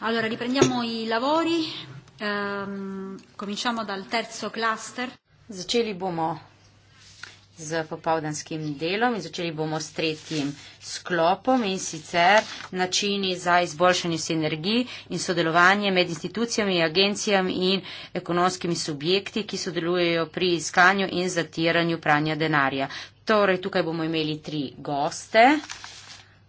Allora riprendiamo i lavori, um, cominciamo dal terzo cluster. Začeli bomo z popoldanskim delom in začeli bomo s tretjim sklopom in sicer načini za izboljšanje sinergij in sodelovanje med institucijami, agencijami in ekonomskimi subjekti, ki sodelujejo pri iskanju in zatiranju pranja denarja. Torej, tukaj bomo imeli tri goste. Uh,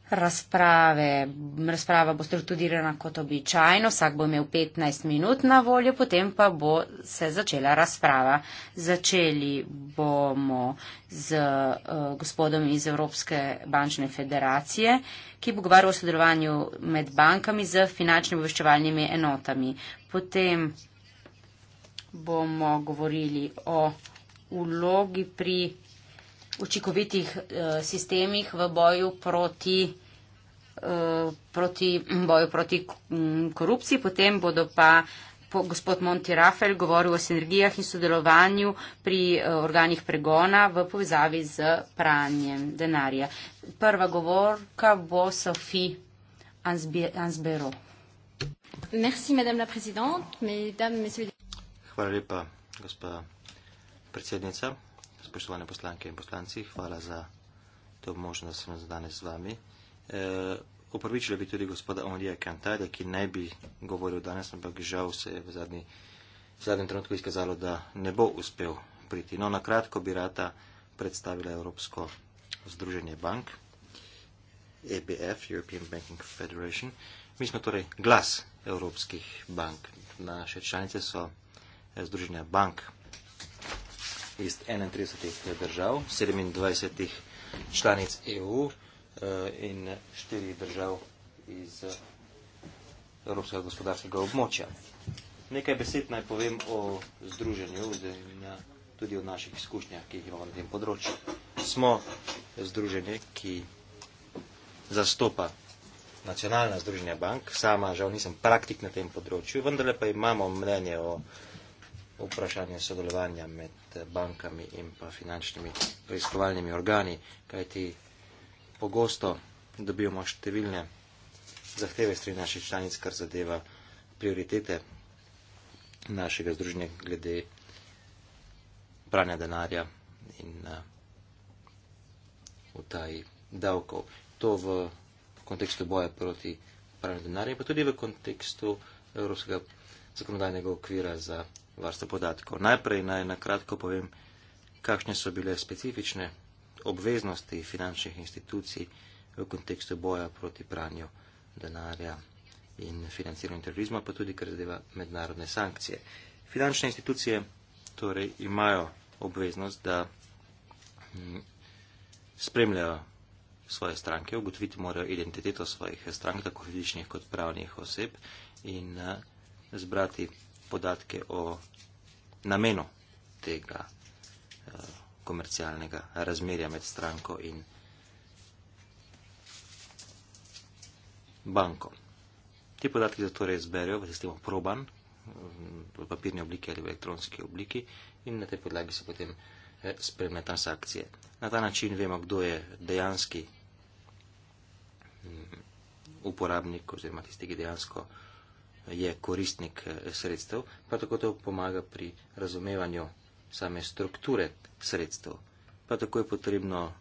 razprave. Razprava bo strukturirana kot običajno, vsak bo imel 15 minut na voljo, potem pa bo se začela razprava. Začeli bomo z uh, gospodom iz Evropske bančne federacije, ki bo govoril o sodelovanju med bankami z finančnimi obveščevalnimi enotami. Potem bomo govorili o vlogi pri učinkovitih eh, sistemih v boju proti, eh, proti, mm, boju proti mm, korupciji. Potem bodo pa po, gospod Monti Rafael govoril o sinergijah in sodelovanju pri eh, organih pregona v povezavi z pranjem denarja. Prva govorka bo Sofi Ansbero. Merci, madame la présidente, mesdames, messieurs. Hvala lepa, gospa predsednica spoštovane poslanke in poslanci, hvala za to možnost, da sem danes z vami. E, eh, upravičila bi tudi gospoda Omarija Kantade, ki ne bi govoril danes, ampak žal se je v, zadnji, v zadnjem trenutku izkazalo, da ne bo uspel priti. No, na kratko bi rata predstavila Evropsko združenje bank, EBF, European Banking Federation. Mi smo torej glas evropskih bank. Naše članice so eh, združenja bank iz 31 eh, držav, 27 članic EU eh, in 4 držav iz eh, Evropskega gospodarskega območja. Nekaj besed naj povem o združenju in tudi o naših izkušnjah, ki jih imamo na tem področju. Smo združenje, ki zastopa nacionalna združenja bank. Sama žal nisem praktik na tem področju, vendar pa imamo mnenje o vprašanje sodelovanja med bankami in pa finančnimi preiskovalnimi organi, kajti pogosto dobivamo številne zahteve strani naših članic, kar zadeva prioritete našega združenja glede pranja denarja in eh, utaji davkov. To v kontekstu boja proti pranju denarja, pa tudi v kontekstu evropskega zakonodajnega okvira za varstvo podatkov. Najprej naj nakratko povem, kakšne so bile specifične obveznosti finančnih institucij v kontekstu boja proti pranju denarja in financiranju terorizma, pa tudi kar zadeva mednarodne sankcije. Finančne institucije torej imajo obveznost, da hm, spremljajo svoje stranke, ugotoviti morajo identiteto svojih strank, tako fizičnih kot pravnih oseb in eh, zbrati podatke o namenu tega eh, komercialnega razmerja med stranko in banko. Ti podatki se torej zberejo v sistemu proban, v papirni obliki ali v elektronski obliki in na tej podlagi se potem eh, spremlja transakcije. Na ta način vemo, kdo je dejanski mm, uporabnik oziroma tisti, ki dejansko uh, je koristnik eh, sredstev, pa tako to pomaga pri razumevanju same strukture sredstev. Pa tako je potrebno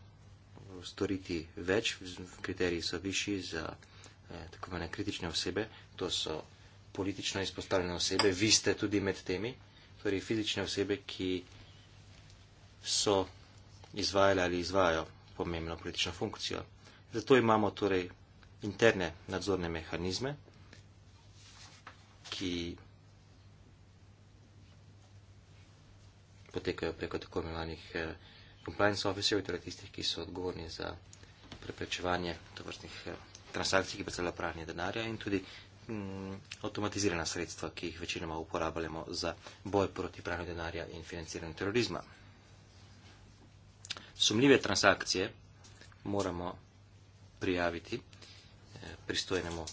storiti več, kriteriji so višji za eh, tako imene kritične osebe, to so politično izpostavljene osebe, vi ste tudi med temi, torej fizične osebe, ki so izvajale ali izvajajo pomembno politično funkcijo. Zato imamo torej interne nadzorne mehanizme, ki potekajo preko tako imenovanih eh, compliance officerjev, torej tistih, ki so odgovorni za preprečevanje tovrstnih eh, transakcij, ki predstavlja pranje denarja in tudi mm, avtomatizirana sredstva, ki jih večinoma uporabljamo za boj proti pranju denarja in financiranju terorizma. Sumljive transakcije moramo prijaviti eh, pristojnemu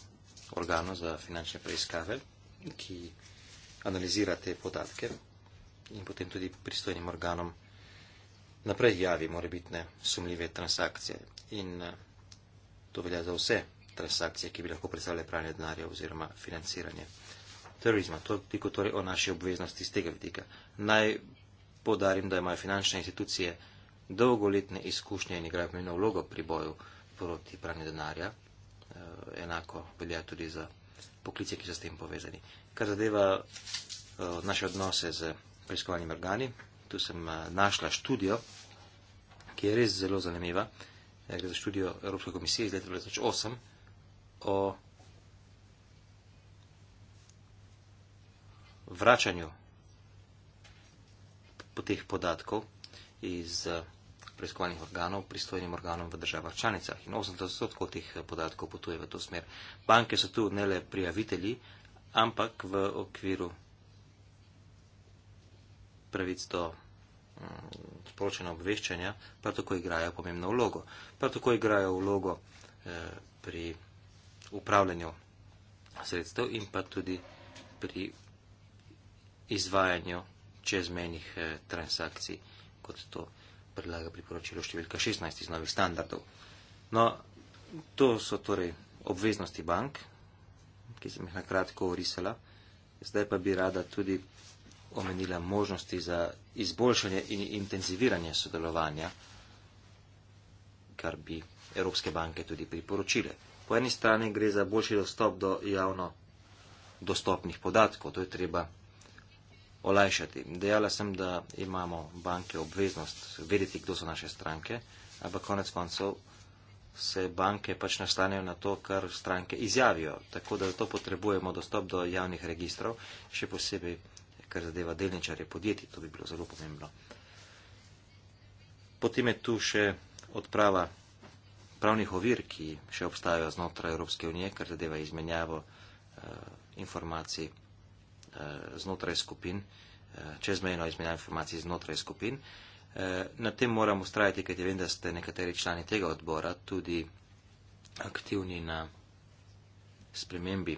organu za finančne preiskave ki analizira te podatke in potem tudi pristojnim organom naprej javi morebitne sumljive transakcije. In eh, to velja za vse transakcije, ki bi lahko predstavljale pranje denarja oziroma financiranje terorizma. To je tiko torej o naši obveznosti z tega vidika. Naj podarim, da imajo finančne institucije dolgoletne izkušnje in igrajo pomembno vlogo pri boju proti pranju denarja. Eh, enako velja tudi za poklice, ki so s tem povezani. Kar zadeva uh, naše odnose z preiskovalnimi organi, tu sem uh, našla študijo, ki je res zelo zanimiva. Eh, gre za študijo Evropske komisije iz leta 2008 o vračanju po teh podatkov iz. Uh, preiskovalnih organov pristojnim organom v državah članicah in 80% teh eh, podatkov potuje v to smer. Banke so tu ne le prijavitelji, ampak v okviru pravic do mm, sporočena obveščanja, prav tako igrajo pomembno vlogo. Prav tako igrajo vlogo eh, pri upravljanju sredstev in pa tudi pri izvajanju čezmenih eh, transakcij kot to predlaga priporočilo številka 16 iz novih standardov. No, to so torej obveznosti bank, ki sem jih nakratko orisala. Zdaj pa bi rada tudi omenila možnosti za izboljšanje in intenziviranje sodelovanja, kar bi Evropske banke tudi priporočile. Po eni strani gre za boljši dostop do javno dostopnih podatkov, to je treba olajšati. Dejala sem, da imamo banke obveznost vedeti, kdo so naše stranke, ampak konec koncev se banke pač nastanejo na to, kar stranke izjavijo. Tako da zato potrebujemo dostop do javnih registrov, še posebej, kar zadeva delničarje podjetij, to bi bilo zelo pomembno. Potem je tu še odprava pravnih ovir, ki še obstajajo znotraj Evropske unije, kar zadeva izmenjavo eh, informacij Eh, znotraj skupin, eh, čezmejno izmenjavo informacij znotraj skupin. Eh, na tem moram ustrajati, ker vem, da ste nekateri člani tega odbora tudi aktivni na spremembi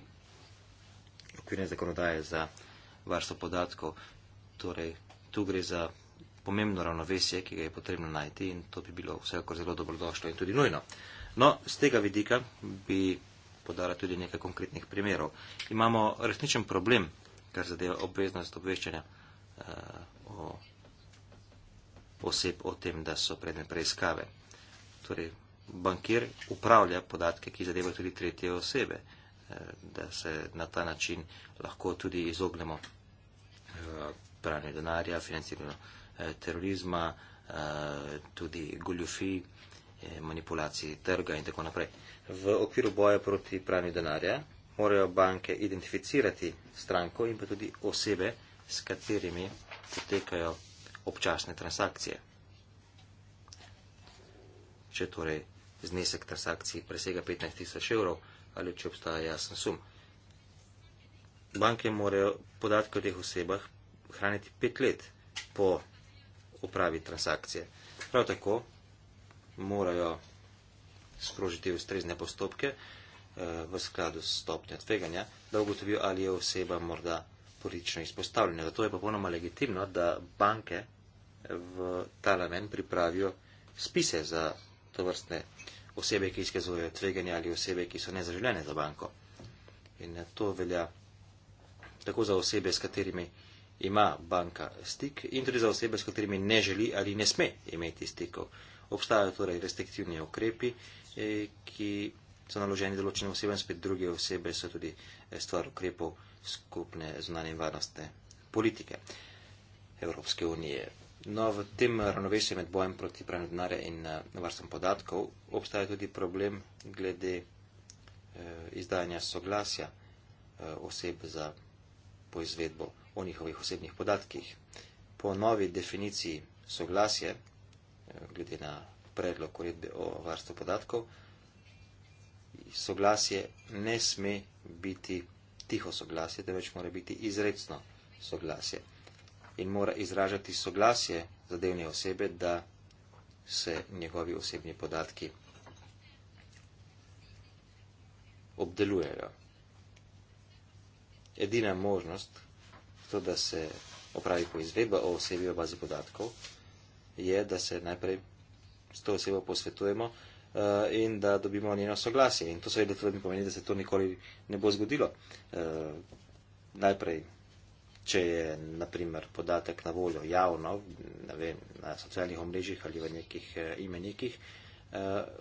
okvirne zakonodaje za varstvo podatkov. Torej, tu gre za pomembno ravnovesje, ki ga je potrebno najti in to bi bilo vsekakor zelo dobrodošlo in tudi nujno. No, z tega vidika bi podala tudi nekaj konkretnih primerov. Imamo resničen problem kar zadeva obveznost obveščanja uh, o oseb o tem, da so predmet preiskave. Torej, bankir upravlja podatke, ki zadevajo tudi tretje osebe, eh, da se na ta način lahko tudi izognemo eh, pranju denarja, financiranju terorizma, tudi goljufi, manipulaciji trga in tako naprej. V okviru boja proti pranju denarja morajo banke identificirati stranko in pa tudi osebe, s katerimi potekajo občasne transakcije. Če torej znesek transakcij presega 15 tisoč evrov ali če obstaja jasen sum. Banke morajo podatke o teh osebah hraniti pet let po upravi transakcije. Prav tako morajo sprožiti ustrezne postopke, v skladu s stopnjo tveganja, da ugotovijo, ali je oseba morda politično izpostavljena. Zato je popolnoma legitimno, da banke v ta namen pripravijo spise za to vrstne osebe, ki izkazujejo tveganja ali osebe, ki so nezaželjene za banko. In to velja tako za osebe, s katerimi ima banka stik in tudi za osebe, s katerimi ne želi ali ne sme imeti stikov. Obstajajo torej restriktivni ukrepi, eh, ki so naloženi določene osebe in spet druge osebe so tudi eh, stvar ukrepov skupne znanje in varnostne politike Evropske unije. No, v tem ravnovesju med bojem proti pranju denarja in eh, varstvom podatkov obstaja tudi problem glede eh, izdajanja soglasja eh, oseb za poizvedbo o njihovih osebnih podatkih. Po novi definiciji soglasje, eh, glede na predlog uredbe o varstvu podatkov, eh, soglasje ne sme biti tiho soglasje, temveč mora biti izredno soglasje. In mora izražati soglasje zadevne osebe, da se njegovi osebni podatki obdelujejo. Edina možnost, to, da se opravi poizvedba o osebi v bazi podatkov, je, da se najprej s to osebo posvetujemo, Eh, in da dobimo njeno soglasje. In to seveda tudi mi pomeni, da se to nikoli ne bo zgodilo. Eh, najprej, če je, naprimer, podatek na voljo javno, ne vem, na socialnih omrežjih ali v nekih eh, imenikih,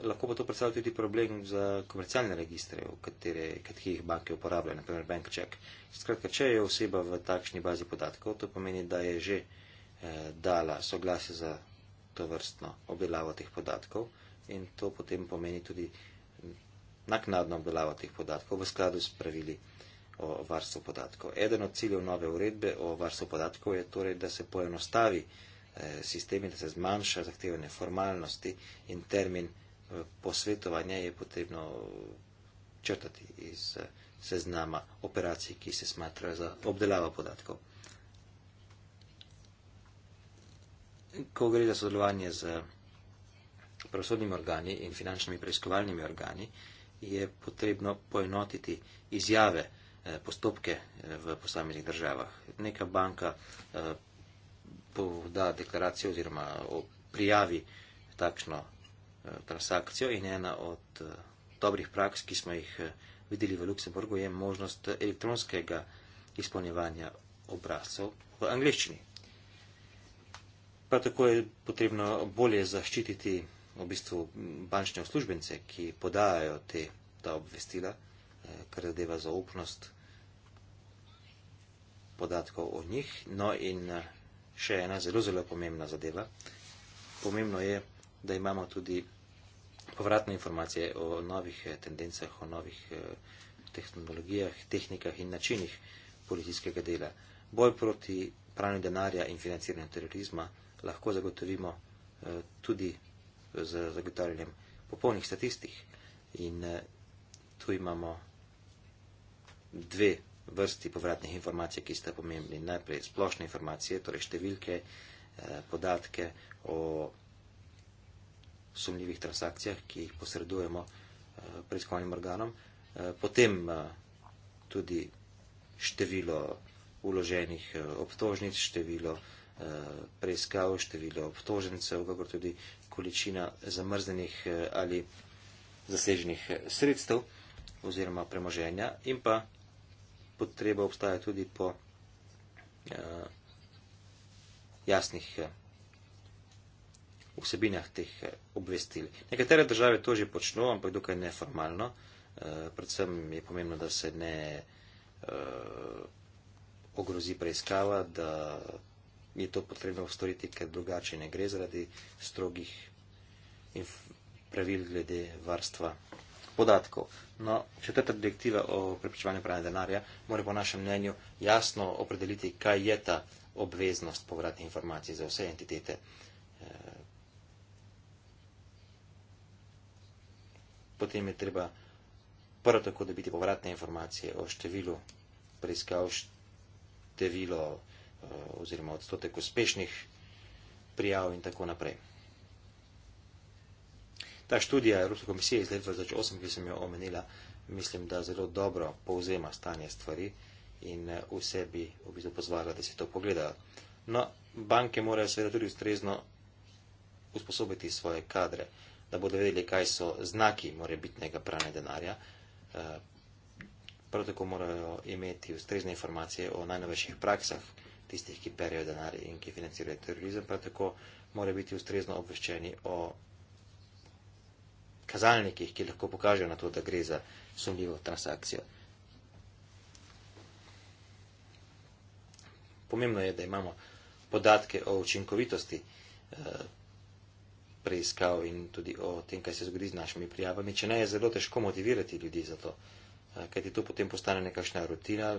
lahko pa to predstavlja tudi problem za komercialne registre, v katere, katerih banke uporabljajo, naprimer BankCheck. Skratka, če je oseba v takšni bazi podatkov, to pomeni, da je že dala soglasje za to vrstno obdelavo teh podatkov. Uh, in to potem pomeni tudi naknadno obdelavo teh podatkov v skladu s pravili o varstvu podatkov. Eden od ciljev nove uredbe o varstvu podatkov je torej, da se poenostavi eh, sistem in da se zmanjša zahtevane formalnosti in termin eh, posvetovanja je potrebno črtati iz eh, seznama operacij, ki se smatra za obdelavo podatkov. Ko gre za sodelovanje z pravosodnimi organi in finančnimi preiskovalnimi organi, je potrebno poenotiti izjave, eh, postopke eh, v posameznih državah. Neka banka eh, poda deklaracijo oziroma prijavi takšno transakcijo in ena od dobrih praks, ki smo jih videli v Luksemburgu, je možnost elektronskega izpolnjevanja obrazcev v angliščini. Prav tako je potrebno bolje zaščititi v bistvu bančne uslužbence, ki podajajo te, ta obvestila, eh, kar zadeva zaupnost podatkov o njih. No in eh, še ena zelo, zelo pomembna zadeva. Pomembno je, da imamo tudi povratne informacije o novih eh, tendencah, o novih tehnologijah, tehnikah in načinih policijskega dela. Boj proti pranju denarja in financiranju terorizma lahko zagotovimo tudi z zagotavljanjem popolnih statistik. In eh, tu imamo dve vrsti povratnih informacij, ki sta pomembni. Najprej splošne informacije, torej številke, eh, podatke o sumljivih transakcijah, ki jih posredujemo eh, preiskovalnim organom, potem tudi število uloženih obtožnic, število Eh, preiskav, število obtožencev, kakor tudi količina zamrznenih eh, ali zaseženih eh, sredstev oziroma premoženja in pa potreba obstaja tudi po jasnih vsebinah teh obvestil. Nekatere države to že počnejo, ampak dokaj neformalno. Predvsem je pomembno, da se ne ogrozi preiskava, da je to potrebno ustvariti, ker drugače ne gre zaradi strogih pravil glede varstva podatkov. No, četrta direktiva o preprečevanju pranja denarja mora po našem mnenju jasno opredeliti, kaj je ta obveznost povratne informacije za vse entitete eh, potem je treba prvo tako dobiti povratne informacije o številu preiskav, število Eh, oziroma odstotek uspešnih prijav in tako naprej. Ta študija Evropske komisije iz leta 2008, ki sem jo omenila, mislim, da zelo dobro povzema stanje stvari in eh, vse bi v bistvu pozvala, da si to pogledajo. No, banke morajo seveda tudi ustrezno usposobiti svoje kadre, da bodo vedeli, kaj so znaki morebitnega pranja denarja. Eh, prav tako morajo imeti ustrezne informacije o najnovejših praksah tistih, ki perejo denar in ki financirajo terorizem, prav tako mora biti ustrezno obveščeni o kazalnikih, ki lahko pokažejo na to, da gre za sumljivo transakcijo. Pomembno je, da imamo podatke o učinkovitosti eh, preiskav in tudi o tem, kaj se zgodi z našimi prijavami. Če ne, je zelo težko motivirati ljudi za to, eh, kajti to potem postane nekakšna rutina,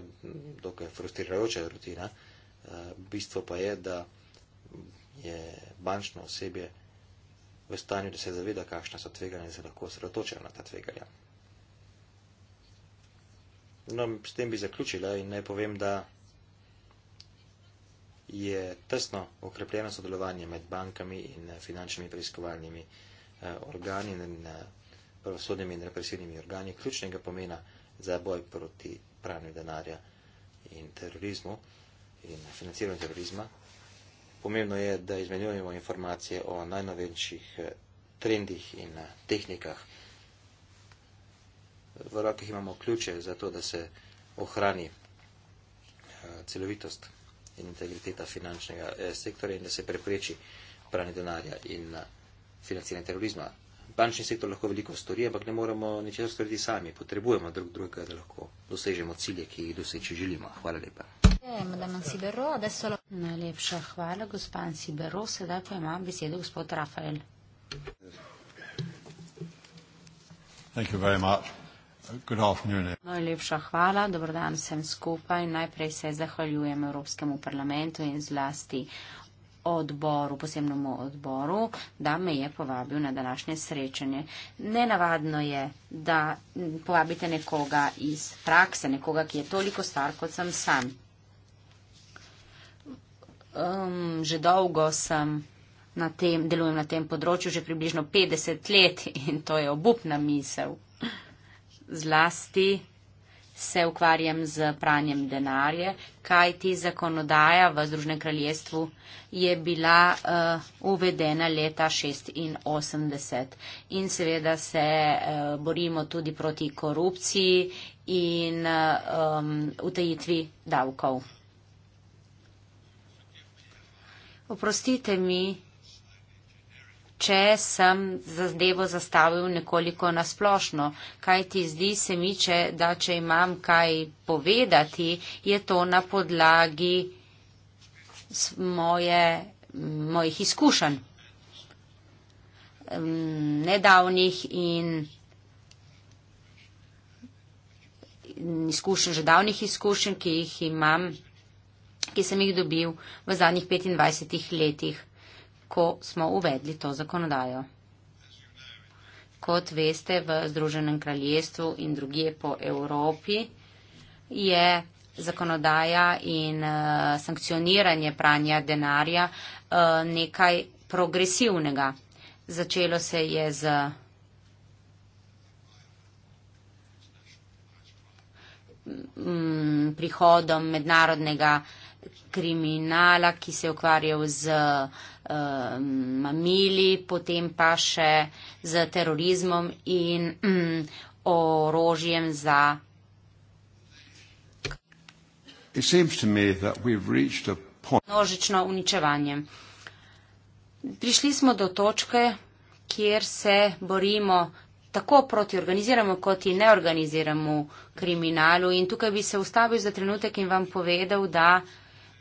dokaj frustrirajoča rutina bistvo pa je, da je bančno osebje v stanju, da se zaveda, kakšna so tveganja in se lahko osredotočajo na ta tveganja. No, s tem bi zaključila in naj povem, da je tesno okrepljeno sodelovanje med bankami in finančnimi preiskovalnimi eh, organi in eh, pravosodnimi in represivnimi organi ključnega pomena za boj proti pranju denarja in terorizmu in financiranju terorizma. Pomembno je, da izmenjujemo informacije o najnovejših eh, trendih in eh, tehnikah. V rokah imamo ključe za to, da se ohrani eh, celovitost in integriteta finančnega sektorja in da se prepreči pranje denarja in financiranje terorizma. Bančni sektor lahko veliko stori, ampak ne moremo ničesar storiti sami. Potrebujemo drug drugega, da lahko dosežemo cilje, ki jih doseči želimo. Hvala lepa. Madame Sibero, adesso la... Najlepša hvala, gospa Sibero. Sedaj pa ima besedo gospod Rafael. Thank you very much. Good afternoon. Najlepša hvala, dobro dan vsem skupaj. Najprej se zahvaljujem Evropskemu parlamentu in zlasti odboru, posebnemu odboru, da me je povabil na današnje srečanje. Nenavadno je, da povabite nekoga iz prakse, nekoga, ki je toliko star kot sem sam. Um, že dolgo sem na tem, delujem na tem področju, že približno 50 let in to je obupna misel. Zlasti se ukvarjam z pranjem denarja, kaj ti zakonodaja v Združenem kraljestvu je bila uh, uvedena leta 86. In seveda se uh, borimo tudi proti korupciji in uh, um, utajitvi davkov. Oprostite mi, če sem zadevo zastavil nekoliko nasplošno, kaj ti zdi se mi, če, da če imam kaj povedati, je to na podlagi moje, mojih izkušenj nedavnih in izkušenj, že davnih izkušenj, ki jih imam ki sem jih dobil v zadnjih 25 letih, ko smo uvedli to zakonodajo. Kot veste, v Združenem kraljestvu in druge po Evropi je zakonodaja in uh, sankcioniranje pranja denarja uh, nekaj progresivnega. Začelo se je z mm, prihodom mednarodnega uh, kriminala, ki se je ukvarjal z uh, mamili, potem pa še z terorizmom in um, orožjem za. Množično uničevanje. Prišli smo do točke, kjer se borimo tako proti organiziramo, kot in neorganiziramo kriminalu. In tukaj bi se ustavil za trenutek in vam povedal, da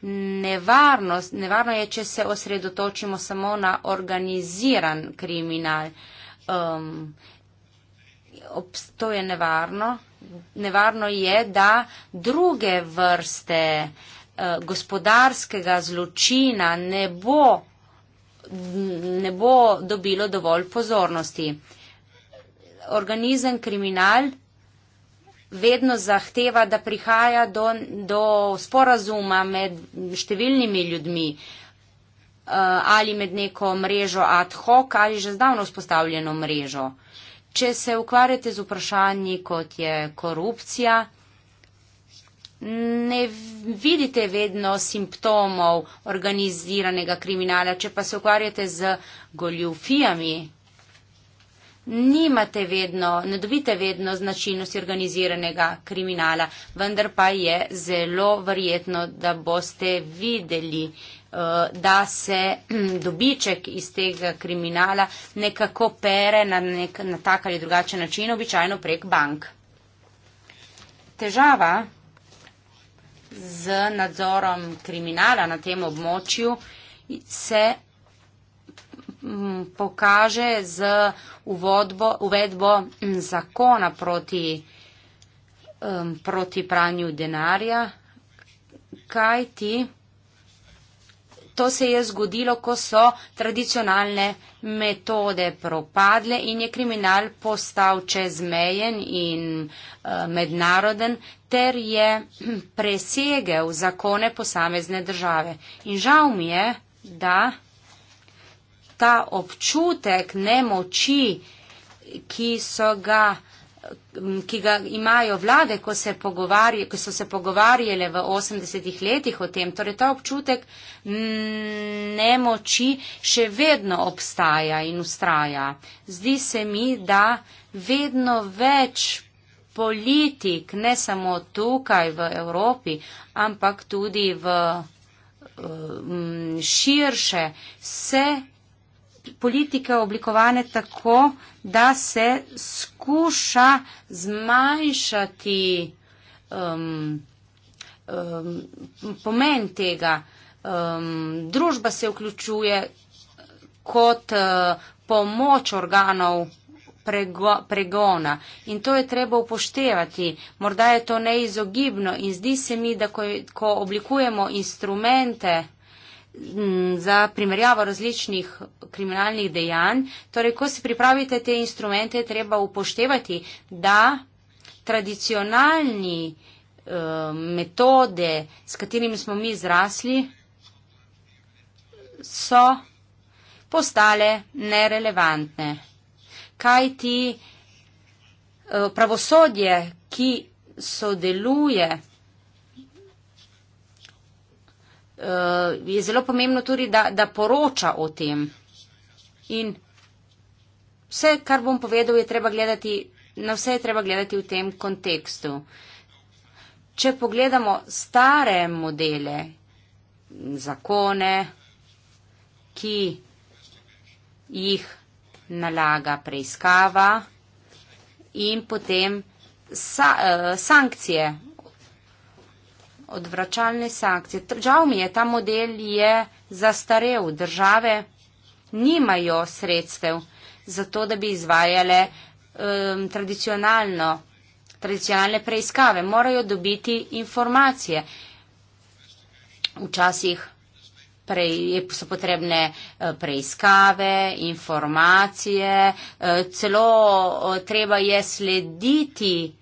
nevarnost, nevarno je, če se osredotočimo samo na organiziran kriminal. Um, to je nevarno. Nevarno je, da druge vrste uh, gospodarskega zločina ne bo, ne bo dobilo dovolj pozornosti. Organizem kriminal vedno zahteva, da prihaja do, do sporazuma med številnimi ljudmi eh, ali med neko mrežo ad hoc ali že zdavno vzpostavljeno mrežo. Če se ukvarjate z vprašanji, kot je korupcija, ne vidite vedno simptomov organiziranega kriminala. Če pa se ukvarjate z goljufijami, nimate vedno, ne dobite vedno značilnosti organiziranega kriminala, vendar pa je zelo verjetno, da boste videli, eh, da se dobiček iz tega kriminala nekako pere na, nek, na tak ali drugačen način, običajno prek bank. Težava z nadzorom kriminala na tem območju se pokaže z uvodbo, uvedbo zakona proti, um, proti pranju denarja, kaj ti to se je zgodilo, ko so tradicionalne metode propadle in je kriminal postal čezmejen in uh, mednaroden, ter je presegel zakone posamezne države. In žal mi je, da ta občutek nemoči, ki so ga ki ga imajo vlade, ko, se ko so se pogovarjale v 80-ih letih o tem. Torej ta občutek nemoči še vedno obstaja in ustraja. Zdi se mi, da vedno več politik, ne samo tukaj v Evropi, ampak tudi v širše, se politike oblikovane tako, da se skuša zmanjšati um, um, pomen tega. Um, družba se vključuje kot uh, pomoč organov pregona in to je treba upoštevati. Morda je to neizogibno in zdi se mi, da ko, ko oblikujemo instrumente, za primerjavo različnih kriminalnih dejanj. Torej, ko si pripravite te instrumente, treba upoštevati, da tradicionalni e, metode, s katerimi smo mi zrasli, so postale nerelevantne. Kaj ti e, pravosodje, ki sodeluje Eh, je zelo pomembno tudi, da, da poroča o tem. In vse, kar bom povedal, je treba gledati, na vse je treba gledati v tem kontekstu. Če pogledamo stare modele, zakone, ki jih nalaga preiskava in potem sa, eh, sankcije odvračalne sankcije. Žal mi je, ta model je zastarev. Države nimajo sredstev za to, da bi izvajale um, tradicionalno, tradicionalne preiskave. Morajo dobiti informacije. Včasih prej, so potrebne eh, preiskave, informacije, eh, celo eh, treba je slediti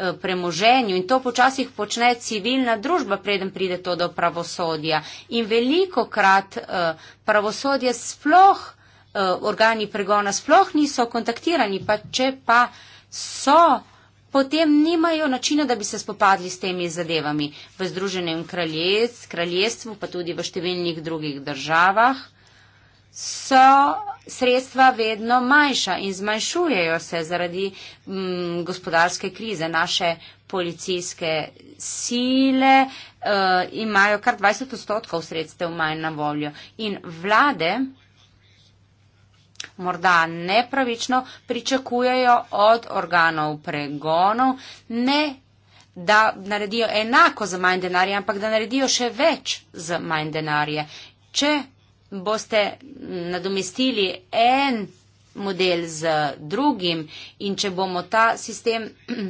Eh, premoženju in to počasih počne civilna družba, preden pride to do pravosodja. In veliko krat eh, pravosodje sploh, eh, organi pregona sploh niso kontaktirani, pa če pa so, potem nimajo načina, da bi se spopadli s temi zadevami. V Združenem kraljestvu, pa tudi v številnih drugih državah so sredstva vedno manjša in zmanjšujejo se zaradi mm, gospodarske krize. Naše policijske sile uh, imajo kar 20 odstotkov sredstev manj na voljo in vlade morda nepravično pričakujejo od organov pregonov, ne da naredijo enako z manj denarja, ampak da naredijo še več z manj denarja. Če boste nadomestili en model z drugim in če bomo ta sistem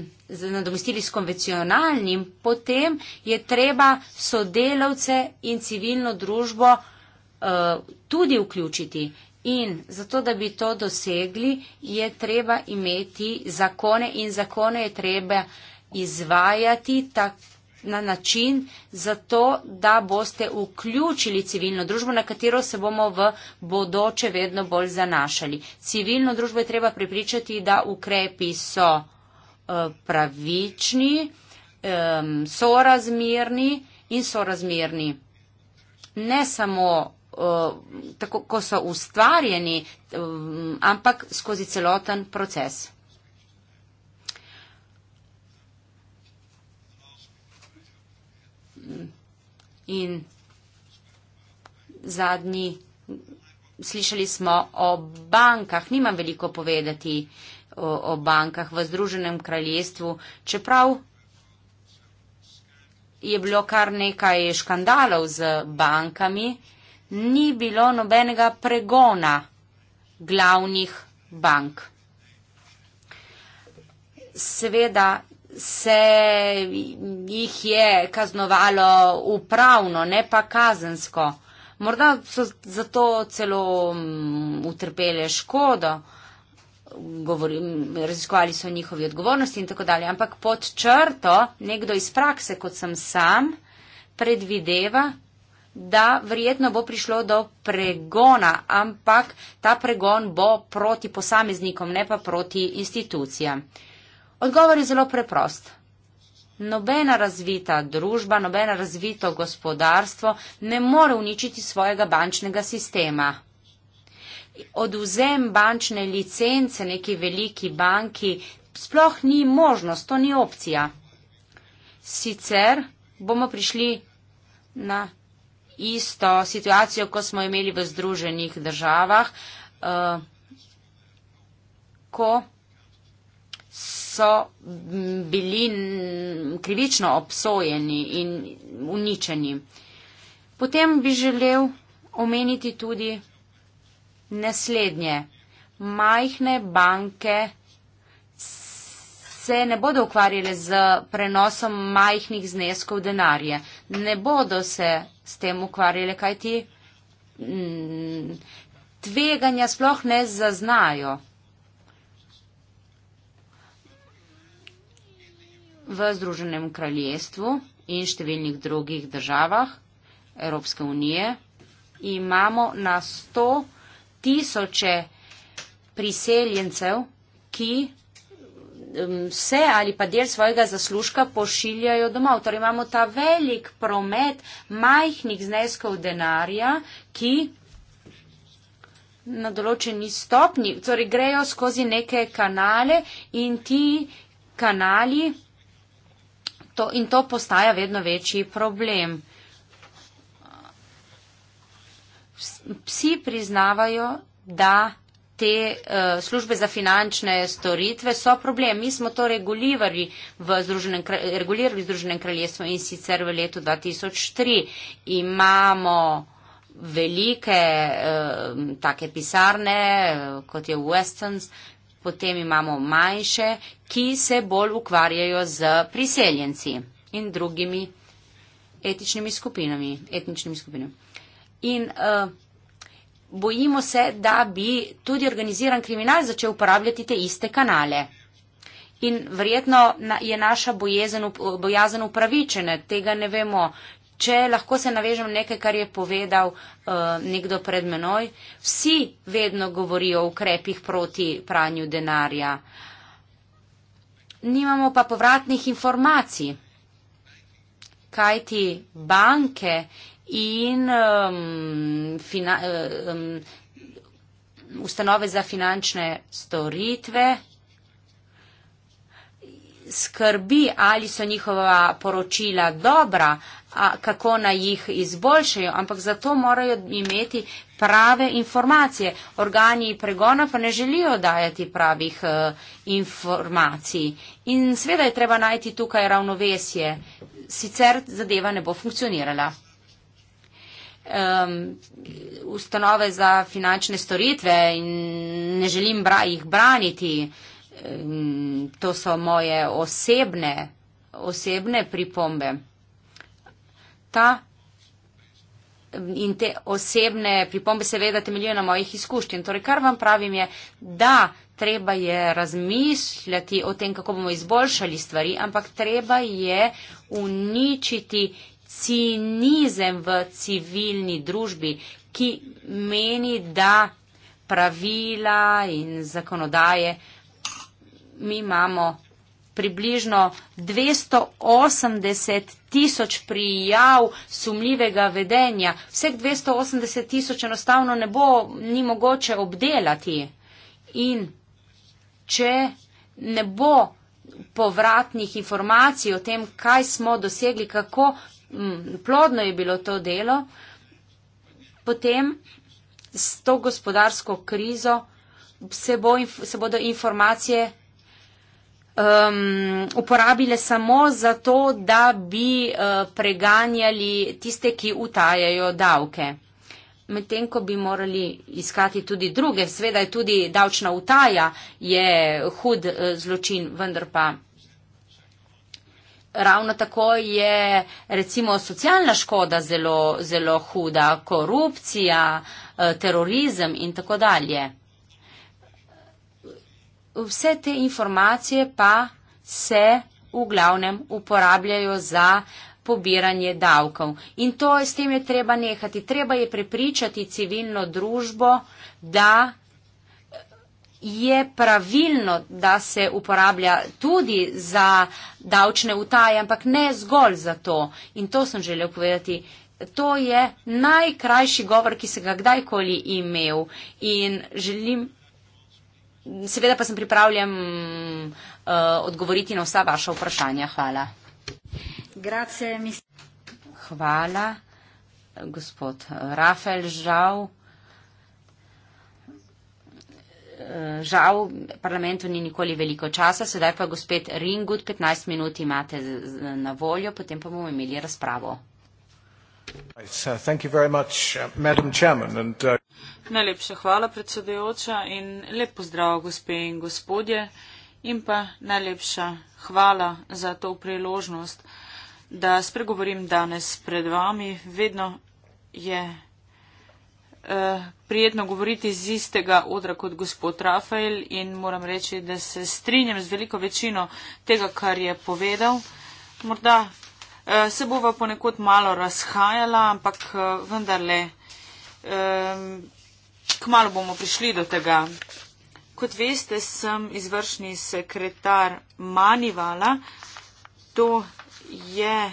nadomestili s konvencionalnim, potem je treba sodelavce in civilno družbo uh, tudi vključiti. In zato, da bi to dosegli, je treba imeti zakone in zakone je treba izvajati tako na način za to, da boste vključili civilno družbo, na katero se bomo v bodoče vedno bolj zanašali. Civilno družbo je treba pripričati, da ukrepi so eh, pravični, sorazmerni in sorazmerni. Ne samo eh, tako, ko so ustvarjeni, ampak skozi celoten proces. in zadnji, slišali smo o bankah, nimam veliko povedati o, o bankah v Združenem kraljestvu, čeprav je bilo kar nekaj škandalov z bankami, ni bilo nobenega pregona glavnih bank. Seveda se jih je kaznovalo upravno, ne pa kazensko. Morda so zato celo mm, utrpele škodo, Govorim, raziskovali so njihovi odgovornosti in tako dalje. Ampak pod črto nekdo iz prakse, kot sem sam, predvideva, da verjetno bo prišlo do pregona, ampak ta pregon bo proti posameznikom, ne pa proti institucijam. Odgovor je zelo preprost. Nobena razvita družba, nobena razvito gospodarstvo ne more uničiti svojega bančnega sistema. Oduzem bančne licence neki veliki banki sploh ni možnost, to ni opcija. Sicer bomo prišli na isto situacijo, ko smo imeli v Združenih državah, uh, ko so bili krivično obsojeni in uničeni. Potem bi želel omeniti tudi naslednje. Majhne banke se ne bodo ukvarjale z prenosom majhnih zneskov denarja. Ne bodo se s tem ukvarjale, kaj ti tveganja sploh ne zaznajo. v Združenem kraljestvu in številnih drugih državah Evropske unije. Imamo na sto tisoče priseljencev, ki vse ali pa del svojega zaslužka pošiljajo domov. Torej imamo ta velik promet majhnih zneskov denarja, ki na določeni stopni, torej grejo skozi neke kanale in ti kanali to, in to postaja vedno večji problem. Psi priznavajo, da te uh, službe za finančne storitve so problem. Mi smo to regulirali v Združenem, regulirali v Združenem kraljestvu in sicer v letu 2003 imamo velike uh, take pisarne, eh, kot je Westons, potem imamo manjše, ki se bolj ukvarjajo z priseljenci in drugimi etničnimi skupinami. Etničnimi skupinami. In uh, bojimo se, da bi tudi organiziran kriminal začel uporabljati te iste kanale. In verjetno je naša bojezen, bojazen upravičene, tega ne vemo, Če lahko se navežem nekaj, kar je povedal uh, nekdo pred menoj, vsi vedno govorijo o ukrepih proti pranju denarja. Nimamo pa povratnih informacij, kajti banke in um, fina, um, ustanove za finančne storitve skrbi, ali so njihova poročila dobra, a kako naj jih izboljšajo, ampak zato morajo imeti prave informacije. Organi pregona pa ne želijo dajati pravih uh, informacij. In sveda je treba najti tukaj ravnovesje, sicer zadeva ne bo funkcionirala. Um, ustanove za finančne storitve in ne želim bra jih braniti. Uh, to so moje osebne, osebne pripombe. Ta in te osebne pripombe seveda temeljijo na mojih izkušnjah. Torej, kar vam pravim je, da treba je razmišljati o tem, kako bomo izboljšali stvari, ampak treba je uničiti cinizem v civilni družbi, ki meni, da pravila in zakonodaje uh, mi imamo približno 280 tisoč prijav sumljivega vedenja. Vseh 280 tisoč enostavno ne bo ni mogoče obdelati. In če ne bo povratnih informacij o tem, kaj smo dosegli, kako mm, plodno je bilo to delo, potem s to gospodarsko krizo se, bo, se bodo informacije um, uporabile samo zato, da bi uh, preganjali tiste, ki utajajo davke. Medtem, ko bi morali iskati tudi druge, sveda je tudi davčna utaja je hud uh, zločin, vendar pa. Ravno tako je recimo socialna škoda zelo, zelo huda, korupcija, uh, terorizem in tako dalje vse te informacije pa se v glavnem uporabljajo za pobiranje davkov. In to s tem je treba nehati. Treba je prepričati civilno družbo, da je pravilno, da se uporablja tudi za davčne utaje, ampak ne zgolj za to. In to sem želel povedati. To je najkrajši govor, ki se ga kdajkoli imel. In želim seveda pa sem pripravljen uh, odgovoriti na vsa vaša vprašanja. Hvala. Grazie, mis- Hvala, gospod Rafael, žal. Eh, žal v parlamentu ni nikoli veliko časa, sedaj pa gospod Ringut, 15 minut imate na voljo, potem pa bomo imeli razpravo. Uh, uh, uh, najlepša hvala, predsedujoča, in lep pozdrav, gospe in gospodje, in pa najlepša hvala za to priložnost, da spregovorim danes pred vami. Vedno je eh, prijetno govoriti z istega odra kot gospod Rafael in moram reči, da se strinjam z veliko večino tega, kar je povedal. Morda Eh, se bova ponekod malo razhajala, ampak eh, vendarle, kmalo bomo prišli do tega. Kot veste, sem izvršni sekretar Manivala. To je eh,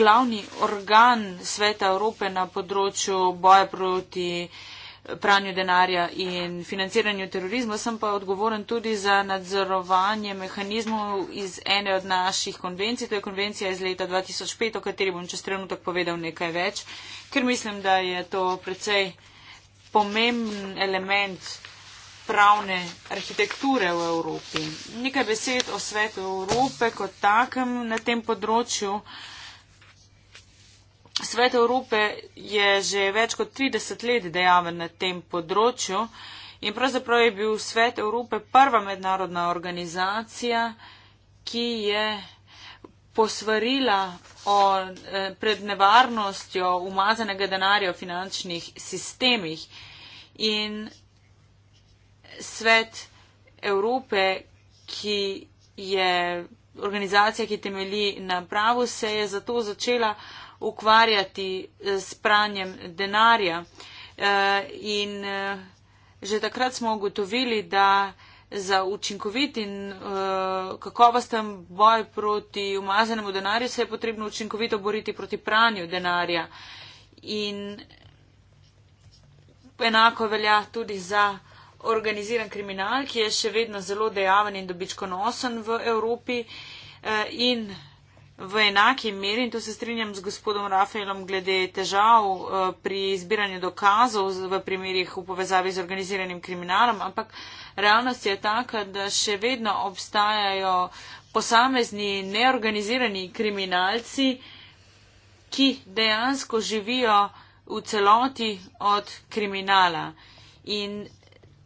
glavni organ Sveta Evrope na področju boja proti eh, pranju denarja in financiranju terorizma, sem pa odgovoren tudi za nadzorovanje mehanizmov iz ene od naših konvencij. To je konvencija iz leta 2005, o kateri bom čez trenutek povedal nekaj več, ker mislim, da je to precej pomemben element pravne arhitekture v Evropi. Nekaj besed o svetu Evrope kot takem na tem področju. Uh, Svet Evrope je že več kot 30 let dejaven na tem področju in pravzaprav je bil Svet Evrope prva mednarodna organizacija, ki je posvarila o, eh, pred nevarnostjo umazanega denarja v finančnih sistemih. In Svet Evrope, ki je organizacija, ki temelji na pravu, se je zato začela ukvarjati eh, s pranjem denarja. Eh, in eh, že takrat smo ugotovili, da za učinkovit in kakovosten boj proti umazanemu denarju se je potrebno učinkovito boriti proti pranju denarja. In enako velja tudi za organiziran kriminal, ki je še vedno zelo dejaven in dobičkonosen v Evropi in v enaki meri in to se strinjam z gospodom Rafaelom glede težav eh, pri izbiranju dokazov v primerjih v povezavi z organiziranim kriminalom, ampak realnost je taka, da še vedno obstajajo posamezni neorganizirani kriminalci, ki dejansko živijo v celoti od kriminala. In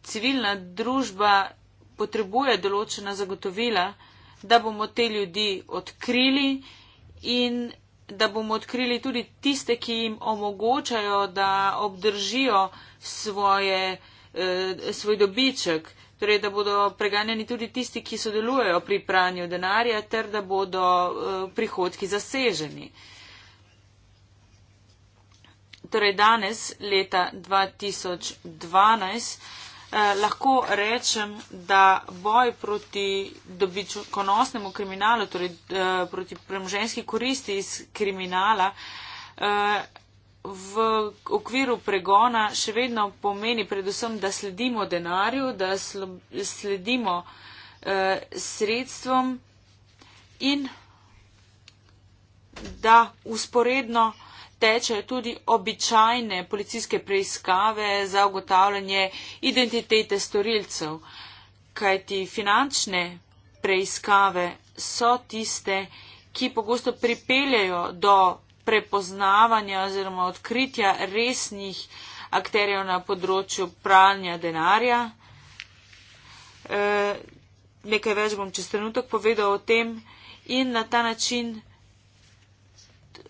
civilna družba potrebuje določena zagotovila, da bomo te ljudi odkrili in da bomo odkrili tudi tiste, ki jim omogočajo, da obdržijo svoje, eh, svoj dobiček. Torej, da bodo preganjeni tudi tisti, ki sodelujejo pri pranju denarja, ter da bodo eh, prihodki zaseženi. Torej, danes, leta 2012, Eh, lahko rečem, da boj proti dobičkonosnemu kriminalu, torej eh, proti premoženski koristi iz kriminala, eh, v okviru pregona še vedno pomeni predvsem, da sledimo denarju, da slo, sledimo eh, sredstvom in da usporedno eh, tečejo tudi običajne policijske preiskave za ugotavljanje identitete storilcev, kajti finančne preiskave so tiste, ki pogosto pripeljajo do prepoznavanja oziroma odkritja resnih akterjev na področju pranja denarja. E, nekaj več bom čez trenutek povedal o tem in na ta način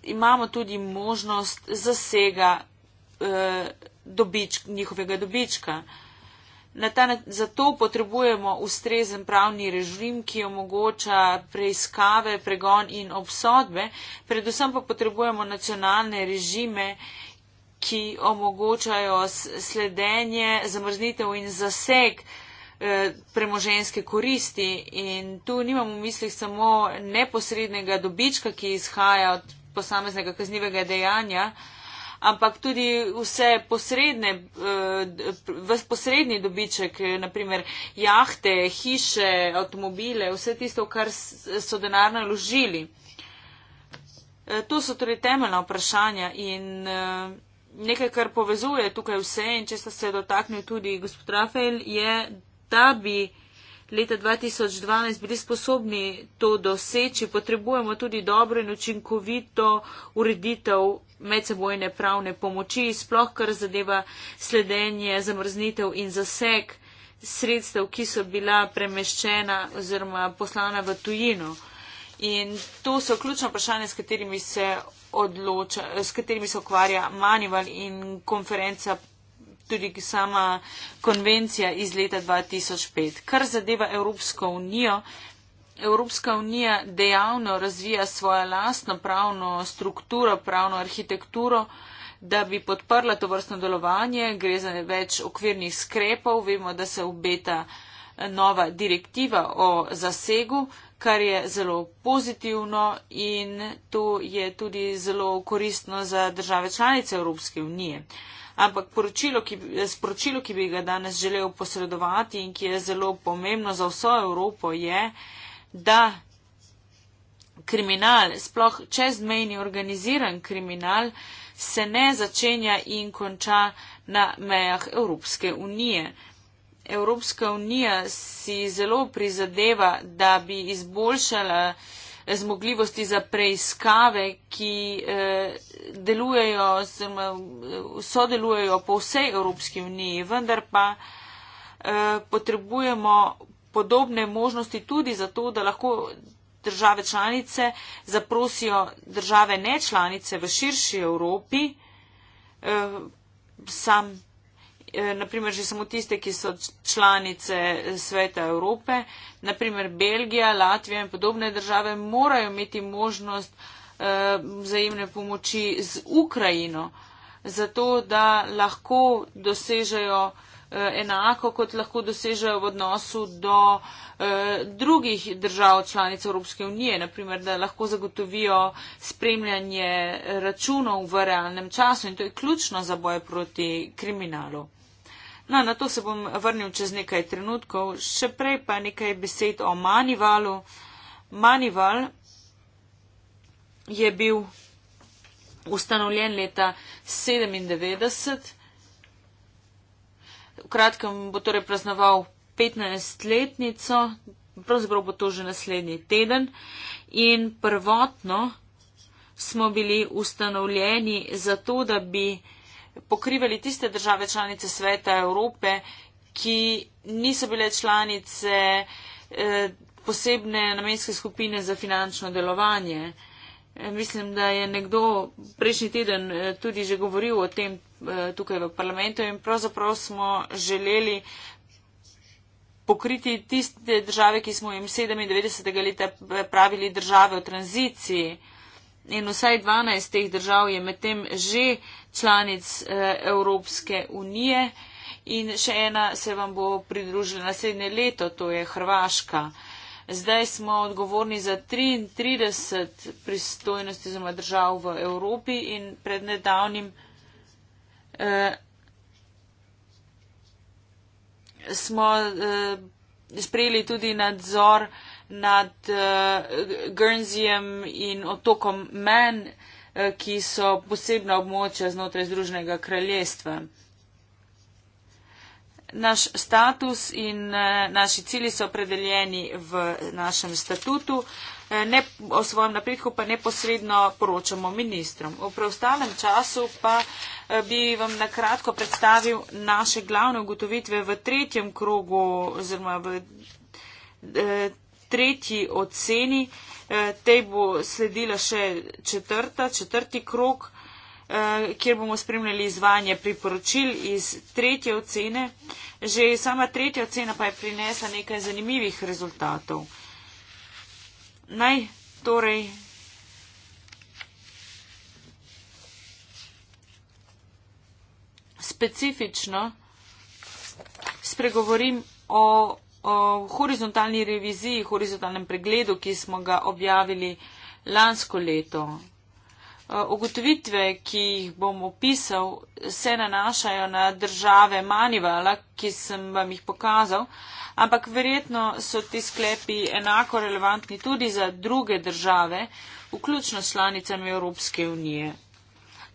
imamo tudi možnost zasega eh, dobička, njihovega dobička. Na ta, zato potrebujemo ustrezen pravni režim, ki omogoča preiskave, pregon in obsodbe, predvsem pa potrebujemo nacionalne režime, ki omogočajo sledenje, zamrznitev in zaseg eh, premoženske koristi in tu nimamo v mislih samo neposrednega dobička, ki izhaja od posameznega kaznivega dejanja, ampak tudi vse posredne, eh, vse posredni dobiček, eh, naprimer jahte, hiše, avtomobile, vse tisto, kar so denar naložili. Eh, to so torej temeljna vprašanja in nekaj, kar povezuje tukaj vse in če ste se dotaknili tudi gospod Rafael, je, da bi leta 2012 bili sposobni to doseči, potrebujemo tudi dobro in učinkovito ureditev medsebojne pravne pomoči, sploh kar zadeva sledenje, zamrznitev in zaseg sredstev, ki so bila premeščena oziroma poslana v tujino. In to so ključno vprašanje, s katerimi se, odloča, s katerimi se okvarja Manival in konferenca tudi sama konvencija iz leta 2005. Kar zadeva Evropsko unijo, Evropska unija dejavno razvija svojo lastno pravno strukturo, pravno arhitekturo, da bi podprla to vrstno delovanje. Gre za več okvirnih skrepov. Vemo, da se obeta nova direktiva o zasegu, kar je zelo pozitivno in to je tudi zelo koristno za države članice Evropske unije. Uh, ampak sporočilo, ki bi ga danes želel posredovati in ki je zelo pomembno za vso Evropo, je, da kriminal, sploh čezmejni organiziran kriminal, se ne začenja in konča na mejah Evropske unije. Evropska unija si zelo prizadeva, da bi izboljšala zmogljivosti za preiskave, ki eh, delujejo, oziroma eh, sodelujejo po vsej Evropski uniji, vendar pa eh, potrebujemo podobne možnosti tudi zato, da lahko države članice zaprosijo države nečlanice v širši Evropi. Eh, sam Eh, naprimer že samo tiste, ki so članice eh, Sveta Evrope, naprimer Belgija, Latvija in podobne države morajo imeti možnost eh, vzajemne pomoči z Ukrajino, zato da lahko dosežejo enako, kot lahko dosežejo v odnosu do drugih držav članic Evropske unije, naprimer, da lahko zagotovijo spremljanje računov v realnem času in to je ključno za boje proti kriminalu. No, na to se bom vrnil čez nekaj trenutkov, še prej pa nekaj besed o manivalu. Manival je bil ustanovljen leta 1997, v kratkem bo torej praznoval 15-letnico, pravzaprav bo to že naslednji teden in prvotno smo bili ustanovljeni zato, da bi pokrivali tiste države članice sveta Evrope, ki niso bile članice eh, posebne namenske skupine za finančno delovanje. Eh, mislim, da je nekdo prejšnji teden eh, tudi že govoril o tem tukaj v parlamentu in pravzaprav smo želeli pokriti tiste države, ki smo jim 97. leta pravili države v tranziciji. In vsaj 12 teh držav je medtem že eh, članic eh, Evropske unije. In še ena se vam bo pridružila naslednje leto, to je Hrvaška. Zdaj smo odgovorni za 33 pristojnosti oziroma držav v Evropi in pred nedavnim eh, smo eh, sprejeli tudi nadzor nad eh, Guernseyjem in otokom Man. Eh, Eh, ki so posebna območja znotraj Združenega kraljestva. Naš status in eh, naši cili so opredeljeni v našem statutu, eh, ne, o svojem napredku pa neposredno poročamo ministrom. V preostalem času pa bi vam nakratko predstavil naše glavne ugotovitve v tretjem krogu oziroma v tretji oceni eh, Eh, tej bo sledila še četrta, četrti krok, eh, kjer bomo spremljali izvanje priporočil iz tretje ocene. Že sama tretja ocena pa je prinesla nekaj zanimivih rezultatov. Naj torej. Specifično spregovorim o o horizontalni reviziji, horizontalnem pregledu, ki smo ga objavili lansko leto. Ogotovitve, ki jih bom opisal, se nanašajo na države Manivala, ki sem vam jih pokazal, ampak verjetno so ti sklepi enako relevantni tudi za druge države, vključno s članicami Evropske unije.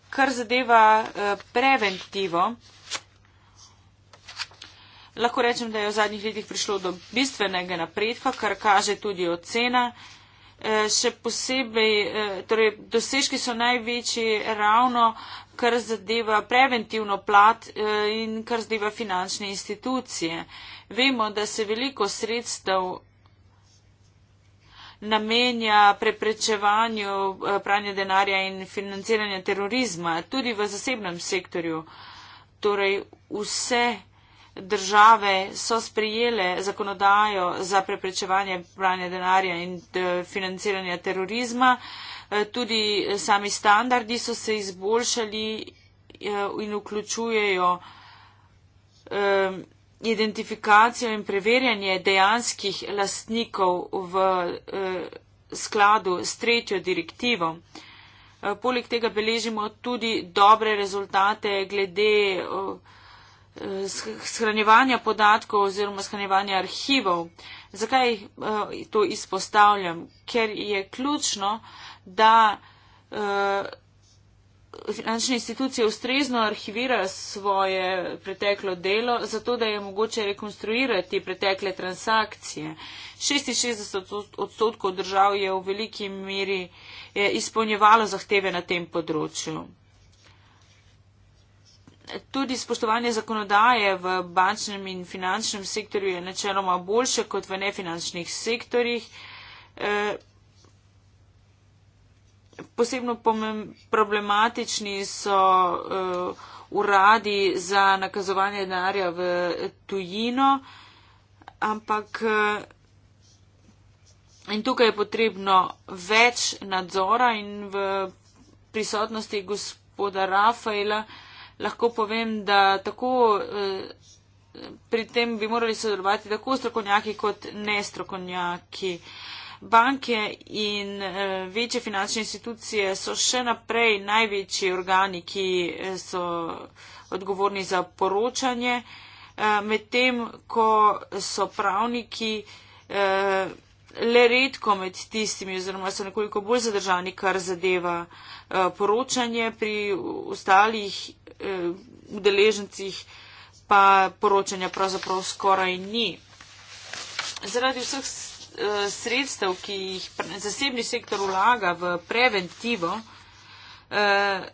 Kar zadeva eh, preventivo, Lahko rečem, da je v zadnjih letih prišlo do bistvenega napredka, kar kaže tudi ocena. E, še posebej, e, torej dosežki so največji ravno, kar zadeva preventivno plat e, in kar zadeva finančne institucije. Vemo, da se veliko sredstev namenja preprečevanju pranja denarja in financiranja terorizma, tudi v zasebnem sektorju. Torej vse države so sprijele zakonodajo za preprečevanje pranja denarja in eh, financiranja terorizma. Eh, tudi sami standardi so se izboljšali eh, in vključujejo identifikacijo in preverjanje dejanskih lastnikov v skladu s tretjo direktivo. Poleg tega beležimo tudi dobre rezultate glede shranjevanja podatkov oziroma shranjevanja arhivov. Zakaj eh, to izpostavljam? Ker je ključno, da eh, finančne institucije ustrezno arhivirajo svoje preteklo delo, zato da je mogoče rekonstruirati pretekle transakcije. 66 odstotkov držav je v veliki meri izpolnjevalo zahteve na tem področju tudi spoštovanje zakonodaje v bančnem in finančnem sektorju je načeloma boljše kot v nefinančnih sektorjih. E, posebno problematični so e, uradi za nakazovanje denarja v tujino, ampak e, in tukaj je potrebno več nadzora in v prisotnosti gospoda Rafaela lahko povem, da tako eh, pri tem bi morali sodelovati tako strokovnjaki kot nestrokovnjaki. Banke in eh, večje finančne institucije so še naprej največji organi, ki eh, so odgovorni za poročanje, medtem ko so pravniki le redko med tistimi oziroma so nekoliko bolj zadržani, kar zadeva poročanje, pri ostalih Eh, udeležencih pa poročanja pravzaprav skoraj ni. Zaradi vseh eh, sredstev, ki jih zasebni sektor vlaga v preventivo, eh,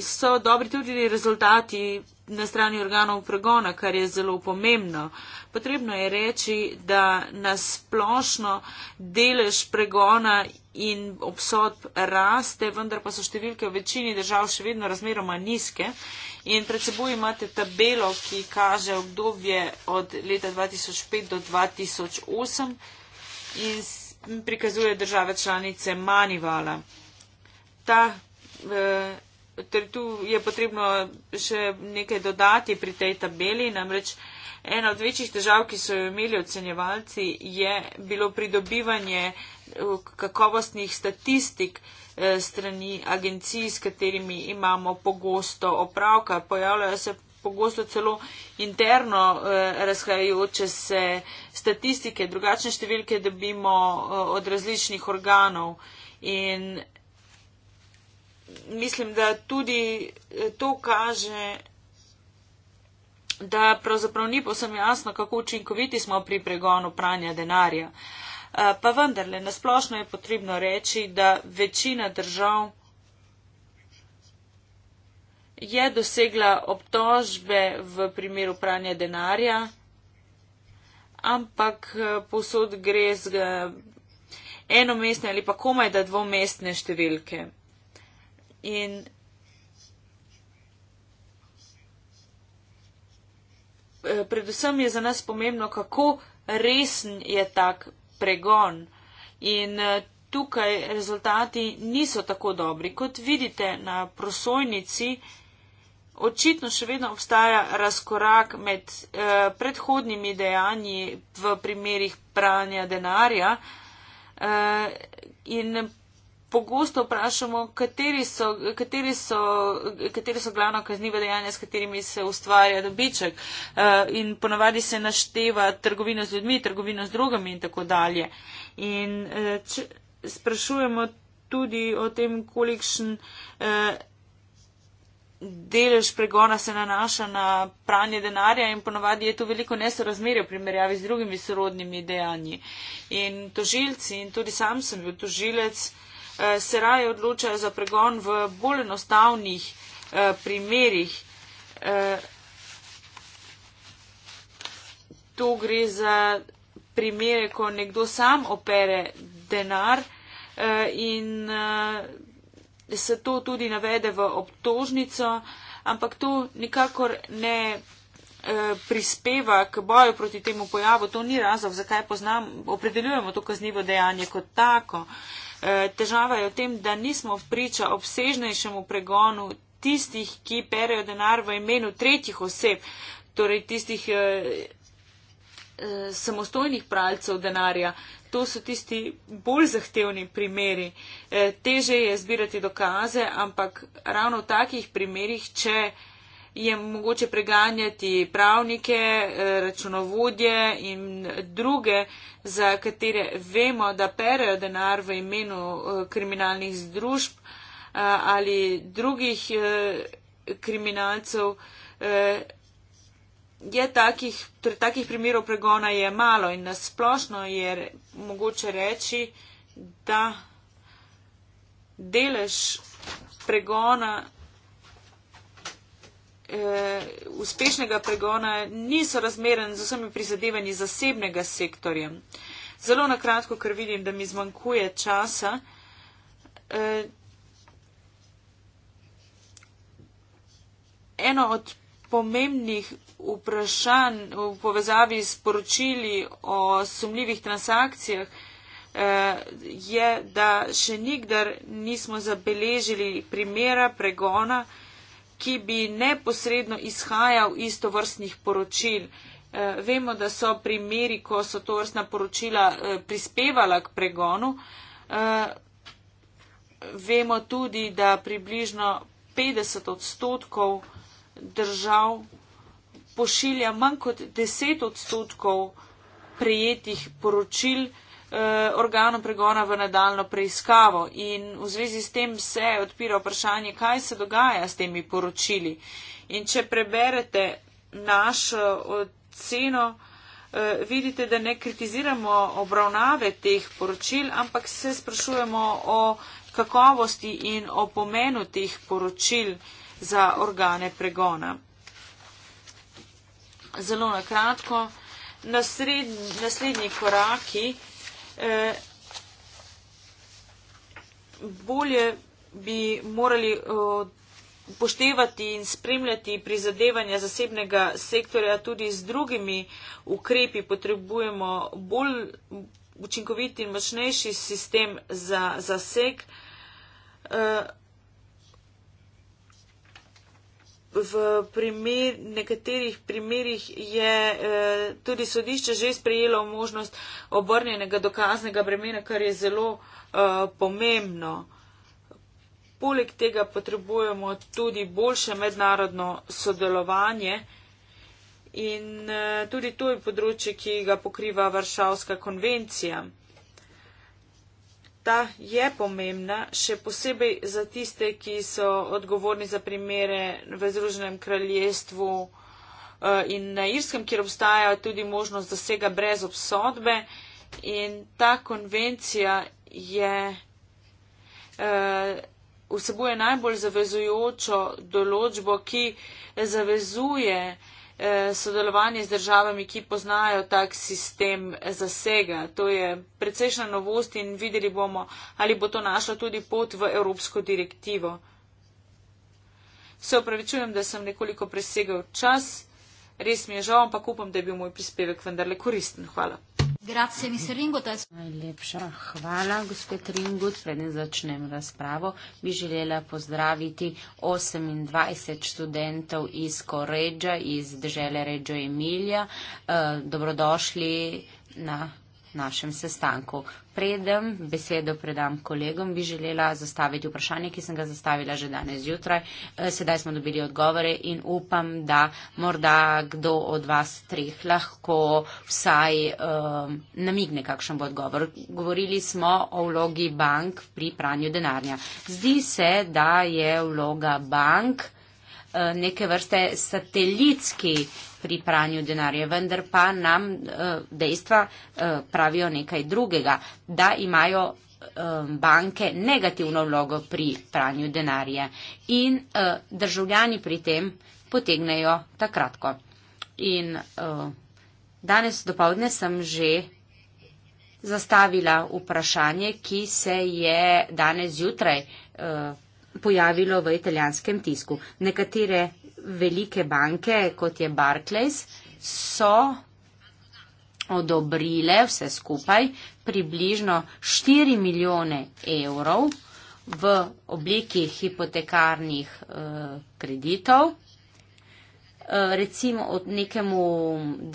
so dobri tudi rezultati na strani organov pregona, kar je zelo pomembno. Potrebno je reči, da nasplošno delež pregona in obsodb raste, vendar pa so številke v večini držav še vedno razmeroma nizke. In pred seboj imate tabelo, ki kaže obdobje od leta 2005 do 2008 in prikazuje države članice Manivala. Ta, eh, ter tu je potrebno še nekaj dodati pri tej tabeli, namreč eh, Ena od večjih težav, ki so jo imeli ocenjevalci, je bilo pridobivanje eh, kakovostnih statistik eh, strani agencij, s katerimi imamo pogosto opravka. Pojavljajo se pogosto celo interno eh, razhajajoče se statistike, drugačne številke dobimo od različnih organov. In mislim, da tudi to kaže da pravzaprav ni posem jasno, kako učinkoviti smo pri pregonu pranja denarja. Eh, pa vendarle, nasplošno je potrebno reči, da večina držav je dosegla obtožbe v primeru pranja denarja, ampak eh, posod gre z eh, enomestne ali pa komaj da dvomestne številke. In predvsem je za nas pomembno, kako resen je tak pregon. In eh, tukaj rezultati niso tako dobri. Kot vidite na prosojnici, očitno še vedno obstaja razkorak med eh, predhodnimi dejanji v primerih pranja denarja. Eh, in pogosto vprašamo, kateri so, kateri so, kateri so glavno kaznive dejanja, s katerimi se ustvarja dobiček. Eh, in ponavadi se našteva trgovino z ljudmi, trgovino z drugami in tako dalje. In eh, če, sprašujemo tudi o tem, kolikšen eh, delež pregona se nanaša na pranje denarja in ponovadi je to veliko nesorazmerje v primerjavi z drugimi sorodnimi dejanji. In tožilci, in tudi sam sem bil tožilec, uh, Eh, se raje odločajo za pregon v bolj enostavnih eh, primerjih. Eh, to gre za primere, ko nekdo sam opere denar in se to tudi navede v obtožnico, ampak to nikakor ne prispeva k boju proti temu pojavu. To ni razlog, zakaj poznam, opredeljujemo to kaznivo dejanje kot tako. Uh, Eh, težava je v tem, da nismo priča obsežnejšemu pregonu tistih, ki perejo denar v imenu tretjih oseb, torej tistih eh, eh samostojnih pralcev denarja. To so tisti bolj zahtevni primeri. Eh, teže je zbirati dokaze, ampak ravno v takih primerih, če. Eh, je mogoče preganjati pravnike, eh, računovodje in druge, za katere vemo, da perejo denar v imenu eh, kriminalnih združb eh, ali drugih kriminalcev. Je takih, torej takih primerov pregona je malo in nasplošno je mogoče reči, da delež pregona eh, uspešnega pregona niso razmeren z vsemi prizadevanji zasebnega sektorja. Zelo na kratko, ker vidim, da mi zmanjkuje časa. Eh, eno od pomembnih vprašanj v povezavi s poročili o sumljivih transakcijah eh, je, da še nikdar nismo zabeležili primera pregona, ki bi neposredno izhajal iz tovrstnih poročil. Eh, vemo, da so primeri, ko so tovrstna poročila eh, prispevala k pregonu. Eh, vemo tudi, da približno 50 odstotkov držav pošilja manj kot 10 odstotkov prejetih poročil. Eh, organom pregona v nadaljno preiskavo in v zvezi s tem se odpira vprašanje, kaj se dogaja s temi poročili. In če preberete našo oceno, eh, vidite, da ne kritiziramo obravnave teh poročil, ampak se sprašujemo o kakovosti in o pomenu teh poročil za organe pregona. Zelo na kratko. Nasred, naslednji koraki uh, Eh, bolje bi morali eh, upoštevati in spremljati prizadevanja zasebnega sektorja tudi z drugimi ukrepi. Potrebujemo bolj učinkoviti in močnejši sistem za zaseg. Eh, v primer, nekaterih primerjih je eh, tudi sodišče že sprejelo možnost obrnjenega dokaznega bremena, kar je zelo eh, pomembno. Poleg tega potrebujemo tudi boljše mednarodno sodelovanje in eh, tudi to je področje, ki ga pokriva Varšavska konvencija ta je pomembna, še posebej za tiste, ki so odgovorni za primere v Združenem kraljestvu eh, in na Irskem, kjer obstaja tudi možnost zasega brez obsodbe. In ta konvencija je, eh, vsebuje najbolj zavezujočo določbo, ki zavezuje Eh, sodelovanje z državami, ki poznajo tak sistem zasega. To je precejšna novost in videli bomo, ali bo to našlo tudi pot v Evropsko direktivo. Se opravičujem, da sem nekoliko presegal čas. Res mi je žal, ampak upam, da je bil moj prispevek vendarle koristen. Hvala. Grazie, mister Ringot. Najlepša hvala, gospod Ringot. Preden začnem razpravo, bi želela pozdraviti 28 študentov iz Koređa, iz države Reggio Emilia. Uh, dobrodošli na našem sestanku. Predem besedo predam kolegom, bi želela zastaviti vprašanje, ki sem ga zastavila že danes jutraj. E, sedaj smo dobili odgovore in upam, da morda kdo od vas treh lahko vsaj um, namigne, kakšen bo odgovor. Govorili smo o vlogi bank pri pranju denarja. Zdi se, da je vloga bank. Eh, neke vrste satelitski pri pranju denarja, vendar pa nam eh, dejstva eh, pravijo nekaj drugega, da imajo banke negativno vlogo pri pranju denarja in državljani pri tem potegnejo takratko. In danes dopovdne sem že zastavila vprašanje, ki se je danes zjutraj pripravljala pojavilo v italijanskem tisku. Nekatere velike banke, kot je Barclays, so odobrile vse skupaj približno 4 milijone evrov v obliki hipotekarnih e, kreditov, e, recimo od nekemu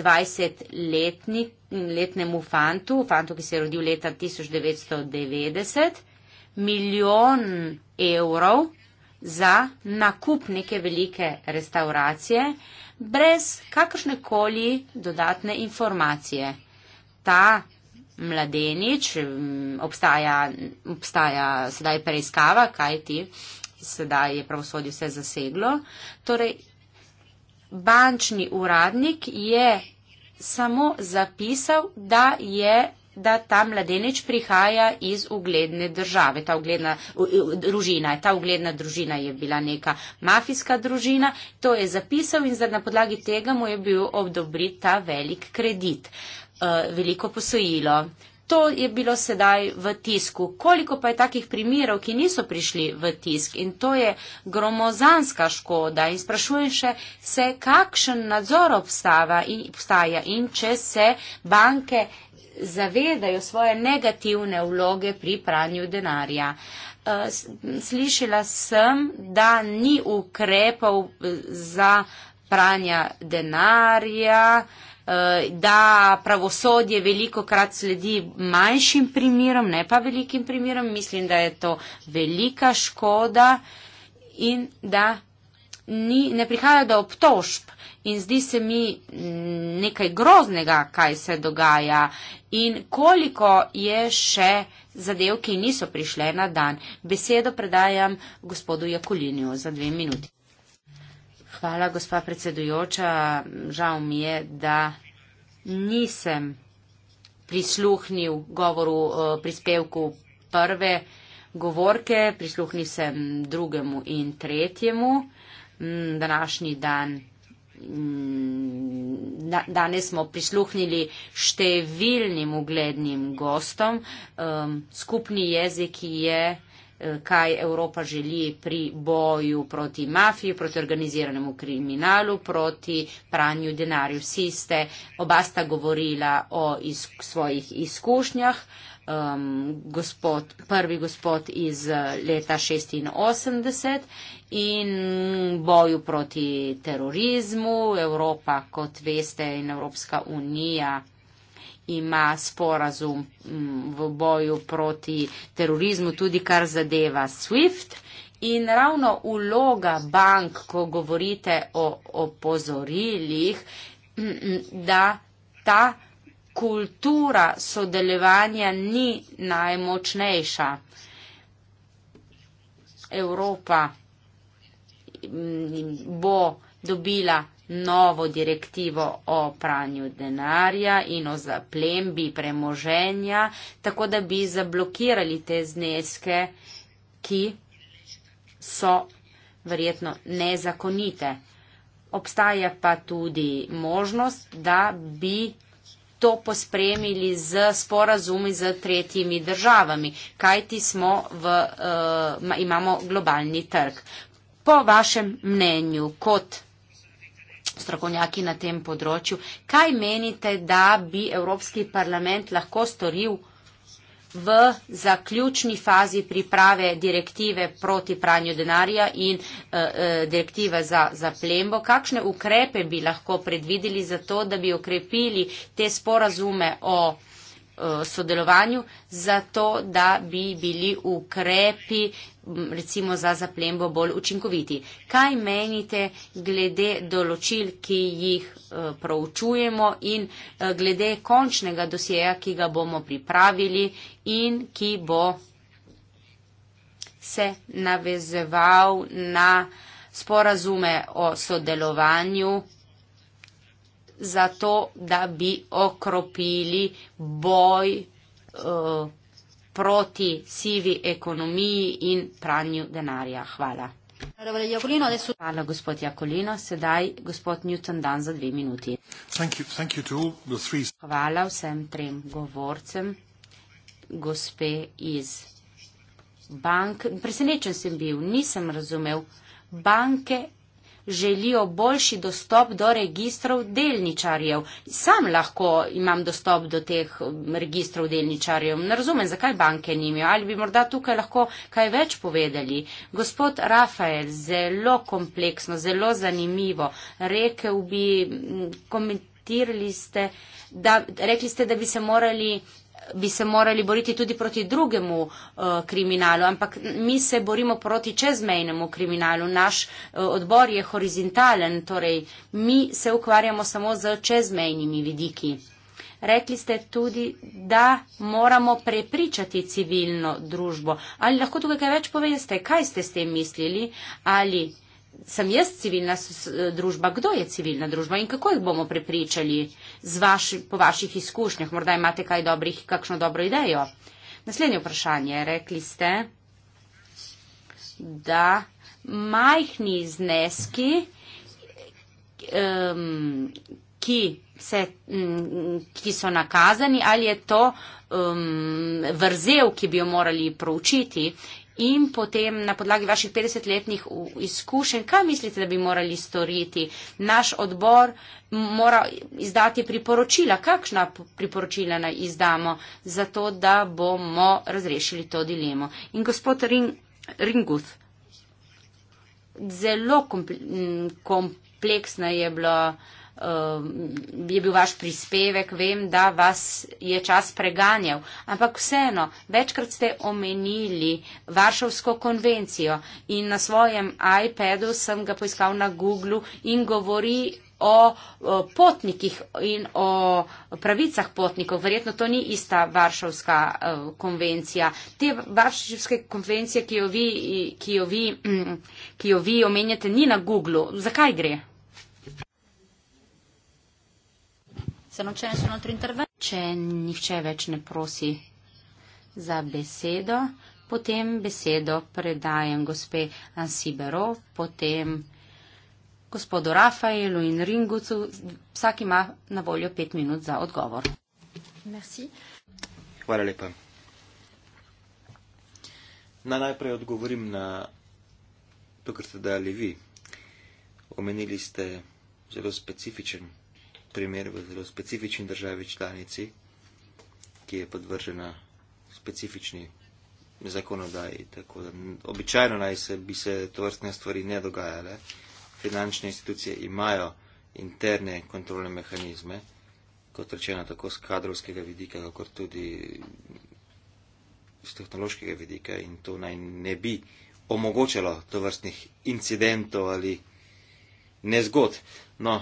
20-letnemu fantu, fantu, ki se je rodil leta 1990 milijon evrov za nakup neke velike restauracije brez kakršnekoli dodatne informacije. Ta mladenič mm, obstaja, obstaja sedaj preiskava, kaj ti sedaj je pravosodje vse zaseglo. Torej, bančni uradnik je samo zapisal, da je da ta mladenič prihaja iz ugledne države. Ta ugledna, uh, družina. ta ugledna družina je bila neka mafijska družina, to je zapisal in na podlagi tega mu je bil obdobrit ta velik kredit, uh, veliko posojilo. To je bilo sedaj v tisku. Koliko pa je takih primerov, ki niso prišli v tisk in to je gromozanska škoda in sprašujem še se, kakšen nadzor obstava in, obstaja in če se banke zavedajo svoje negativne vloge pri pranju denarja. Eh, slišala sem, da ni ukrepov eh, za pranja denarja, eh, da pravosodje veliko krat sledi manjšim primerom, ne pa velikim primerom. Mislim, da je to velika škoda in da ni, ne prihaja do obtožb in zdi se mi mm, nekaj groznega, kaj se dogaja in koliko je še zadev, ki niso prišle na dan. Besedo predajam gospodu Jakulinju za dve minuti. Hvala, gospa predsedujoča. Žal mi je, da nisem prisluhnil govoru eh, prispevku prve govorke, prisluhnil sem drugemu in tretjemu. Mm, današnji dan Mm, danes smo prisluhnili številnim uglednim gostom. Um, skupni jezik je, eh, kaj Evropa želi pri boju proti mafiji, proti organiziranemu kriminalu, proti pranju denarja. Vsi ste, oba sta govorila o iz, svojih izkušnjah um, gospod, prvi gospod iz uh, leta 86 in boju proti terorizmu. Evropa, kot veste, in Evropska unija ima sporazum mm, v boju proti terorizmu, tudi kar zadeva SWIFT. In ravno uloga bank, ko govorite o opozorilih, mm, mm, da ta kultura sodelovanja ni najmočnejša. Evropa mm, bo dobila novo direktivo o pranju denarja in o zaplembi premoženja, tako da bi zablokirali te zneske, ki so verjetno nezakonite. Obstaja pa tudi možnost, da bi to pospremili z sporazumi z tretjimi državami, kajti smo v, eh, imamo globalni trg. Po vašem mnenju, kot strokovnjaki na tem področju, kaj menite, da bi Evropski parlament lahko storil? v zaključni fazi priprave direktive proti pranju denarja in uh, uh, direktive za, za plembo. Kakšne ukrepe bi lahko predvideli za to, da bi okrepili te sporazume o Eh, sodelovanju, zato da bi bili ukrepi recimo za zaplembo bolj učinkoviti. Kaj menite glede določil, ki jih eh, proučujemo in eh, glede končnega dosjeja, ki ga bomo pripravili in ki bo se navezeval na sporazume o sodelovanju za to, da bi okropili boj uh, proti sivi ekonomiji in pranju denarja. Hvala. Hvala, gospod Jakolino. Sedaj gospod Newton dan za dve minuti. Thank you, thank you Hvala vsem trem govorcem, gospe iz bank. Presenečen sem bil, nisem razumel. Banke želijo boljši dostop do registrov delničarjev. Sam lahko imam dostop do teh registrov delničarjev. Ne razumem, zakaj banke nimajo. Ali bi morda tukaj lahko kaj več povedali? Gospod Rafael, zelo kompleksno, zelo zanimivo. Rekel bi, komentirali ste, da, ste, da bi se morali bi se morali boriti tudi proti drugemu uh, kriminalu, ampak mi se borimo proti čezmejnemu kriminalu. Naš uh, odbor je horizontalen, torej mi se ukvarjamo samo z čezmejnimi vidiki. Rekli ste tudi, da moramo prepričati civilno družbo. Ali lahko tukaj kaj več poveste? Kaj ste s tem mislili? Ali sem jaz civilna družba, kdo je civilna družba in kako jih bomo prepričali vaš, po vaših izkušnjah, morda imate kaj dobrih, kakšno dobro idejo. Naslednje vprašanje, rekli ste, da majhni zneski, um, ki, se, ki so nakazani, ali je to um, vrzel, ki bi jo morali proučiti in potem na podlagi vaših 50-letnih izkušenj, kaj mislite, da bi morali storiti? Naš odbor mora izdati priporočila, kakšna priporočila naj izdamo, zato da bomo razrešili to dilemo. In gospod Ring, Ringuth, zelo kompleksna je bila. Um, je bil vaš prispevek, vem, da vas je čas preganjal. Ampak vseeno, večkrat ste omenili Varšavsko konvencijo in na svojem iPadu sem ga poiskal na Google in govori o potnikih in o pravicah potnikov. Verjetno to ni ista Varšavska uh, konvencija. Te Varšavske konvencije, ki jo vi, ki jo vi, mm, ki jo vi omenjate, ni na Google. Zakaj gre? Se non c'è nessun altro intervento, c'è nihče več ne prosi za besedo, potem besedo predajem gospe Ansibero, potem gospodu Rafaelu in Ringucu. Vsak ima na voljo pet minut za odgovor. Merci. Hvala lepa. Na najprej odgovorim na to, kar ste dali vi. Omenili ste zelo specifičen primer v zelo specifični državi članici, ki je podvržena specifični zakonodaji. Tako da običajno naj se bi se to vrstne stvari ne dogajale. Finančne institucije imajo interne kontrolne mehanizme, kot rečeno, tako z kadrovskega vidika, kakor tudi z tehnološkega vidika in to naj ne bi omogočalo to vrstnih incidentov ali nezgod. No,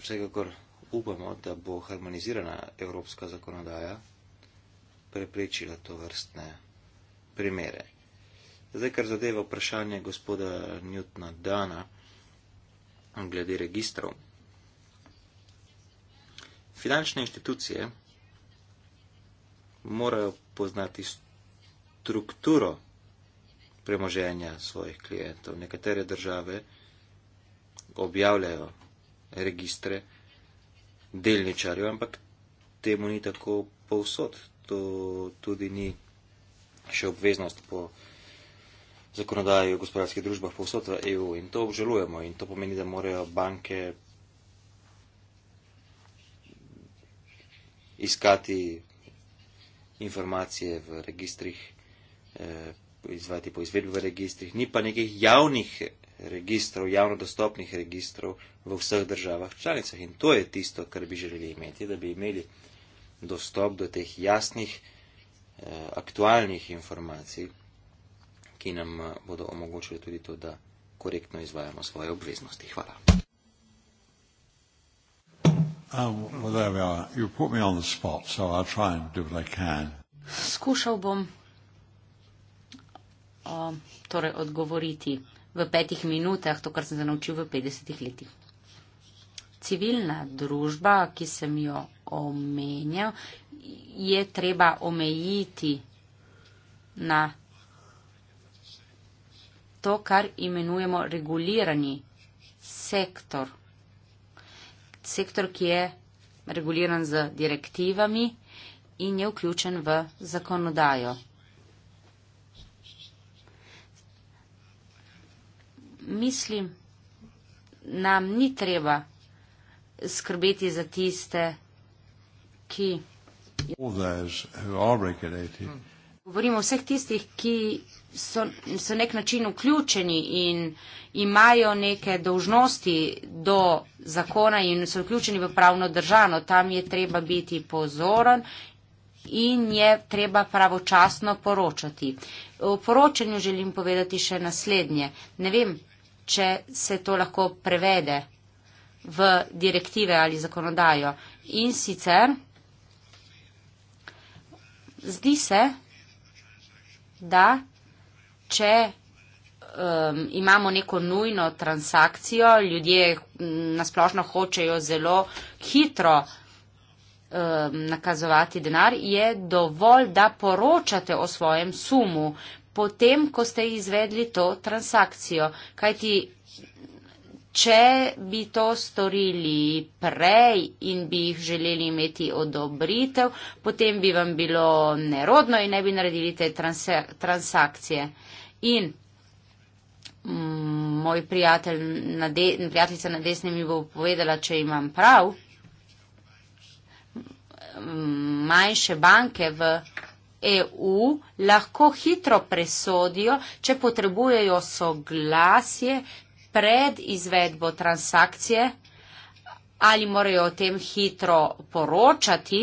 vsekakor upamo, da bo harmonizirana evropska zakonodaja preprečila to vrstne primere. Zdaj, kar zadeva vprašanje gospoda Newtona Dana glede registrov. Finančne inštitucije morajo poznati strukturo premoženja svojih klientov. Nekatere države objavljajo registre delničarjev, ampak temu ni tako povsod. To tudi ni še obveznost po zakonodaji o gospodarskih družbah povsod v EU in to obžalujemo in to pomeni, da morajo banke iskati informacije v registrih, eh, izvajati po izvedbi v registrih. Ni pa nekih javnih registrov, javno dostopnih registrov v vseh državah članicah. In to je tisto, kar bi želeli imeti, da bi imeli dostop do teh jasnih, eh, aktualnih informacij, ki nam eh, bodo omogočili tudi to, da korektno izvajamo svoje obveznosti. Hvala. Um, Skušal bom uh, torej odgovoriti v petih minutah to, kar sem se naučil v 50 letih. Civilna družba, ki sem jo omenjal, je treba omejiti na to, kar imenujemo regulirani sektor. Sektor, ki je reguliran z direktivami in je vključen v zakonodajo. mislim, nam ni treba skrbeti za tiste, ki. Govorimo o vseh tistih, ki so, so nek način vključeni in imajo neke dožnosti do zakona in so vključeni v pravno državo. Tam je treba biti pozoren in je treba pravočasno poročati. O poročanju želim povedati še naslednje. Ne vem, če se to lahko prevede v direktive ali zakonodajo. In sicer zdi se, da če um, imamo neko nujno transakcijo, ljudje nasplošno hočejo zelo hitro um, nakazovati denar, je dovolj, da poročate o svojem sumu potem, ko ste izvedli to transakcijo. Kajti, če bi to storili prej in bi jih želeli imeti odobritev, potem bi vam bilo nerodno in ne bi naredili te trans transakcije. In mm, moj prijatelj na prijateljica na desni mi bo povedala, če imam prav, manjše banke v EU lahko hitro presodijo, če potrebujejo soglasje pred izvedbo transakcije ali morajo o tem hitro poročati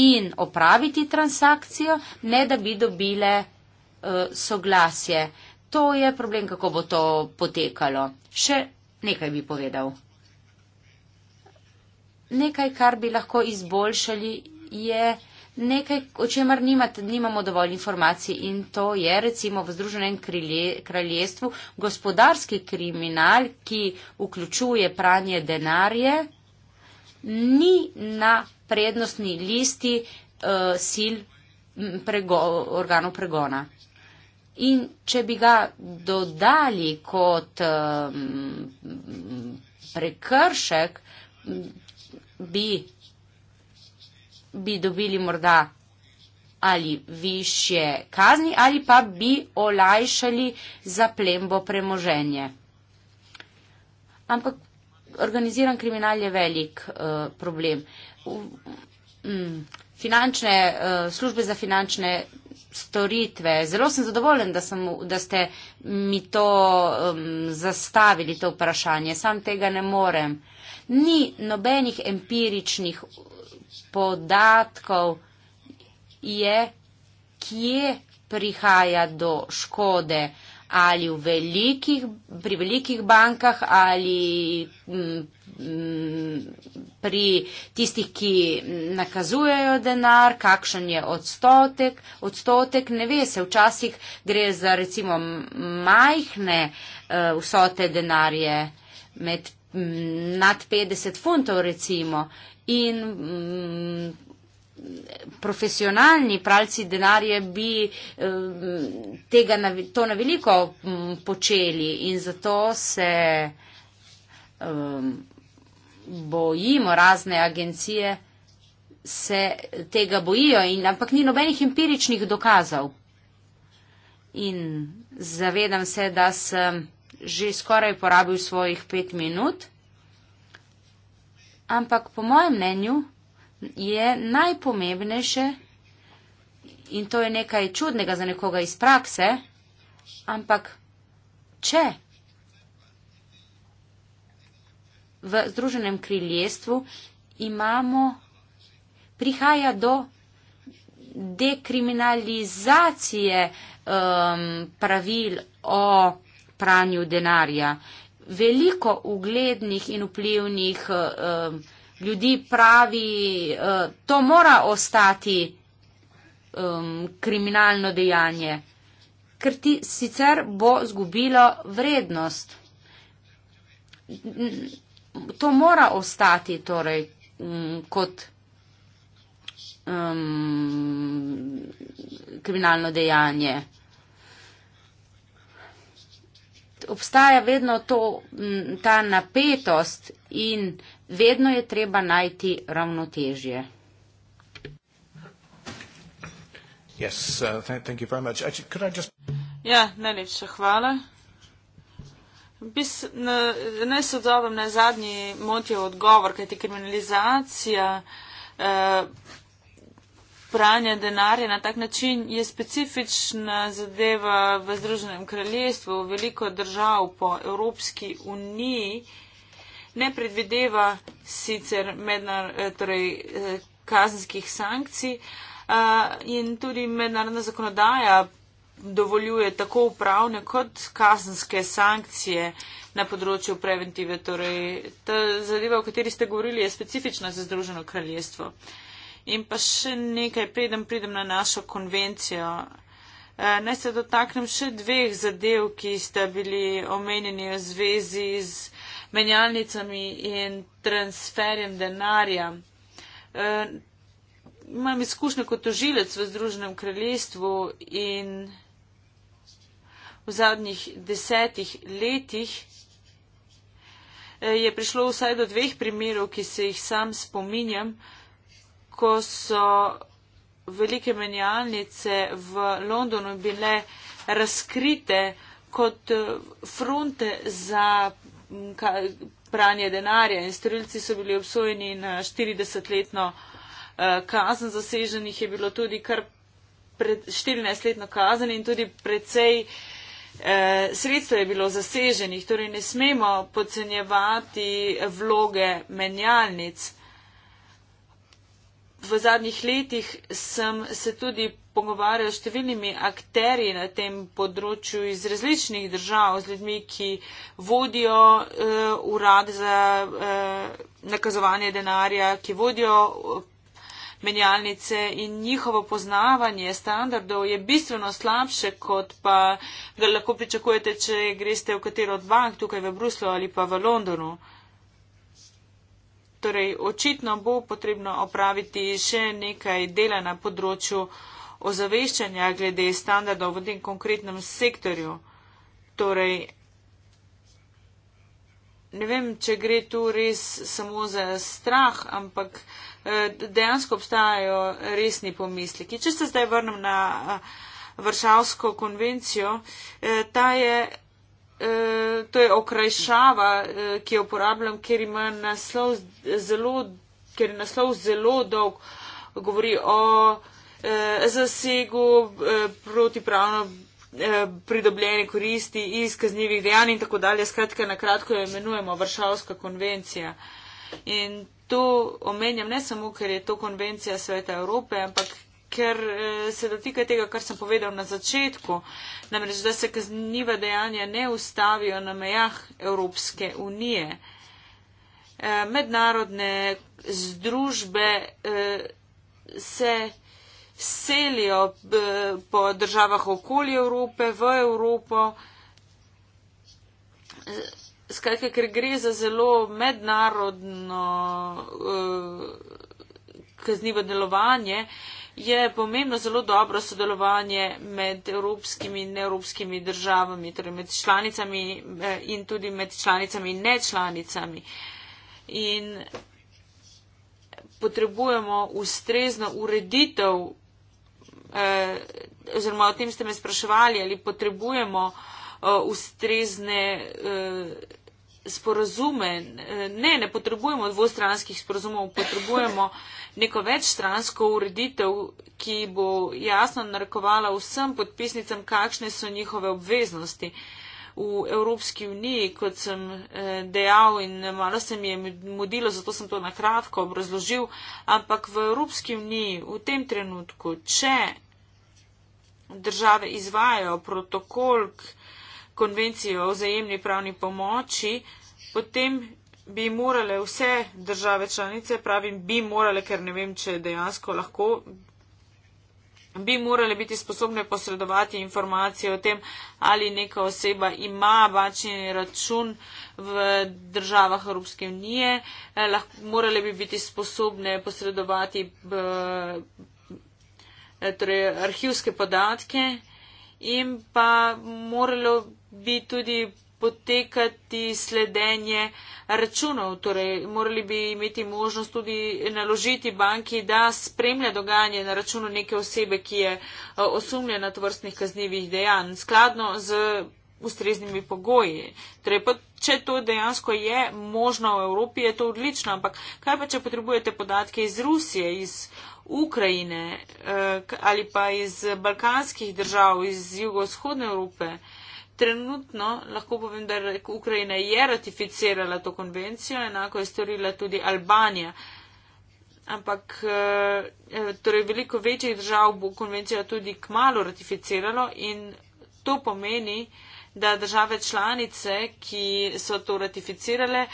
in opraviti transakcijo, ne da bi dobile uh, soglasje. To je problem, kako bo to potekalo. Še nekaj bi povedal. Nekaj, kar bi lahko izboljšali je nekaj, o čemer nimate, nimamo dovolj informacij in to je recimo v Združenem kraljestvu gospodarski kriminal, ki vključuje pranje denarje, ni na prednostni listi uh, sil prego, organov pregona. In če bi ga dodali kot um, prekršek, bi bi dobili morda ali više kazni ali pa bi olajšali zaplembo premoženje. Ampak organiziran kriminal je velik uh, problem. V, mm, finančne, uh, službe za finančne storitve. Zelo sem zadovoljen, da, sem, da ste mi to um, zastavili, to vprašanje. Sam tega ne morem. Ni nobenih empiričnih podatkov je, kje prihaja do škode ali v velikih, pri velikih bankah ali mm, mm, pri tistih, ki nakazujejo denar, kakšen je odstotek, odstotek ne ve se. Včasih gre za recimo majhne eh, vsote denarje med mm, nad 50 funtov recimo in mm, profesionalni pralci denarja bi eh, tega, to na veliko mm, počeli in zato se eh, bojimo razne agencije, se tega bojijo, in, ampak ni nobenih empiričnih dokazov. In zavedam se, da sem že skoraj porabil svojih pet minut ampak po mojem mnenju je najpomembnejše, in to je nekaj čudnega za nekoga iz prakse, ampak če v Združenem kriljestvu imamo, prihaja do dekriminalizacije um, pravil o pranju denarja veliko uglednih in vplivnih uh, ljudi pravi, uh, to mora ostati um, kriminalno dejanje, ker ti sicer bo zgubilo vrednost. To mora ostati torej um, kot um, kriminalno dejanje obstaja vedno to, ta napetost in vedno je treba najti ravnotežje. Yes, uh, thank you very much. Actually, could I just... Ja, najlepša hvala. Bis, na, ne se odzovem na zadnji motiv odgovor, kajti kriminalizacija uh, pranja denarja na tak način je specifična zadeva v Združenem kraljestvu. Veliko držav po Evropski uniji ne predvideva sicer mednar, eh, torej, eh, kazenskih sankcij in tudi mednarodna zakonodaja dovoljuje tako upravne kot kazenske sankcije na področju preventive. Torej, ta zadeva, o kateri ste govorili, je specifična za Združeno kraljestvo. Uh, In pa še nekaj, preden pridem na našo konvencijo. Eh, naj se dotaknem še dveh zadev, ki sta bili omenjeni v zvezi z menjalnicami in transferjem denarja. Eh, imam izkušnje kot tožilec v Združenem kraljestvu in v zadnjih desetih letih eh, je prišlo vsaj do dveh primerov, ki se jih sam spominjam ko so velike menjalnice v Londonu bile razkrite kot fronte za pranje denarja in strelci so bili obsojeni na 40-letno eh, kazen, zaseženih je bilo tudi kar 14-letno kazen in tudi precej eh, sredstva je bilo zaseženih. Torej ne smemo podcenjevati vloge menjalnic v zadnjih letih sem se tudi pogovarjal s številnimi akteri na tem področju iz različnih držav, z ljudmi, ki vodijo uh, eh, urad za uh, nakazovanje denarja, ki vodijo eh, menjalnice in njihovo poznavanje standardov je bistveno slabše, kot pa ga lahko pričakujete, če greste v katero od bank tukaj v Bruslu ali pa v Londonu. Uh, Torej, očitno bo potrebno opraviti še nekaj dela na področju ozaveščanja glede standardov v tem konkretnem sektorju. Torej, ne vem, če gre tu res samo za strah, ampak eh, dejansko obstajajo resni pomisliki. Če se zdaj vrnem na eh, Vršavsko konvencijo, eh, ta je Eh, to je okrajšava, eh, ki jo uporabljam, ker ima naslov zelo, ker je naslov zelo dolg, govori o eh, zasegu protipravno pridobljene koristi iz kaznjivih dejanj in tako dalje. Skratka, na kratko jo imenujemo Varšavska konvencija. In to omenjam ne samo, ker je to konvencija Sveta Evrope, ampak ker uh, se dotika tega, kar sem povedal na začetku, namreč, da se kazniva dejanja ne ustavijo na mejah Evropske unije. Eh, mednarodne združbe eh, se selijo po državah okoli Evrope, v Evropo, skratka, ker gre za zelo mednarodno kaznivo delovanje, je pomembno zelo dobro sodelovanje med evropskimi in neevropskimi državami, torej med članicami eh, in tudi med članicami in nečlanicami. In potrebujemo ustrezno ureditev, eh, oziroma o tem ste me spraševali, ali potrebujemo eh, ustrezne. Eh, sporozume. Ne, ne potrebujemo dvostranskih sporozumov, potrebujemo neko večstransko ureditev, ki bo jasno narekovala vsem podpisnicam, kakšne so njihove obveznosti. V Evropski uniji, kot sem eh, dejal in malo se mi je modilo, zato sem to na kratko obrazložil, ampak v Evropski uniji v tem trenutku, če države izvajajo protokol k konvencijo o vzajemni pravni pomoči, potem bi morale vse države članice, pravim, bi morale, ker ne vem, če dejansko lahko, bi morale biti sposobne posredovati informacije o tem, ali neka oseba ima bančni račun v državah Evropske unije, eh, morale bi biti sposobne posredovati b, eh, eh, torej, arhivske podatke in pa morale bi tudi potekati sledenje računov. Torej, morali bi imeti možnost tudi naložiti banki, da spremlja dogajanje na računu neke osebe, ki je eh, osumljena tvrstnih kaznjivih dejanj, skladno z ustreznimi pogoji. Torej, pa, če to dejansko je možno v Evropi, je to odlično, ampak kaj pa, če potrebujete podatke iz Rusije, iz Ukrajine eh, ali pa iz balkanskih držav, iz jugovzhodne Evrope? Trenutno lahko povem, da Ukrajina je ratificirala to konvencijo, enako je storila tudi Albanija. Ampak eh, eh, torej veliko večjih držav bo konvencijo tudi k malu ratificiralo in to pomeni, da države članice, ki so to ratificirale,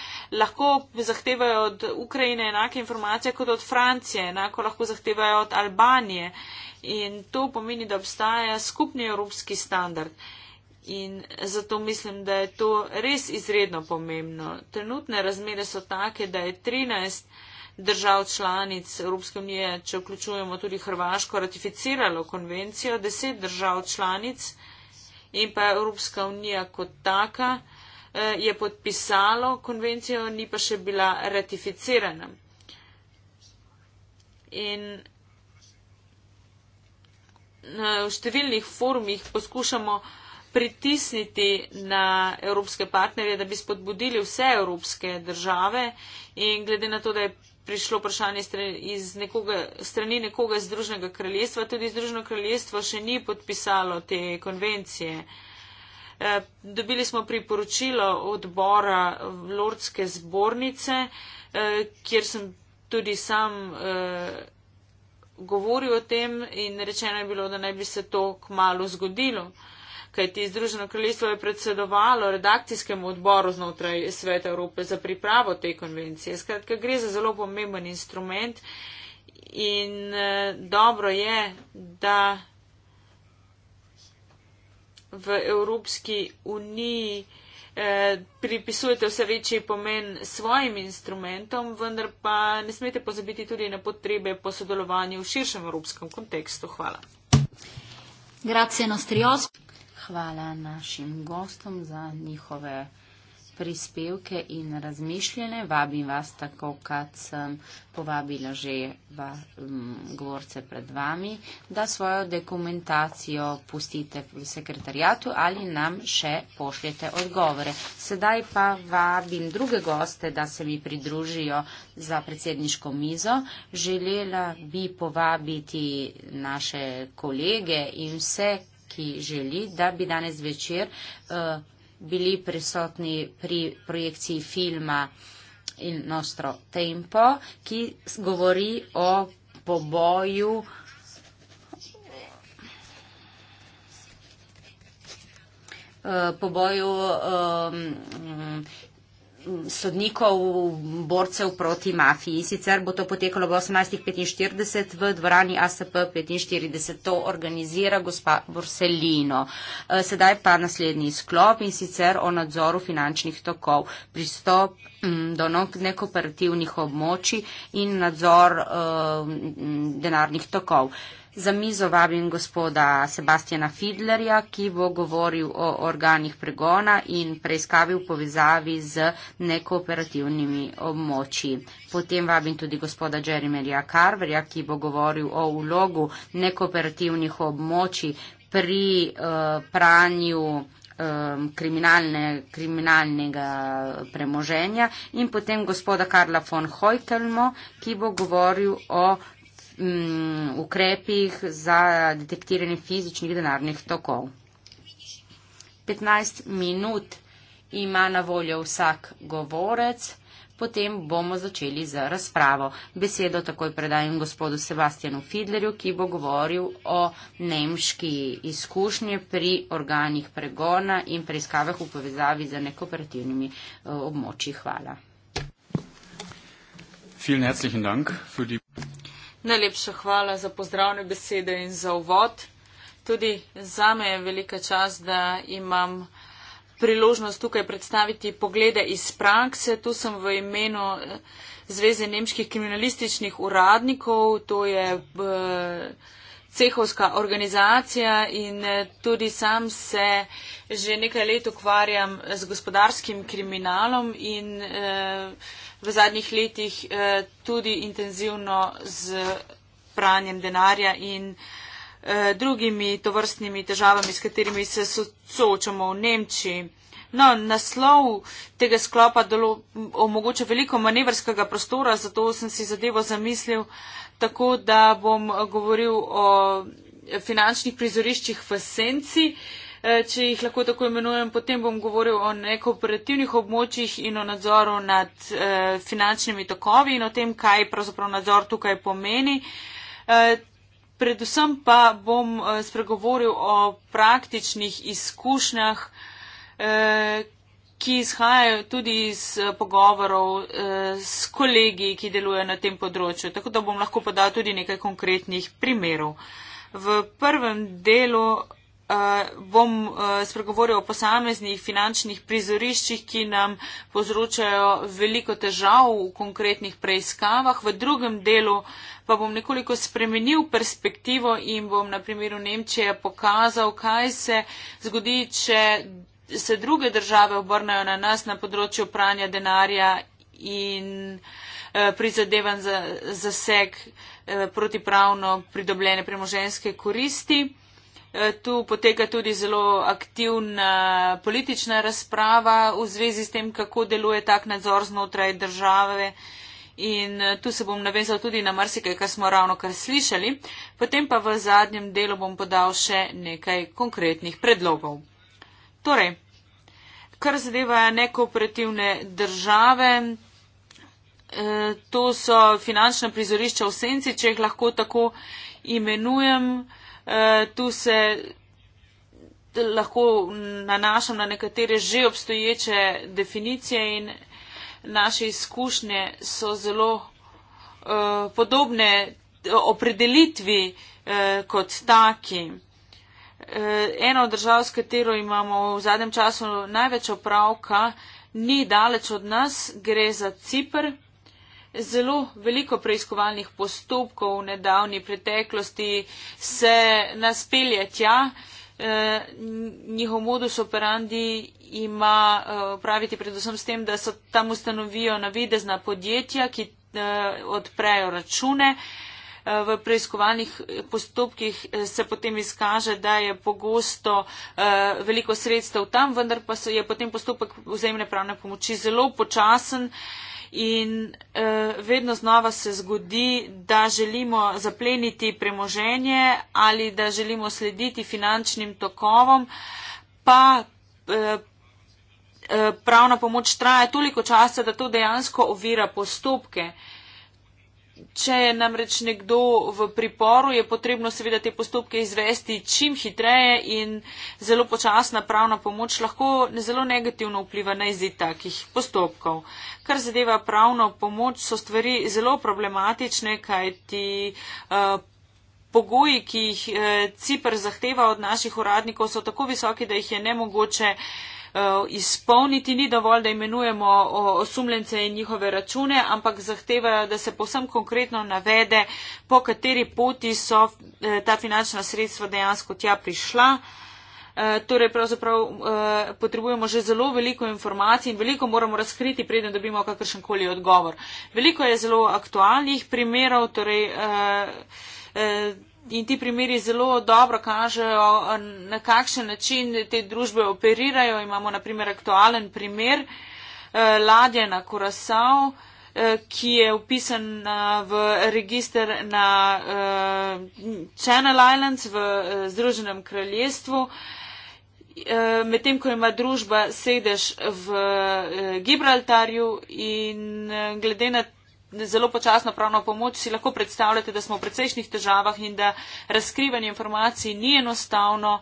lahko zahtevajo od Ukrajine enake informacije kot od Francije, enako lahko zahtevajo od Albanije. In to pomeni, da obstaja skupni evropski standard. In zato mislim, da je to res izredno pomembno. Trenutne razmere so take, da je 13 držav članic Evropske unije, če vključujemo tudi Hrvaško, ratificiralo konvencijo, 10 držav članic in pa Evropska unija kot taka eh, je podpisalo konvencijo, ni pa še bila ratificirana. In eh, v številnih forumih poskušamo pritisniti na evropske partnerje, da bi spodbudili vse evropske države in glede na to, da je prišlo vprašanje iz nekoga, strani nekoga iz Združnega kraljestva, tudi Združeno kraljestvo še ni podpisalo te konvencije. Eh, dobili smo priporočilo odbora Lordske zbornice, eh, kjer sem tudi sam eh, govoril o tem in rečeno je bilo, da naj bi se to kmalo zgodilo kajti Združeno kraljestvo je predsedovalo redakcijskemu odboru znotraj Sveta Evrope za pripravo te konvencije. Skratka, gre za zelo pomemben instrument in eh, dobro je, da v Evropski uniji eh, pripisujete vse večji pomen svojim instrumentom, vendar pa ne smete pozabiti tudi na potrebe po sodelovanju v širšem evropskem kontekstu. Hvala. Grazie nostri ospiti hvala našim gostom za njihove prispevke in razmišljene. Vabim vas tako, kot sem povabila že v govorce pred vami, da svojo dokumentacijo pustite v sekretarijatu ali nam še pošljete odgovore. Sedaj pa vabim druge goste, da se mi pridružijo za predsedniško mizo. Želela bi povabiti naše kolege in vse, ki želi, da bi danes večer eh, bili prisotni pri projekciji filma Il nostro tempo, ki govori o poboju. Eh, po boju um, ehm, sodnikov, borcev proti mafiji. Sicer bo to potekalo v 18.45 v dvorani ASP 45. To organizira gospa Borselino. Eh, sedaj pa naslednji sklop in sicer o nadzoru finančnih tokov. Pristop mm, do nekooperativnih območij in nadzor uh, denarnih tokov. Za mizo vabim gospoda Sebastiana Fidlerja, ki bo govoril o organih pregona in preiskavi v povezavi z nekooperativnimi območji. Potem vabim tudi gospoda Jeremyja Carverja, ki bo govoril o ulogu nekooperativnih območij pri uh, pranju eh, Kriminalne, kriminalnega premoženja in potem gospoda Karla von Hojkelmo, ki bo govoril o m, mm, ukrepih za detektiranje fizičnih denarnih tokov. 15 minut ima na voljo vsak govorec, potem bomo začeli z razpravo. Besedo takoj predajem gospodu Sebastianu Fidlerju, ki bo govoril o nemški izkušnji pri organih pregona in preiskavah v povezavi z nekooperativnimi eh, območji. Hvala. Najlepša hvala za pozdravne besede in za uvod. Tudi za me je velika čas, da imam priložnost tukaj predstaviti poglede iz prakse. Tu sem v imenu eh, Zveze nemških kriminalističnih uradnikov, to je eh, cehovska organizacija in eh, tudi sam se že nekaj let ukvarjam z gospodarskim kriminalom in v zadnjih letih eh, tudi intenzivno z pranjem denarja in eh, drugimi tovrstnimi težavami, s katerimi se soočamo v Nemčiji. No, naslov tega sklopa dolo, omogoča veliko manevrskega prostora, zato sem si zadevo zamislil tako, da bom eh, govoril o finančnih prizoriščih v senci. Uh, Eh, če jih lahko tako imenujem. Potem bom govoril o nekooperativnih območjih in o nadzoru nad eh, finančnimi tokovi in o tem, kaj pravzaprav nadzor tukaj pomeni. Eh, predvsem pa bom spregovoril o praktičnih izkušnjah, ki izhajajo tudi iz pogovorov s kolegi, ki delujejo na tem področju. Tako da bom lahko podal tudi nekaj konkretnih primerov. V prvem delu Uh, bom uh, spregovoril o posameznih finančnih prizoriščih, ki nam povzročajo veliko težav v konkretnih preiskavah. V drugem delu pa bom nekoliko spremenil perspektivo in bom na primeru Nemčije pokazal, kaj se zgodi, če se druge države obrnajo na nas na področju pranja denarja in eh, prizadevan za zaseg protipravno pridobljene premoženske koristi. Eh, tu poteka tudi zelo aktivna politična razprava v zvezi s tem, kako deluje tak nadzor znotraj države. In eh, tu se bom navezal tudi na marsikaj, kar smo ravno kar slišali. Potem pa v zadnjem delu bom podal še nekaj konkretnih predlogov. Torej, kar zadeva nekooperativne države, eh, to so finančna prizorišča v senci, če jih lahko tako imenujem. Eh, tu se lahko nanašam na nekatere že obstoječe definicije in naše izkušnje so zelo eh, podobne opredelitvi eh, kot taki. Ena od držav, s katero imamo v zadnjem času največ opravka, ni daleč od nas, gre za Cipr zelo veliko preiskovalnih postopkov v nedavni preteklosti se naspelje tja. Eh, njihov modus operandi ima eh, praviti predvsem s tem, da so tam ustanovijo navidezna podjetja, ki eh, odprejo račune. V preiskovalnih postopkih se potem izkaže, da je pogosto veliko sredstev tam, vendar pa je potem postopek vzajemne pravne pomoči zelo počasen in uh, vedno znova se zgodi, da želimo zapleniti premoženje ali da želimo slediti finančnim tokovom, pa uh, uh, pravna pomoč traja toliko časa, da to dejansko ovira postopke. Uh, Če je namreč nekdo v priporu, je potrebno seveda te postopke izvesti čim hitreje in zelo počasna pravna pomoč lahko ne zelo negativno vpliva na izid takih postopkov. Kar zadeva pravno pomoč, so stvari zelo problematične, kajti. Uh, Pogoji, ki jih eh, Cipr zahteva od naših uradnikov, so tako visoki, da jih je nemogoče Eh, izpolniti, ni dovolj, da imenujemo osumljence in njihove račune, ampak zahtevajo, da se posem konkretno navede, po kateri poti so eh, ta finančna sredstva dejansko tja prišla. Eh, torej, pravzaprav potrebujemo že zelo veliko informacij in veliko moramo razkriti, preden dobimo kakršenkoli odgovor. Veliko je zelo aktualnih primerov, torej in ti primeri zelo dobro kažejo, na kakšen način te družbe operirajo. Imamo naprimer aktualen primer eh, ladje na Kurasav, eh, ki je upisan eh, v register na Channel Islands v Združenem kraljestvu. Medtem, ko ima družba sedež v Gibraltarju in glede na zelo počasno pravno pomoč, si lahko predstavljate, da smo v precejšnjih težavah in da razkrivanje informacij ni enostavno.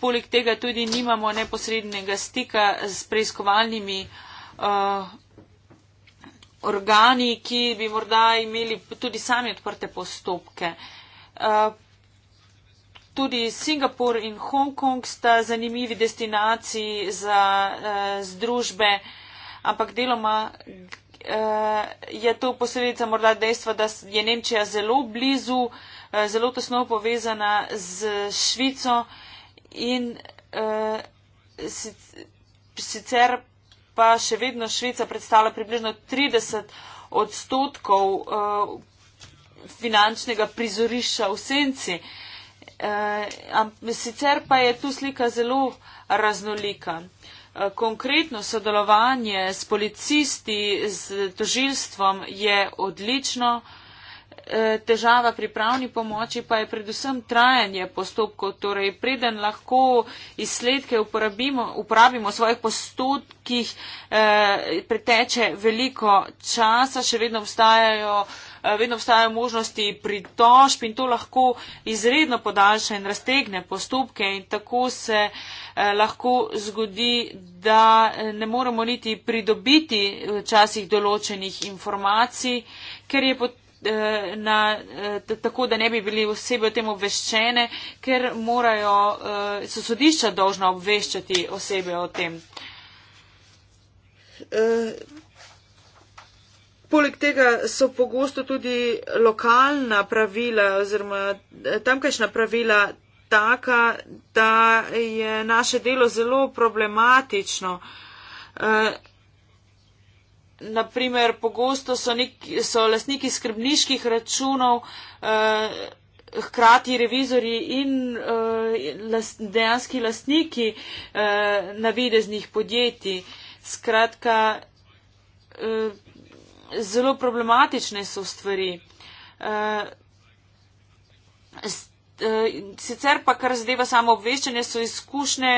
Poleg tega tudi nimamo neposrednega stika s preiskovalnimi uh, organi, ki bi morda imeli tudi sami odprte postopke. Uh, tudi Singapur in Hongkong sta zanimivi destinaciji za uh, združbe, ampak deloma Eh, je to posledica morda dejstva, da je Nemčija zelo blizu, eh, zelo tesno povezana z Švico in eh, sicer pa še vedno Švica predstavlja približno 30 odstotkov finančnega prizorišča v senci. Sicer pa je tu slika zelo raznolika. Eh, konkretno sodelovanje s policisti, z tožilstvom je odlično. Eh, težava pri pravni pomoči pa je predvsem trajanje postopkov, torej preden lahko izsledke uporabimo v svojih postopkih, eh, preteče veliko časa, še vedno obstajajo eh, Eh, vedno obstajajo možnosti pritožb in to lahko izredno podaljša in raztegne postopke in tako se eh, lahko zgodi, da eh, ne moremo niti pridobiti včasih določenih informacij, ker je potrebno. Na, tako, da ne bi bili osebe o tem obveščene, ker morajo, so sodišča dolžna obveščati osebe o tem. Poleg tega so pogosto tudi lokalna pravila oziroma eh, tamkajšnja pravila taka, da je naše delo zelo problematično. Eh, Naprimer, pogosto so, nek, so lasniki skrbniških računov, eh, hkrati revizori in eh, las, dejanski lasniki eh, navideznih podjetij. Skratka, eh, zelo problematične so stvari. Eh, eh, sicer pa, kar zadeva samo obveščanje, so izkušnje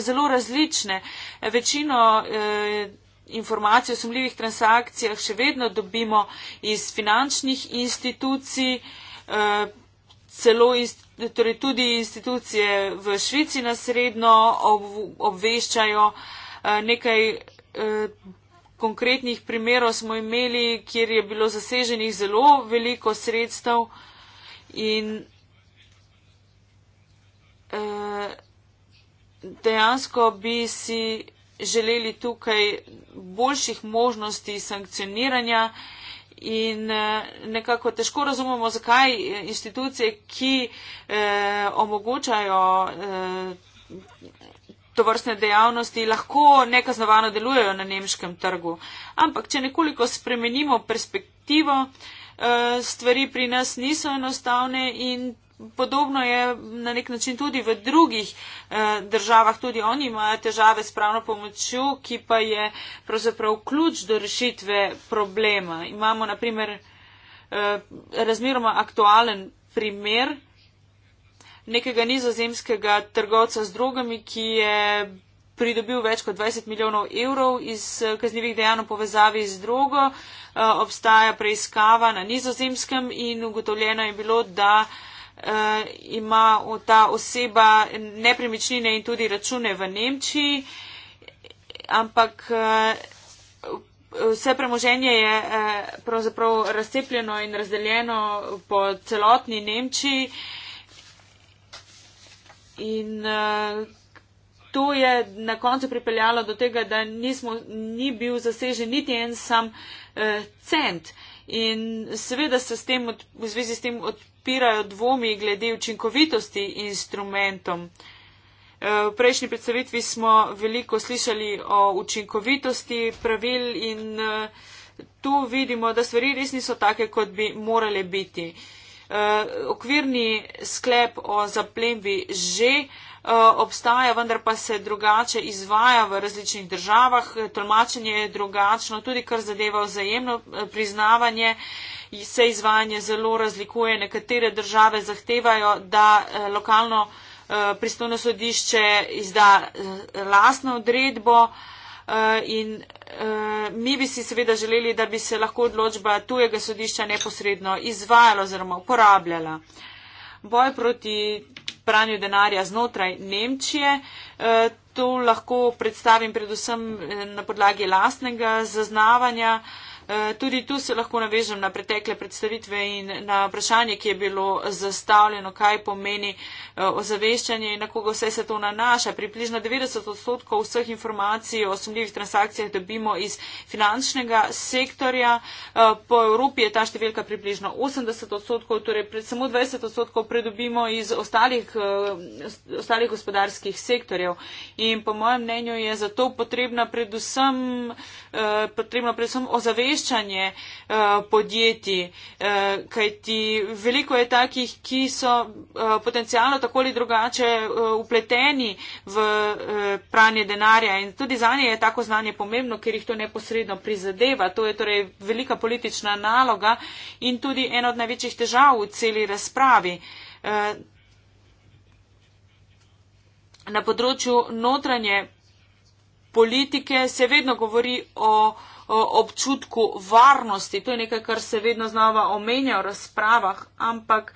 zelo različne. Večino eh, informacij o sumljivih transakcijah še vedno dobimo iz finančnih institucij, celo torej tudi institucije v Švici nasredno obveščajo nekaj konkretnih primerov smo imeli, kjer je bilo zaseženih zelo veliko sredstev in eh, dejansko bi si želeli tukaj boljših možnosti sankcioniranja in eh, nekako težko razumemo, zakaj institucije, ki eh, omogočajo. Eh, to vrstne dejavnosti lahko nekaznovano delujejo na nemškem trgu. Ampak, če nekoliko spremenimo perspektivo, eh, stvari pri nas niso enostavne in podobno je na nek način tudi v drugih eh, državah. Tudi oni imajo težave s pravno pomočjo, ki pa je pravzaprav ključ do rešitve problema. Imamo, na primer, eh, razmeroma aktualen primer, nekega nizozemskega trgovca z drogami, ki je pridobil več kot 20 milijonov evrov iz eh, kaznjivih dejanj v povezavi z drogo. Eh, obstaja preiskava na nizozemskem in ugotovljeno je bilo, da eh, ima ta oseba nepremičnine in tudi račune v Nemčiji, ampak vse premoženje je pravzaprav razcepljeno in razdeljeno po celotni Nemčiji. In uh, to je na koncu pripeljalo do tega, da nismo, ni bil zasežen niti en sam uh, cent. In seveda se s tem od, v zvezi s tem odpirajo dvomi glede učinkovitosti instrumentom. Eh, v prejšnji predstavitvi smo veliko slišali o učinkovitosti pravil in tu vidimo, da stvari res niso take, kot bi morale biti. Uh, uh, okvirni sklep o zaplembi že uh, obstaja, vendar pa se drugače izvaja v različnih državah. Tolmačenje je drugačno, tudi kar zadeva vzajemno eh, priznavanje. Se izvajanje zelo razlikuje. Nekatere države zahtevajo, da uh, lokalno uh, pristojno sodišče izda uh, lastno odredbo. Uh, Eh, in eh, mi bi si seveda želeli, da bi se lahko odločba tujega sodišča neposredno izvajala oziroma uporabljala. Boj proti pranju denarja znotraj Nemčije. Eh, to lahko predstavim predvsem na podlagi lastnega zaznavanja. Eh, tudi tu se lahko navežem na pretekle predstavitve in na vprašanje, ki je bilo zastavljeno, kaj pomeni eh, ozaveščanje in na koga vse se to nanaša. Približno 90 odstotkov vseh informacij o sumljivih transakcijah dobimo iz finančnega sektorja. Eh, po Evropi je ta številka približno 80 odstotkov, torej samo 20 odstotkov predobimo iz ostalih, ostalih gospodarskih sektorjev. In po mojem mnenju je zato potrebno predvsem, potrebno predvsem ozaveščanje ozaveščanje uh, eh, podjetij, uh, kajti veliko je takih, ki so uh, eh, potencijalno tako ali drugače uh, upleteni v uh, pranje denarja in tudi za nje je tako znanje pomembno, ker jih to neposredno prizadeva. To je torej velika politična naloga in tudi en od največjih težav v celi razpravi. Uh, Na področju notranje politike se vedno govori o uh, občutku varnosti. To je nekaj, kar se vedno znova omenja v razpravah, ampak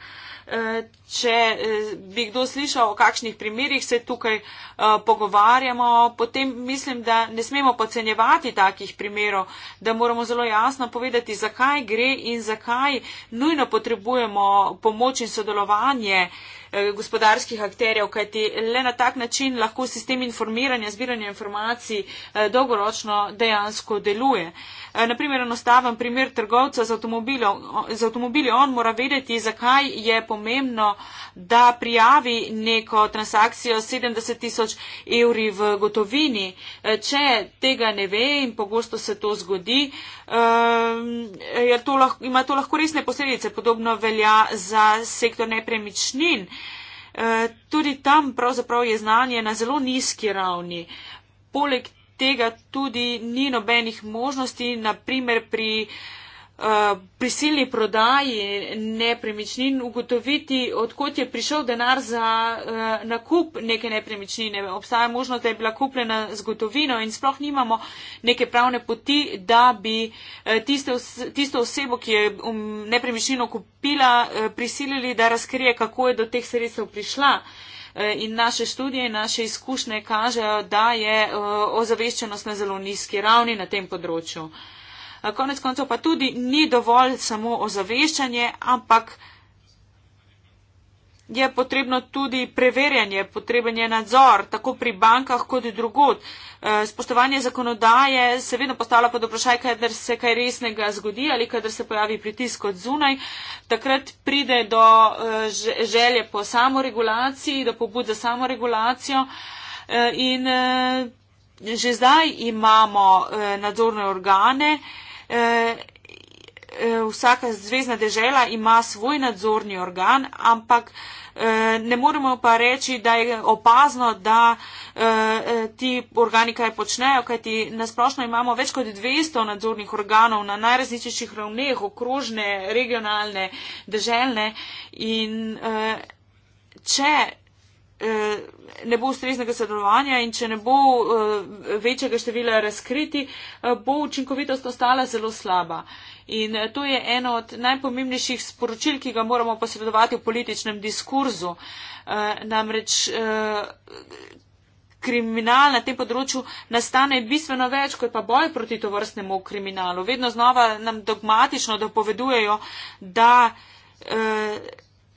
Če eh, bi kdo slišal, o kakšnih primerjih se tukaj eh, pogovarjamo, potem mislim, da ne smemo pocenjevati takih primerov, da moramo zelo jasno povedati, zakaj gre in zakaj nujno potrebujemo pomoč in sodelovanje eh, gospodarskih akterjev, kajti le na tak način lahko sistem informiranja, zbiranja informacij dolgoročno dejansko deluje. Naprimer, enostaven primer trgovca z, z avtomobili, on mora vedeti, zakaj je pomoč pomembno, da prijavi neko transakcijo 70 tisoč evri v gotovini. E, če tega ne ve in pogosto se to zgodi, to lahko, ima to lahko resne posledice. Podobno velja za sektor nepremičnin. E, tudi tam pravzaprav je znanje na zelo nizki ravni. Poleg tega tudi ni nobenih možnosti, naprimer pri prisilni prodaji nepremičnin, ugotoviti, odkot je prišel denar za uh, nakup neke nepremičnine. Obstaja možnost, da je bila kupljena zgodovino in sploh nimamo neke pravne poti, da bi uh, tiste os tisto osebo, ki je um, nepremičnino kupila, uh, prisilili, da razkrije, kako je do teh sredstev prišla. In naše študije in naše izkušnje kažejo, da je ozaveščenost na zelo nizki ravni na tem področju. Uh, Konec koncev pa tudi ni dovolj samo ozaveščanje, ampak je potrebno tudi preverjanje, potreben je nadzor, tako pri bankah kot in drugod. E, spoštovanje zakonodaje se vedno postavlja pod vprašaj, kadar se kaj resnega zgodi ali kadar se pojavi pritisk od zunaj. Takrat pride do e, želje po samoregulaciji, do pobud za samoregulacijo e, in že zdaj imamo nadzorne organe, E, e, vsaka zvezdna dežela ima svoj nadzorni organ, ampak e, ne moremo pa reči, da je opazno, da ti organi kaj počnejo, kajti nasplošno imamo več kot 200 nadzornih organov na najrazličnejših ravneh, okrožne, regionalne, deželne in če Eh, ne bo ustreznega sodelovanja in če ne bo eh, večjega števila razkriti, eh, bo učinkovitost ostala zelo slaba. In to je eno od najpomembnejših sporočil, ki ga moramo posredovati v političnem diskurzu. Namreč kriminal na tem področju nastane bistveno več, kot pa boj proti tovrstnemu kriminalu. Vedno znova nam dogmatično dopovedujejo, da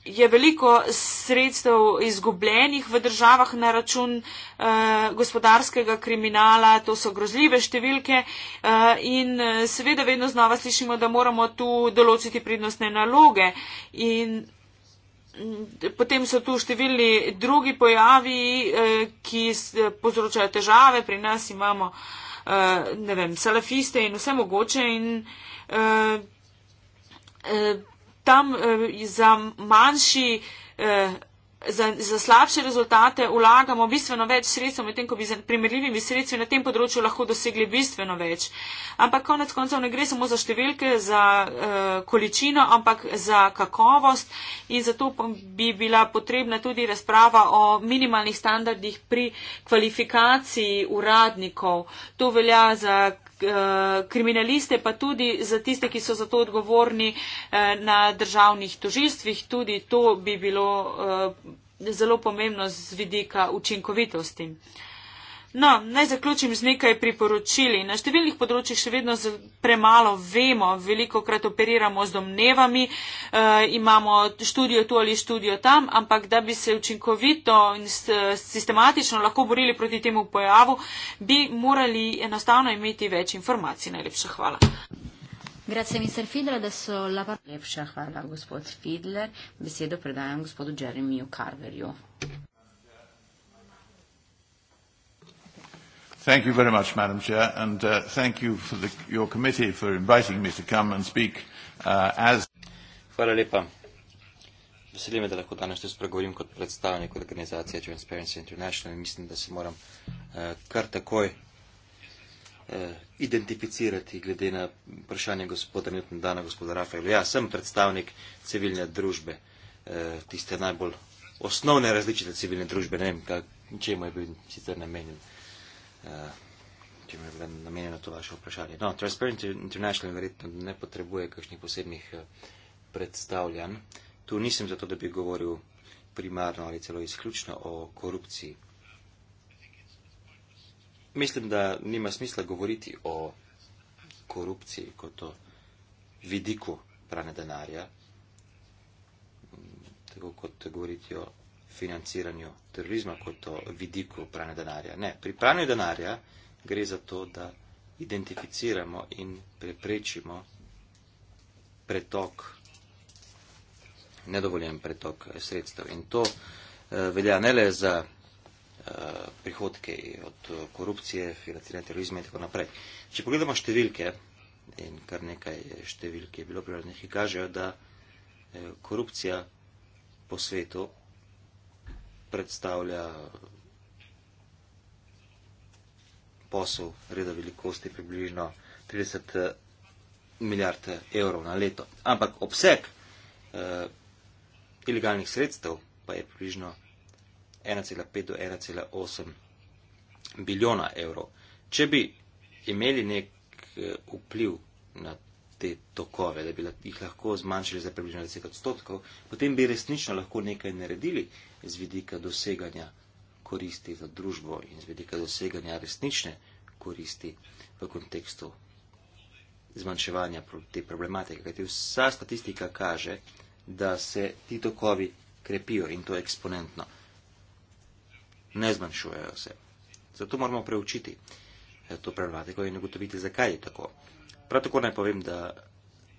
je veliko sredstev izgubljenih v državah na račun eh, gospodarskega kriminala, to so grozljive številke eh, in eh, seveda vedno znova slišimo, da moramo tu določiti prednostne naloge. In, mm, Potem so tu številni drugi pojavi, eh, ki povzročajo težave. Pri nas imamo, eh, ne vem, salafiste in vse mogoče. In, tam eh, za manjši, eh, za, za slabše rezultate vlagamo bistveno več sredstev, medtem ko bi z primerljivimi sredstvi na tem področju lahko dosegli bistveno več. Ampak konec koncev ne gre samo za številke, za eh, količino, ampak za kakovost in zato bi bila potrebna tudi razprava o minimalnih standardih pri kvalifikaciji uradnikov. To velja za. Eh, kriminaliste, pa tudi za tiste, ki so za to odgovorni eh, na državnih tožilstvih. Tudi to bi bilo eh, zelo pomembno z vidika učinkovitosti. No, naj zaključim z nekaj priporočili. Na številnih področjih še vedno premalo vemo, veliko krat operiramo z domnevami, e, imamo študijo tu ali študijo tam, ampak da bi se učinkovito in sistematično lahko borili proti temu pojavu, bi morali enostavno imeti več informacij. Najlepša hvala. Grazie, mister Fidler, da so lava. Najlepša hvala, gospod Fidler. Besedo predajam gospodu Jeremiju Carverju. Thank you very much, Madam Chair, and uh, thank you for the, your committee for inviting me to come and speak uh, as... Hvala lepa. Veseli me, da lahko danes tu spregovorim kot predstavnik organizacije Transparency International in mislim, da se moram uh, kar takoj uh, identificirati glede na vprašanje gospoda Newton Dana, gospoda Rafaela. Ja, sem predstavnik civilne družbe, uh, tiste najbolj osnovne različite civilne družbe, ne vem, kak, čemu je bil sicer namenjen. Uh, Eh, če mi je namenjeno to vaše vprašanje. No, Transparency International verjetno ne potrebuje kakšnih posebnih eh, predstavljanj. Tu nisem zato, da bi govoril primarno ali celo izključno o korupciji. Mislim, da nima smisla govoriti o korupciji kot o vidiku prane denarja, tako kot govoriti o financiranju terorizma kot o vidiku pranja denarja. Ne, pri pranju denarja gre za to, da identificiramo in preprečimo pretok, nedovoljen pretok sredstev. In to eh, velja ne le za eh, prihodke od korupcije, financiranja terorizma in tako naprej. Če pogledamo številke, in kar nekaj številk je bilo priraznih, ki kažejo, da eh, korupcija po svetu predstavlja posel reda velikosti približno 30 eh, milijard eh, evrov na leto. Ampak obseg eh, ilegalnih sredstev pa je približno 1,5 do 1,8 biljona evrov. Če bi imeli nek eh, vpliv na te tokove, da bi jih lahko zmanjšali za približno 10 odstotkov, potem bi resnično lahko nekaj naredili z vidika doseganja koristi za družbo in z vidika doseganja resnične koristi v kontekstu zmanjševanja te problematike. Kajti vsa statistika kaže, da se ti tokovi krepijo in to eksponentno. Ne zmanjšujejo se. Zato moramo preučiti eh, to problematiko in ugotoviti, zakaj je tako. Prav tako naj povem, da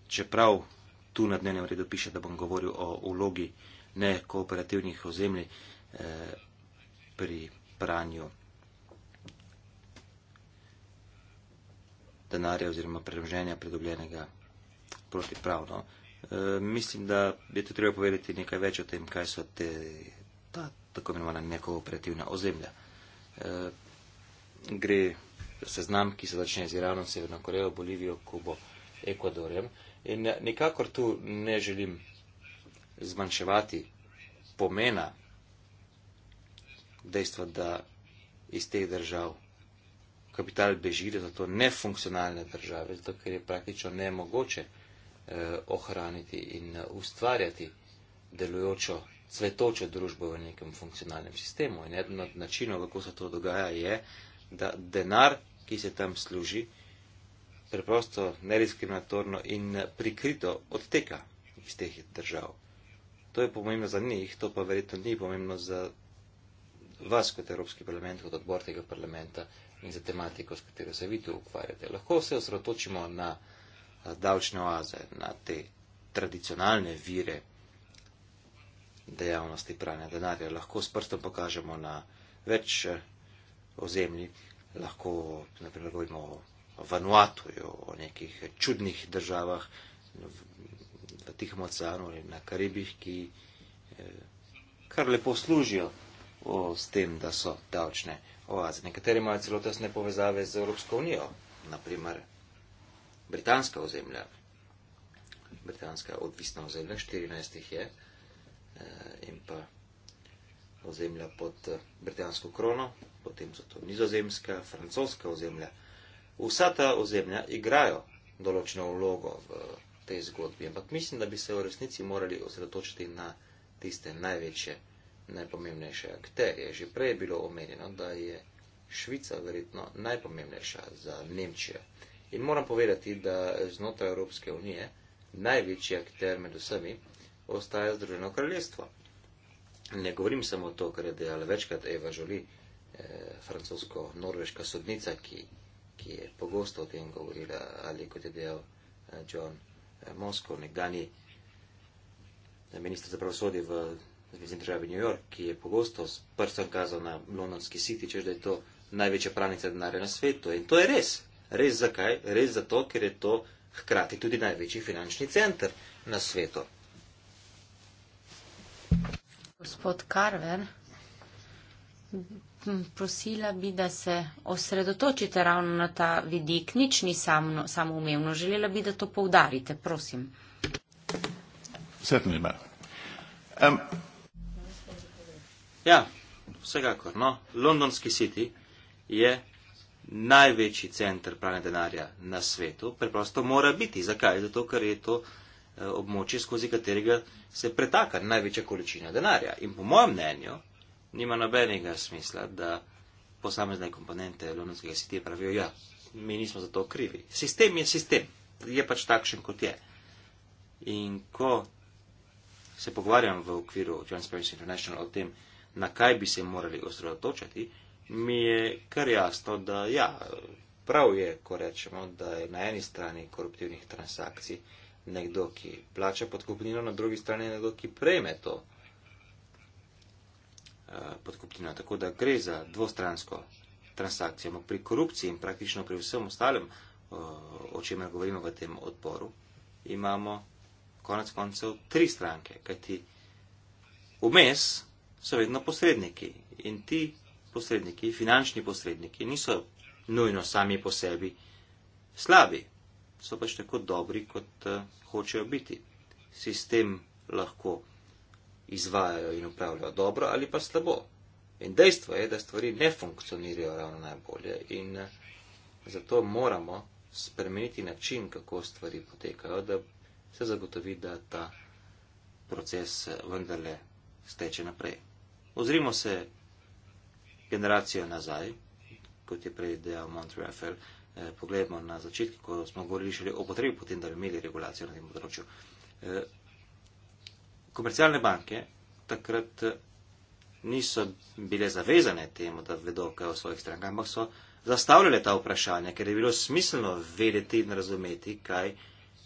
čeprav tu na dnevnem redu piše, da bom govoril o vlogi nekooperativnih ozemlji eh, pri pranju denarja oziroma premoženja predobljenega protipravno, eh, mislim, da je tu treba povedati nekaj več o tem, kaj so te, ta tako imenovana nekooperativna ozemlja. Eh, gre seznam, ki se začne z Iranom, Severno Korejo, Bolivijo, Kubo, Ekvadorjem. In eh, nikakor tu ne želim zmanjševati pomena dejstva, da iz teh držav kapital beži, da so to nefunkcionalne države, zato ker je praktično nemogoče eh, ohraniti in eh, ustvarjati delujočo, cvetočo družbo v nekem funkcionalnem sistemu. In eden od načinov, kako se to dogaja, je, da denar ki se tam služi, preprosto nediskriminatorno in prikrito odteka iz teh držav. To je pomembno za njih, to pa verjetno ni pomembno za vas kot Evropski parlament, kot odbor tega parlamenta in za tematiko, s katero se vi tu ukvarjate. Lahko se osredotočimo na eh, davčne oaze, na te tradicionalne vire dejavnosti pranja denarja. Lahko s prstom pokažemo na več eh, ozemlji, lahko naprimer govorimo o Vanuatu, o nekih čudnih državah v, v Tihem oceanu ali na Karibih, ki eh, kar lepo služijo o, s tem, da so davčne oaze. Nekateri imajo celo tesne povezave z Evropsko unijo, naprimer britanska ozemlja, britanska odvisna ozemlja, 14 jih je eh, in pa ozemlja pod eh, britansko krono, potem so to nizozemska, francoska ozemlja. Vsa ta ozemlja igrajo določeno vlogo v tej zgodbi, ampak mislim, da bi se v resnici morali osredotočiti na tiste največje, najpomembnejše akterje. Že prej je bilo omenjeno, da je Švica verjetno najpomembnejša za Nemčijo. In moram povedati, da znotraj Evropske unije največji akter med vsemi ostaja Združeno kraljestvo. Ne govorim samo to, kar je dejala večkrat Eva Žoli, francosko-norveška sodnica, ki, ki je pogosto o tem govorila, ali kot je dejal eh, John eh, Moskov, nekdani eh, minister za pravosodje v Zvezdni državi New York, ki je pogosto s prstom kazal na londonski siti, češ da je to največja pranica denarja na svetu. In to je res. Res zakaj? Res zato, ker je to hkrati tudi največji finančni center na svetu. Gospod Karver, Hm, prosila bi, da se osredotočite ravno na ta vidik. Nič ni samo, samo umevno. Želela bi, da to poudarite. Prosim. Um. Ja, vsekakor. No. Londonski City je največji centr pranja denarja na svetu. Preprosto mora biti. Zakaj? Zato, ker je to eh, območje, skozi katerega se pretaka največja količina denarja. In po mojem mnenju, nima nobenega smisla, da posamezne komponente londonskega sitija pravijo, ja, mi nismo za to krivi. Sistem je sistem, je pač takšen, kot je. In ko se pogovarjam v okviru Transparency International o tem, na kaj bi se morali osredotočati, mi je kar jasno, da ja, prav je, ko rečemo, da je na eni strani koruptivnih transakcij nekdo, ki plača podkupnino, na drugi strani nekdo, ki prejme to Eh, podkupnino. Tako da gre za dvostransko transakcijo. Ampak pri korupciji in praktično pri vsem ostalem, eh, o čemer govorimo v tem odboru, imamo konec koncev tri stranke, kajti vmes so vedno posredniki in ti posredniki, finančni posredniki, niso nujno sami po sebi slabi, so pač tako dobri, kot eh, hočejo biti. Sistem lahko izvajajo in upravljajo dobro ali pa slabo. In dejstvo je, da stvari ne funkcionirajo ravno najbolje in eh, zato moramo spremeniti način, kako stvari potekajo, da se zagotovi, da ta proces eh, vendarle steče naprej. Ozrimo se generacijo nazaj, kot je prej dejal Montreal, eh, poglejmo na začetki, ko smo govorili o potrebi potem, da bi imeli regulacijo na tem področju komercialne banke takrat eh, niso bile zavezane temu, da vedo, kaj o svojih strankah, ampak so zastavljale ta vprašanja, ker je bilo smiselno vedeti in razumeti, kaj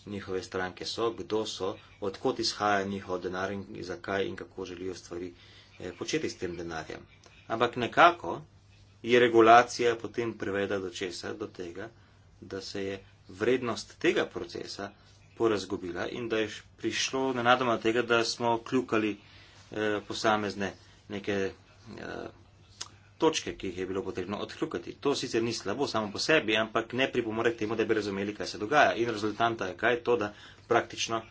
njihove stranke so, kdo so, odkot izhaja njihov denar in zakaj in kako želijo stvari eh, početi s tem denarjem. Ampak nekako je regulacija potem privedla do česa, do tega, da se je vrednost tega procesa porazgobila in da je prišlo nenadoma tega, da smo kljukali eh, posamezne neke eh, točke, ki jih je bilo potrebno odkljukati. To sicer ni slabo samo po sebi, ampak ne pripomore k temu, da bi razumeli, kaj se dogaja. In rezultanta je kaj? To, da praktično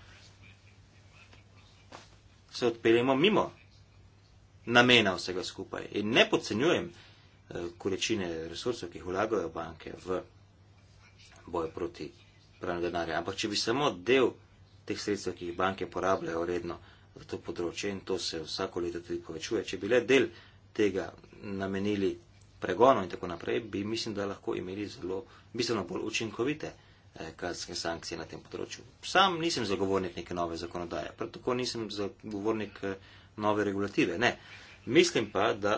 se odpeljemo mimo namena vsega skupaj. In ne podcenjujem eh, kurečine resursov, ki jih vlagajo banke v boj proti pranja denarja. Ampak če bi samo del teh sredstev, ki jih banke porabljajo redno za to področje in to se vsako leto tudi povečuje, če bi le del tega namenili pregonu in tako naprej, bi mislim, da lahko imeli zelo bistveno bolj učinkovite eh, kazenske sankcije na tem področju. Sam nisem zagovornik neke nove zakonodaje, prav tako nisem zagovornik eh, nove regulative. Ne. Mislim pa, da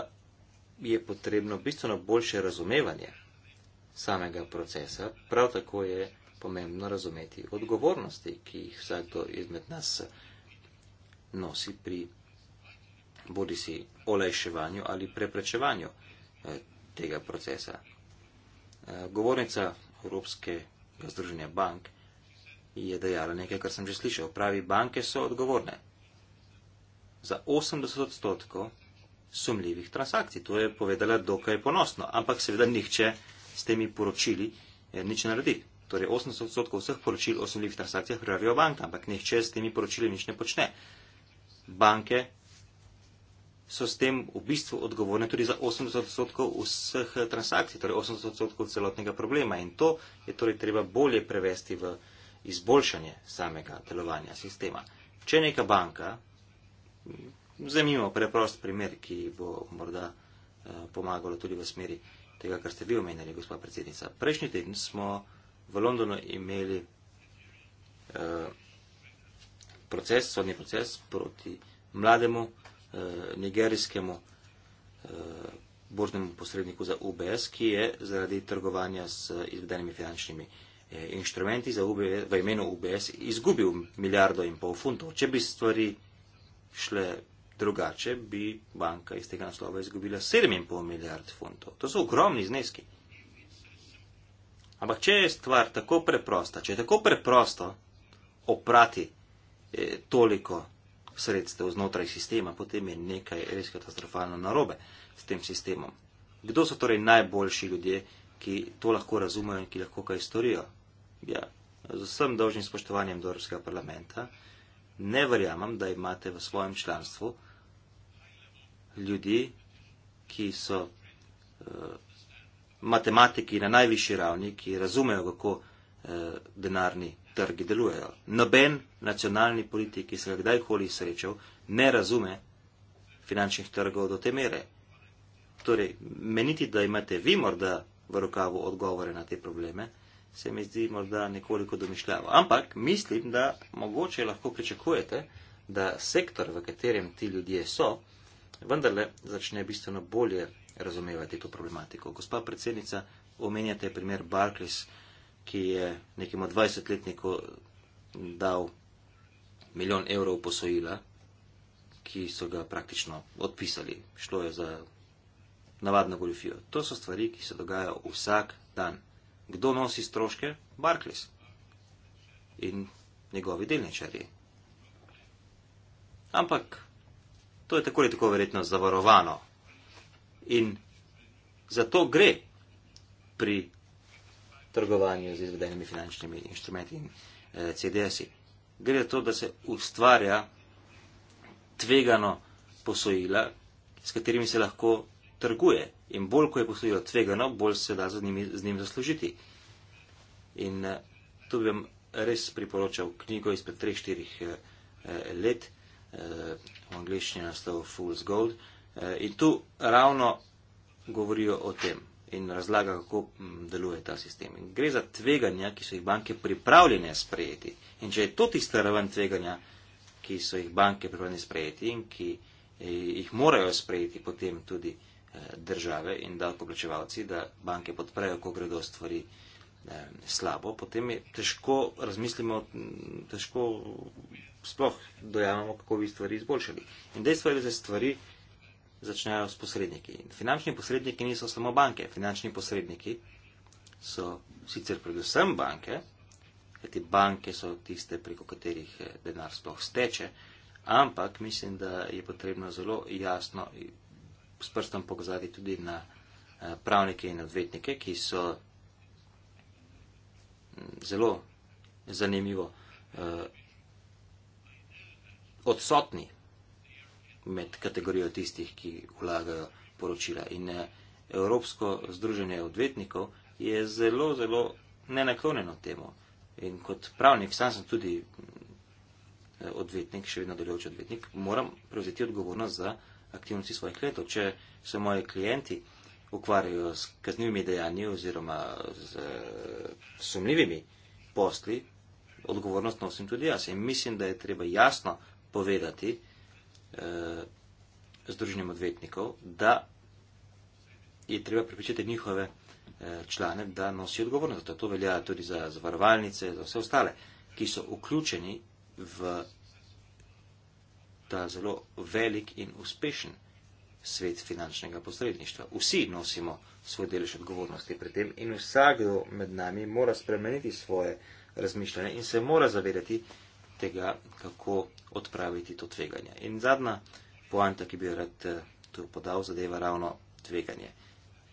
je potrebno bistveno boljše razumevanje samega procesa. Prav tako je pomembno razumeti odgovornosti, ki jih vsakdo izmed nas nosi pri bodi si olajševanju ali preprečevanju eh, tega procesa. Eh, govornica Evropskega združenja bank je dejala nekaj, kar sem že slišal. Pravi, banke so odgovorne za 80 odstotkov sumljivih transakcij. To je povedala dokaj ponosno, ampak seveda nihče s temi poročili eh, nič ne naredi. Torej, 80% vseh poročil o sumljivih transakcijah prijavijo banke, ampak nihče s temi poročili nič ne počne. Banke so s tem v bistvu odgovorne tudi za 80% vseh transakcij, torej 80% celotnega problema. In to je torej treba bolje prevesti v izboljšanje samega delovanja sistema. Če neka banka, vzemimo preprost primer, ki bo morda eh, pomagalo tudi v smeri tega, kar ste vi omenjali, gospod predsednica. Prejšnji teden smo v Londonu imeli eh, proces, sodni proces proti mlademu eh, nigerijskemu eh, božnemu posredniku za UBS, ki je zaradi trgovanja s izvedenimi finančnimi inštrumenti za UBS, v imenu UBS izgubil milijardo in pol funtov. Če bi stvari šle drugače, bi banka iz tega naslova izgubila 7,5 milijard funtov. To so ogromni zneski. Ampak če je stvar tako preprosta, če je tako preprosto oprati eh, toliko sredstev znotraj sistema, potem je nekaj res katastrofalno narobe s tem sistemom. Kdo so torej najboljši ljudje, ki to lahko razumejo in ki lahko kaj storijo? Ja, z vsem dolžnim spoštovanjem do Evropskega parlamenta, ne verjamem, da imate v svojem članstvu ljudi, ki so. Eh, matematiki na najvišji ravni, ki razumejo, kako eh, denarni trgi delujejo. Noben nacionalni politik, ki se ga kdajkoli srečal, ne razume finančnih trgov do te mere. Torej, meniti, da imate vi morda v rokavu odgovore na te probleme, se mi zdi morda nekoliko domišljavo. Ampak mislim, da mogoče lahko pričakujete, da sektor, v katerem ti ljudje so, vendarle začne bistveno bolje razumevati to problematiko. Gospa predsednica, omenjate primer Barclays, ki je nekemu 20-letniku dal milijon evrov posojila, ki so ga praktično odpisali. Šlo je za navadno goljofijo. To so stvari, ki se dogajajo vsak dan. Kdo nosi stroške? Barclays in njegovi delničarji. Ampak to je tako ali tako verjetno zavarovano. In zato gre pri trgovanju z izvedenimi finančnimi inštrumenti in eh, CDS-i. Gre za to, da se ustvarja tvegano posojila, s katerimi se lahko trguje. In bolj, ko je posojilo tvegano, bolj se da z njim, z njim zaslužiti. In eh, tu bi vam res priporočal knjigo izpred 3-4 eh, eh, let, eh, v angliščini naslov Fool's Gold. Eh, Eh, in tu ravno govorijo o tem in razlaga, kako mm, deluje ta sistem. In gre za tveganja, ki so jih banke pripravljene sprejeti. In če je to tista raven tveganja, ki so jih banke pripravljene sprejeti in ki eh, jih morajo sprejeti potem tudi eh, države in davkoplačevalci, da banke podprejo, ko gredo stvari slabo, potem je težko razmislimo, težko sploh dojamemo, kako bi stvari izboljšali. In dejstvo je, da se stvari začnejo s posredniki. Finančni posredniki niso samo banke. Finančni posredniki so sicer predvsem banke, kajti banke so tiste, preko katerih eh, denar sploh steče, ampak mislim, da je potrebno zelo jasno s prstom pokazati tudi na eh, pravnike in odvetnike, ki so mm, zelo zanimivo eh, odsotni med kategorijo tistih, ki vlagajo poročila. In eh, Evropsko združenje odvetnikov je zelo, zelo nenaklonjeno temu. In kot pravnik, sam sem tudi eh, odvetnik, še vedno delujoč odvetnik, moram prevzeti odgovornost za aktivnosti svojih letov. Če se moji klienti ukvarjajo s kaznjivimi dejanji oziroma z eh, sumljivimi posli, odgovornost nosim tudi jaz. In mislim, da je treba jasno povedati, eh, združenjem odvetnikov, da je treba pripričati njihove eh, člane, da nosijo odgovornost. Zato to velja tudi za zavarovalnice, za vse ostale, ki so vključeni v ta zelo velik in uspešen svet finančnega posredništva. Vsi nosimo svoj delež odgovornosti pri tem in vsakdo med nami mora spremeniti svoje razmišljanje in se mora zavedati, tega, kako odpraviti to tveganje. In zadnja poanta, ki bi jo rad eh, tu podal, zadeva ravno tveganje.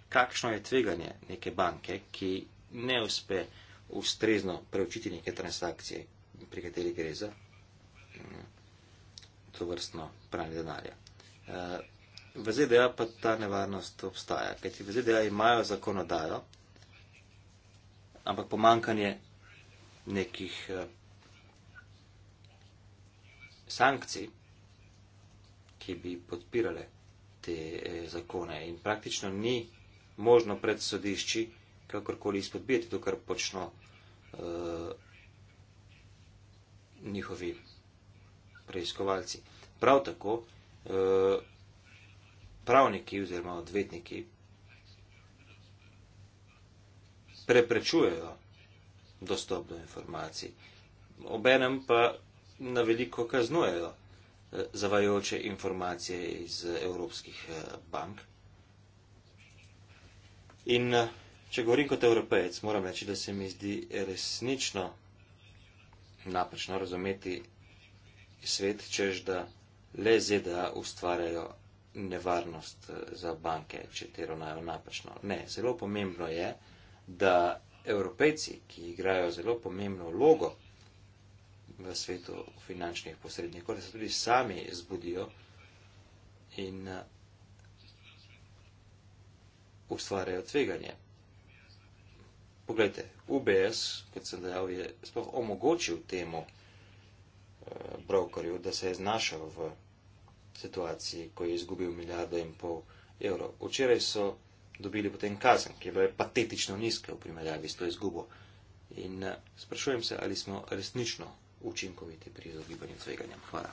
Kakšno je tveganje neke banke, ki ne uspe ustrezno preučiti neke transakcije, pri kateri gre za mm, to vrstno pranje denarja? Eh, v ZDA pa ta nevarnost obstaja, kajti v ZDA imajo zakonodajo, ampak pomankanje nekih eh, sankcij, ki bi podpirale te eh, zakone. In praktično ni možno pred sodišči kakorkoli izpodbijati to, kar počno uh, njihovi preiskovalci. Prav tako uh, pravniki oziroma odvetniki preprečujejo dostop do informacij. Obenem pa na veliko kaznujejo eh, zavajajoče informacije iz eh, evropskih eh, bank. In če govorim kot evropejec, moram reči, da se mi zdi resnično napačno razumeti svet, čež da le ZDA ustvarjajo nevarnost za banke, če te ravnajo napačno. Ne, zelo pomembno je, da evropejci, ki igrajo zelo pomembno vlogo v svetu finančnih posrednikov, da se tudi sami zbudijo in eh, ustvarjajo tveganje. Poglejte, UBS, kot sem dejal, je sploh omogočil temu eh, brokerju, da se je znašel v situaciji, ko je izgubil milijardo in pol evrov. Včeraj so dobili potem kazen, ki je bila patetično nizka v primerjavi s to izgubo. In eh, sprašujem se, ali smo resnično učinkoviti pri izogibanju tveganjem. Hvala.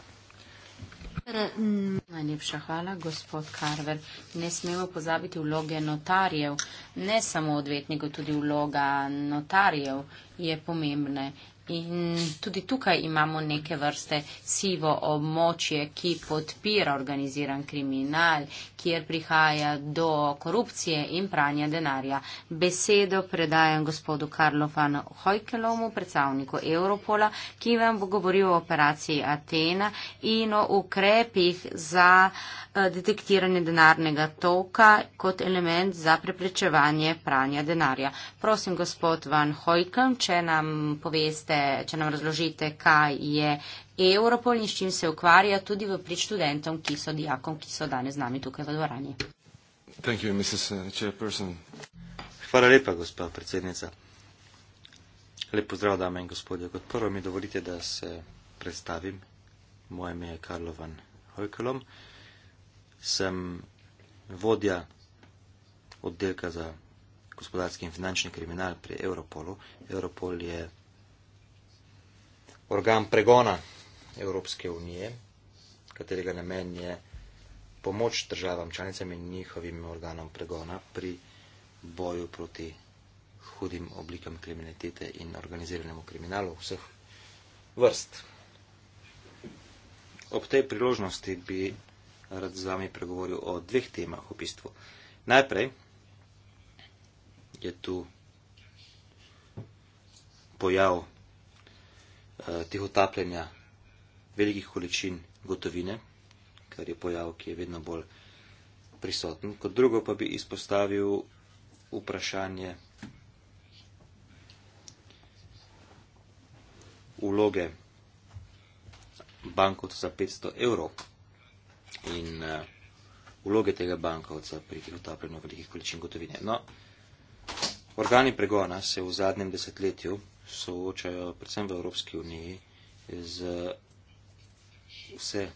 Mm, najlepša hvala, gospod Karver. Ne smemo pozabiti vloge notarjev, ne samo odvetnikov, tudi vloga notarjev je pomembna. In tudi tukaj imamo neke vrste sivo območje, ki podpira organiziran kriminal, kjer prihaja do korupcije in pranja denarja. Besedo predajam gospodu Karlo van Hojkelomu, predstavniku Europola, ki vam bo govoril o operaciji Atena in o ukrepih za eh, detektiranje denarnega toka kot element za preprečevanje pranja denarja. Prosim, gospod van Hojkelom, če nam poveste, če nam razložite, kaj je Europol in s čim se ukvarja tudi v prič študentom, ki so dijakom, ki so danes z nami tukaj v dvorani. Thank you, Mrs. Uh, Hvala lepa, gospa predsednica. Lep pozdrav, dame in gospodje. Kot prvo mi dovolite, da se predstavim. Moje ime je Karlo Van Hojkolom. Sem vodja oddelka za gospodarski in finančni kriminal pri Europolu. Europol je organ pregona Evropske unije, katerega namen je pomoč državam članicam in njihovim organom pregona pri boju proti hudim oblikam kriminalitete in organiziranemu kriminalu vseh vrst. Ob tej priložnosti bi rad z vami pregovoril o dveh temah v bistvu. Najprej je tu pojav tih eh, otapljanja velikih količin gotovine, kar je pojav, ki je vedno bolj prisoten. Kot drugo pa bi izpostavil vprašanje vloge bankovca za 500 evrov in eh, vloge tega bankovca pri tih otapljanju velikih količin gotovine. No, organi pregona se v zadnjem desetletju soočajo, predvsem v Evropski uniji, z vse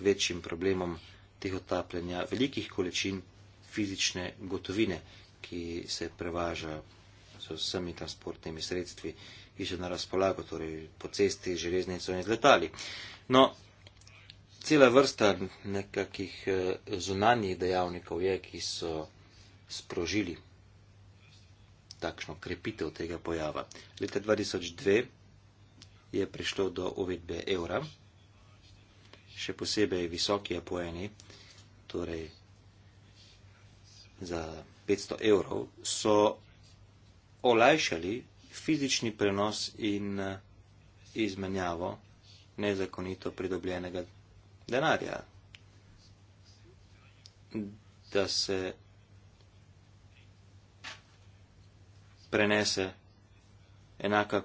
večjim problemom tihotapljanja velikih količin fizične gotovine, ki se prevaža z vsemi transportnimi sredstvi, ki so na razpolago, torej po cesti, železnico in z letali. No, cela vrsta nekakih eh, zunanjih dejavnikov je, ki so sprožili takšno krepitev tega pojava. Leta 2002 je prišlo do uvedbe evra, še posebej visoki apojeni, torej za 500 evrov, so olajšali fizični prenos in eh, izmenjavo nezakonito pridobljenega denarja, da se prenese enaka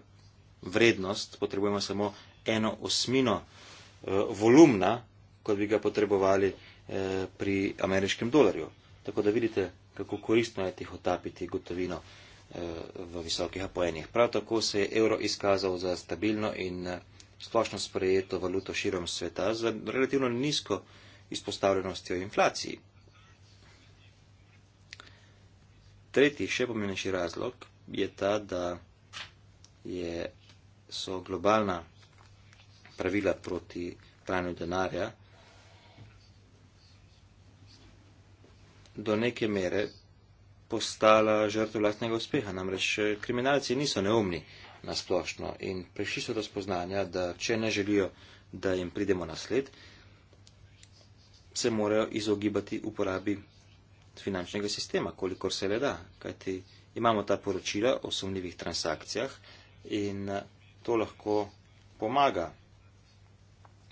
vrednost, potrebujemo samo eno osmino eh, volumna, kot bi ga potrebovali eh, pri ameriškem dolarju. Tako da vidite, kako koristno je tih otapiti gotovino eh, v visokih apojenjih. Prav tako se je evro izkazal za stabilno in eh, splošno sprejeto valuto širom sveta z relativno nizko izpostavljenostjo inflaciji. Tretji, še pomembnejši razlog je ta, da je, so globalna pravila proti pranju denarja do neke mere postala žrtev lastnega uspeha. Namreč eh, kriminalci niso neumni na splošno in prišli so do spoznanja, da če ne želijo, da jim pridemo na sled, se morajo izogibati uporabi finančnega sistema, kolikor se le da. Kajti, imamo ta poročila o sumljivih transakcijah in to lahko pomaga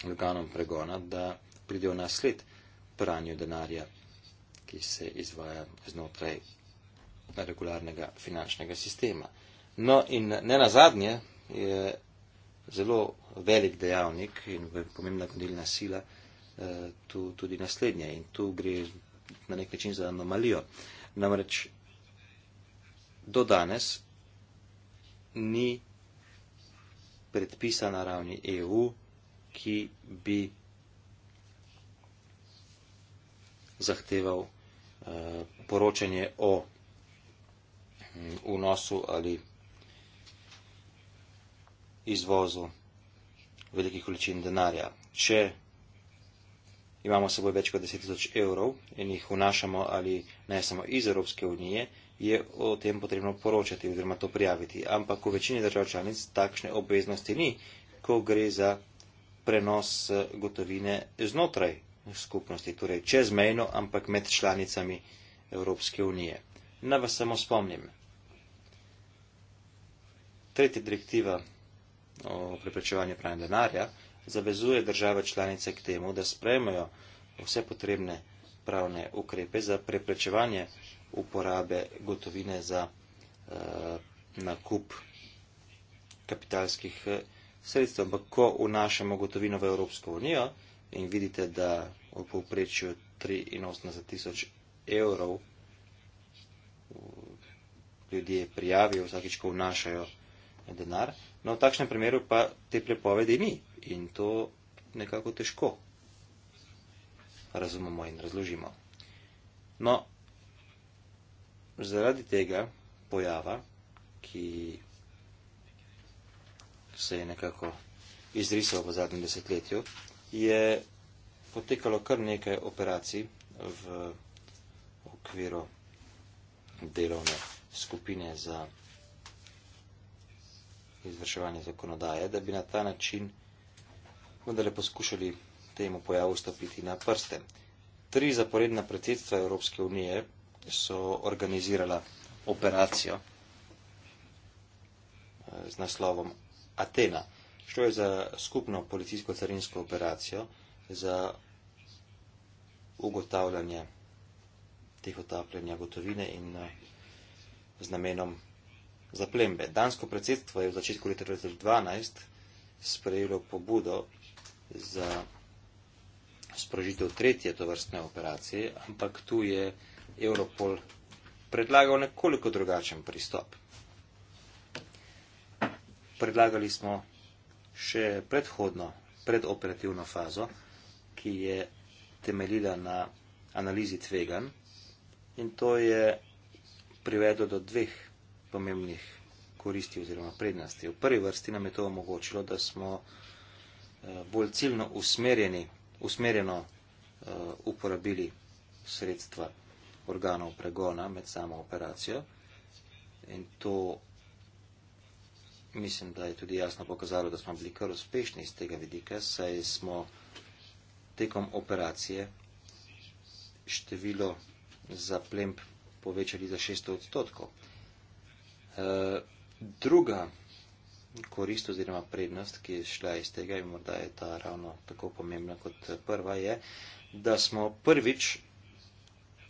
organom pregona, da pridejo na sled pranju denarja, ki se izvaja znotraj regularnega finančnega sistema. No in ne nazadnje je zelo velik dejavnik in pomembna kondilna sila eh, tu tudi naslednja in tu gre na nek način za anomalijo. Namreč do danes ni predpisa na ravni EU, ki bi zahteval eh, poročanje o mm, vnosu ali izvozu velikih količin denarja. Če imamo seboj več kot 10.000 evrov in jih vnašamo ali ne samo iz Evropske unije, je o tem potrebno poročati oziroma to prijaviti. Ampak v večini držav članic takšne obveznosti ni, ko gre za prenos eh, gotovine znotraj skupnosti, torej čezmejno, ampak med članicami Evropske unije. Naj vas samo spomnim. Tretja direktiva o preprečevanju pranja denarja zavezuje države članice k temu, da sprejmejo vse potrebne pravne ukrepe za preprečevanje uporabe gotovine za eh, nakup kapitalskih eh, sredstev. Ampak, ko vnašamo gotovino v Evropsko unijo in vidite, da v povprečju 83 tisoč evrov eh, ljudje prijavijo vsakič, ko vnašajo denar, no v takšnem primeru pa te prepovedi ni in to nekako težko razumemo in razložimo. No, zaradi tega pojava, ki se je nekako izrisal v zadnjem desetletju, je potekalo kar nekaj operacij v okviru delovne skupine za izvrševanje zakonodaje, da bi na ta način vendarle poskušali temu pojavu stopiti na prste. Tri zaporedna predsedstva Evropske unije so organizirala operacijo eh, z naslovom Atena. Šlo je za skupno policijsko-carinsko operacijo za ugotavljanje teh otapljanja gotovine in eh, z namenom zaplembe. Dansko predsedstvo je v začetku leta 2012 sprejelo pobudo za sprožitev tretje tovrstne operacije, ampak tu je Europol predlagal nekoliko drugačen pristop. Predlagali smo še predhodno, predoperativno fazo, ki je temeljila na analizi tvegan in to je privedlo do dveh pomembnih koristi oziroma prednosti. V prvi vrsti nam je to omogočilo, da smo eh, bolj ciljno usmerjeno eh, uporabili sredstva organov pregona med samo operacijo. In to mislim, da je tudi jasno pokazalo, da smo bili kar uspešni iz tega vidika, saj smo tekom operacije število za plemp povečali za 600 odstotkov. E, druga korist oziroma prednost, ki je šla iz tega in morda je ta ravno tako pomembna kot prva, je, da smo prvič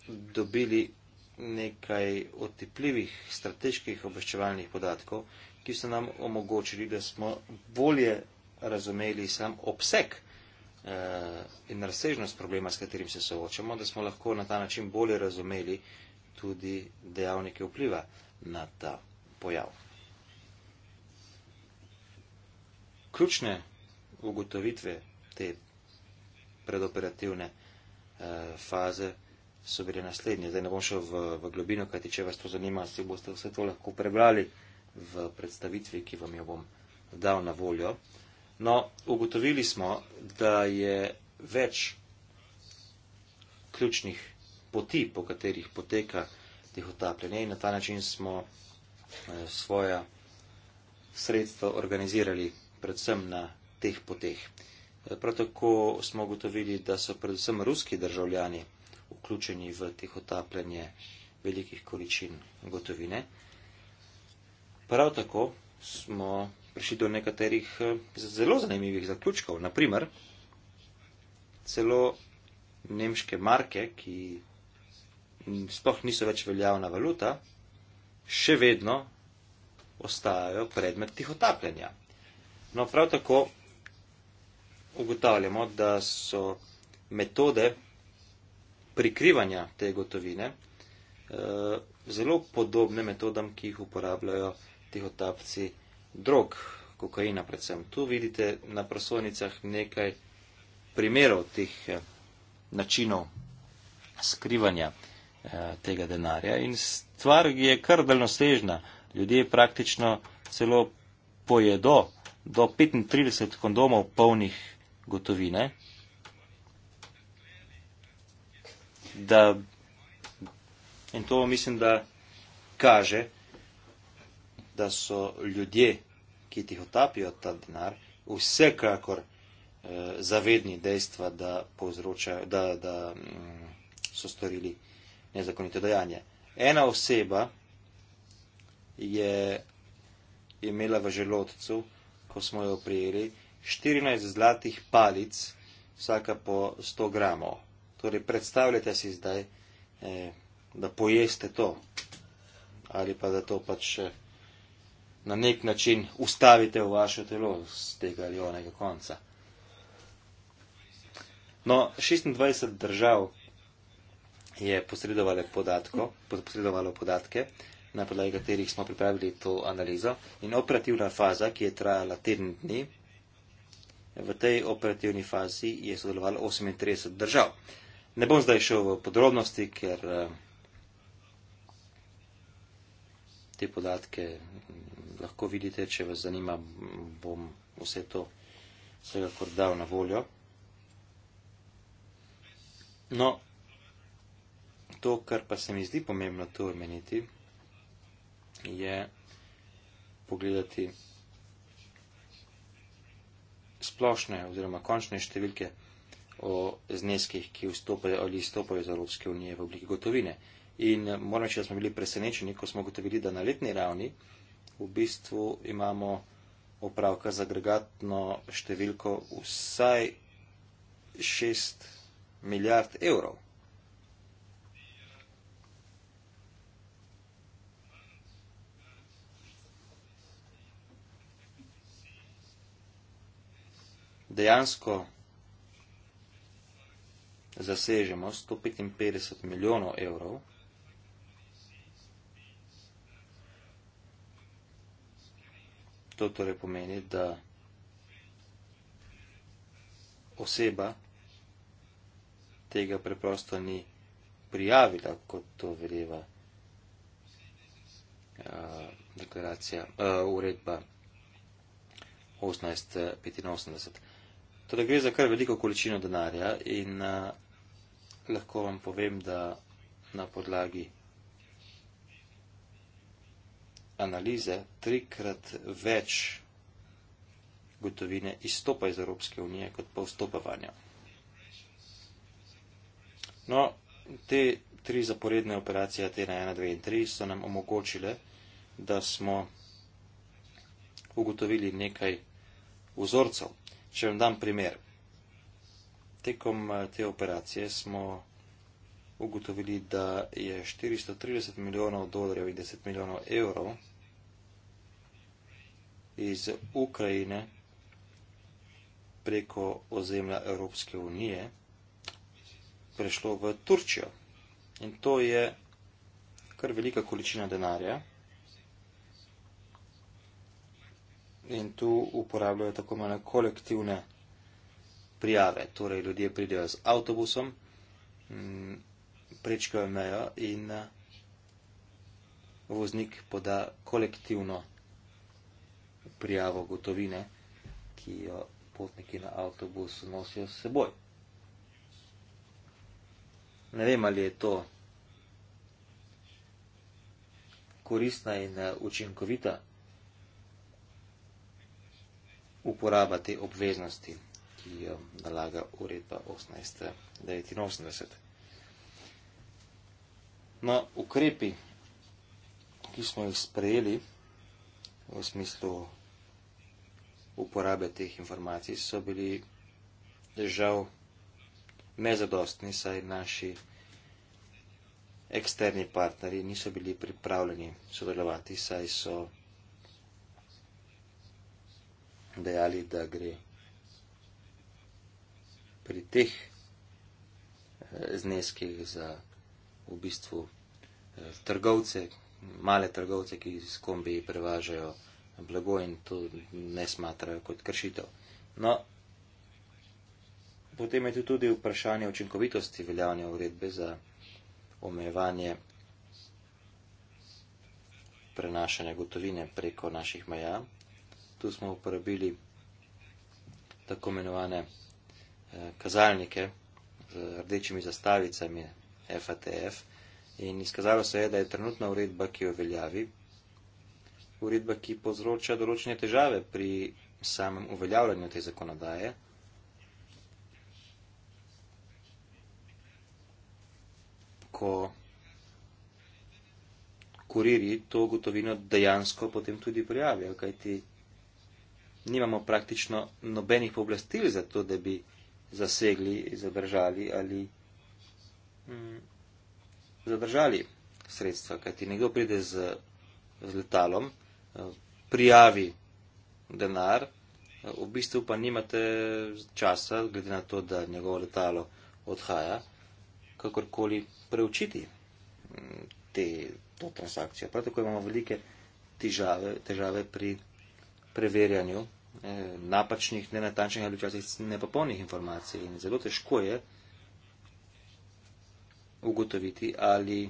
dobili nekaj otipljivih strateških obveščevalnih podatkov, ki so nam omogočili, da smo bolje razumeli sam obseg eh, in razsežnost problema, s katerim se soočamo, da smo lahko na ta način bolje razumeli tudi dejavnike vpliva na ta pojav. Ključne ugotovitve te predoperativne eh, faze so bile naslednje. Zdaj ne bom šel v, v globino, kajti če vas to zanima, si boste vse to lahko prebrali v predstavitvi, ki vam jo bom dal na voljo. No, ugotovili smo, da je več ključnih poti, po katerih poteka teh otapljanje in na ta način smo eh, svoja sredstva organizirali predvsem na teh poteh. Eh, prav tako smo ugotovili, da so predvsem ruski državljani vključeni v teh otapljanje velikih količin gotovine. Prav tako smo prišli do nekaterih eh, zelo zanimivih zaključkov. Naprimer, celo nemške marke, ki sploh niso več veljavna valuta, še vedno ostajajo predmet tih otapljanja. No, prav tako ugotavljamo, da so metode prikrivanja te gotovine, eh, zelo podobne metodam, ki jih uporabljajo tihotapci drog, kokaina predvsem. Tu vidite na prosovnicah nekaj primerov teh eh, načinov skrivanja eh, tega denarja in stvar je kar daljnosežna. Ljudje praktično celo pojedo do 35 kondomov polnih gotovine. da in to mislim, da kaže, da so ljudje, ki tih otapijo ta denar, vsekakor eh, zavedni dejstva, da, da, da mm, so storili nezakonito dejanje. Ena oseba je imela v želodcu, ko smo jo prijeli, 14 zlatih palic, vsaka po 100 gramov. Torej, predstavljajte si zdaj, eh, da pojeste to ali pa da to pač eh, na nek način ustavite v vaše telo z tega ali onega konca. No, 26 držav je posredovalo podatke, na podlagi katerih smo pripravili to analizo in operativna faza, ki je trajala teden dni, v tej operativni fazi je sodelovalo 38 držav. Ne bom zdaj šel v podrobnosti, ker eh, te podatke mm, lahko vidite, če vas zanima, bom vse to vsega kot dal na voljo. No, to, kar pa se mi zdi pomembno tu omeniti, je pogledati splošne oziroma končne številke o zneskih, ki vstopajo ali izstopajo iz Evropske unije v obliki gotovine. In moram reči, da smo bili presenečeni, ko smo gotovili, da na letni ravni v bistvu imamo opravka z agregatno številko vsaj 6 milijard evrov. Dejansko zasežemo 155 milijonov evrov, to torej pomeni, da oseba tega preprosto ni prijavila, kot to verjeva uh, deklaracija, uh, uredba 1885. Teda gre za kar veliko količino denarja in uh, lahko vam povem, da na podlagi analize trikrat več gotovine izstopa iz Evropske unije kot pa vstopavanja. No, te tri zaporedne operacije, te na 1, 2 in 3, so nam omogočile, da smo ugotovili nekaj vzorcev. Če vam dam primer. Tekom eh, te operacije smo ugotovili, da je 430 milijonov dolarjev in 10 milijonov evrov iz Ukrajine preko ozemlja Evropske unije prešlo v Turčijo. In to je kar velika količina denarja. in tu uporabljajo tako imenovane kolektivne prijave. Torej, ljudje pridejo z avtobusom, prečkajo mejo in eh, voznik poda kolektivno prijavo gotovine, ki jo potniki na avtobus nosijo s seboj. Ne vem, ali je to koristna in eh, učinkovita uporaba te obveznosti, ki jo nalaga uredba 1889. No, ukrepi, ki smo jih sprejeli v smislu uporabe teh informacij, so bili žal nezadostni, saj naši eksterni partnerji niso bili pripravljeni sodelovati, saj so dejali, da gre pri teh eh, zneskih za v bistvu eh, trgovce, male trgovce, ki z kombi prevažajo blago in to ne smatrajo kot kršitev. No, potem je tu tudi vprašanje učinkovitosti veljavne uredbe za omejevanje prenašanja gotovine preko naših meja tu smo uporabili tako imenovane eh, kazalnike z rdečimi zastavicami FATF in izkazalo se je, da je trenutna uredba, ki jo veljavi, uredba, ki povzroča določene težave pri samem uveljavljanju te zakonodaje. Ko kuriri to gotovino dejansko potem tudi prijavijo, kajti nimamo praktično nobenih pooblastil za to, da bi zasegli, zadržali ali mm, zadržali sredstva. Kaj ti nekdo pride z, z letalom, eh, prijavi denar, eh, v bistvu pa nimate časa, glede na to, da njegovo letalo odhaja, kakorkoli preučiti mm, te, to transakcijo. Prav tako imamo velike težave, težave pri preverjanju eh, napačnih, nenatančnih ali včasih nepopolnih informacij. In zelo težko je ugotoviti, ali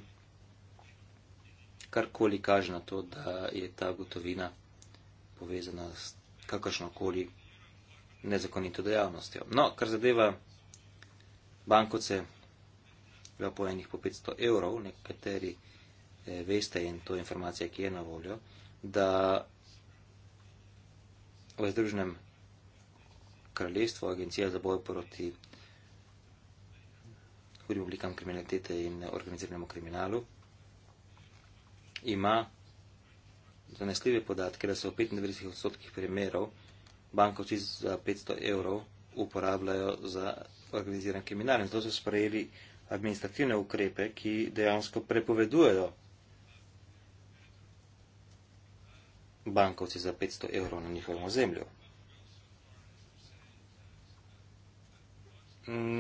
karkoli kaže na to, da je ta gotovina povezana s kakršnokoli nezakonito dejavnostjo. No, kar zadeva bankoce v pojenih po 500 evrov, nekateri eh, veste in to informacija, ki je na voljo, da v Združenem kraljestvu, Agencija za boj proti hudim oblikam kriminalitete in organiziranemu kriminalu, ima zanesljive podatke, da se v 95 odstotkih primerov bankovci za 500 evrov uporabljajo za organiziran kriminal. In zato so sprejeli administrativne ukrepe, ki dejansko prepovedujejo bankovci za 500 evrov na njihovem ozemlju.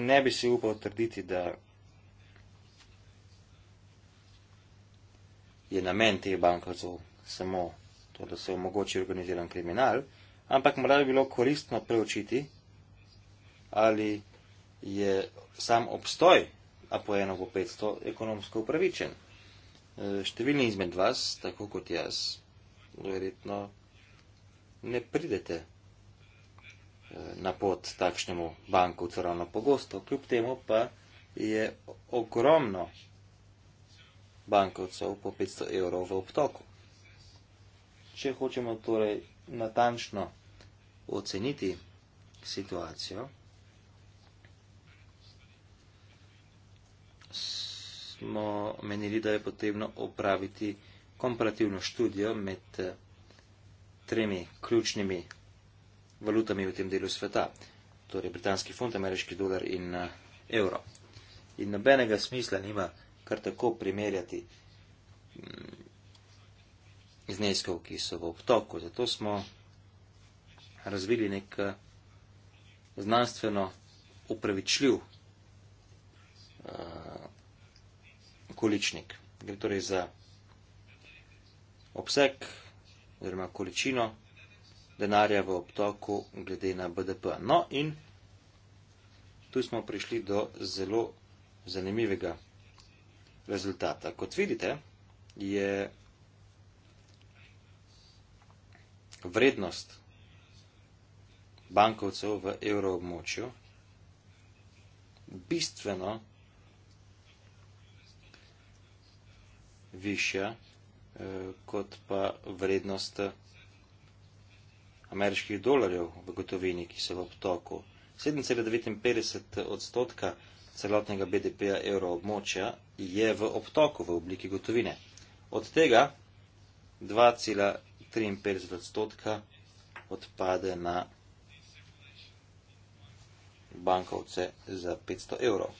Ne bi si upal trditi, da je namen teh bankovcev samo to, da se omogoči organiziran kriminal, ampak morda bi bilo koristno preučiti, ali je sam obstoj APO-1 v 500 ekonomsko upravičen. E, številni izmed vas, tako kot jaz, verjetno ne pridete eh, na pot takšnemu bankovcu ravno pogosto. Kljub temu pa je ogromno bankovcev po 500 evrov v obtoku. Če hočemo torej natančno oceniti situacijo, smo menili, da je potrebno opraviti komparativno študijo med eh, tremi ključnimi valutami v tem delu sveta, torej britanski funt, ameriški dolar in eh, evro. In nobenega smisla nima kar tako primerjati mm, zneskov, ki so v obtoku. Zato smo razvili nek eh, znanstveno upravičljiv količnik. Gre torej za obseg oziroma količino denarja v obtoku glede na BDP. No in tu smo prišli do zelo zanimivega rezultata. Kot vidite, je vrednost bankovcev v evroobmočju bistveno višja kot pa vrednost eh, ameriških dolarjev v gotovini, ki so v obtoku. 7,59 odstotka celotnega BDP-ja evroobmočja je v obtoku v obliki gotovine. Od tega 2,53 odstotka odpade na bankovce za 500 evrov.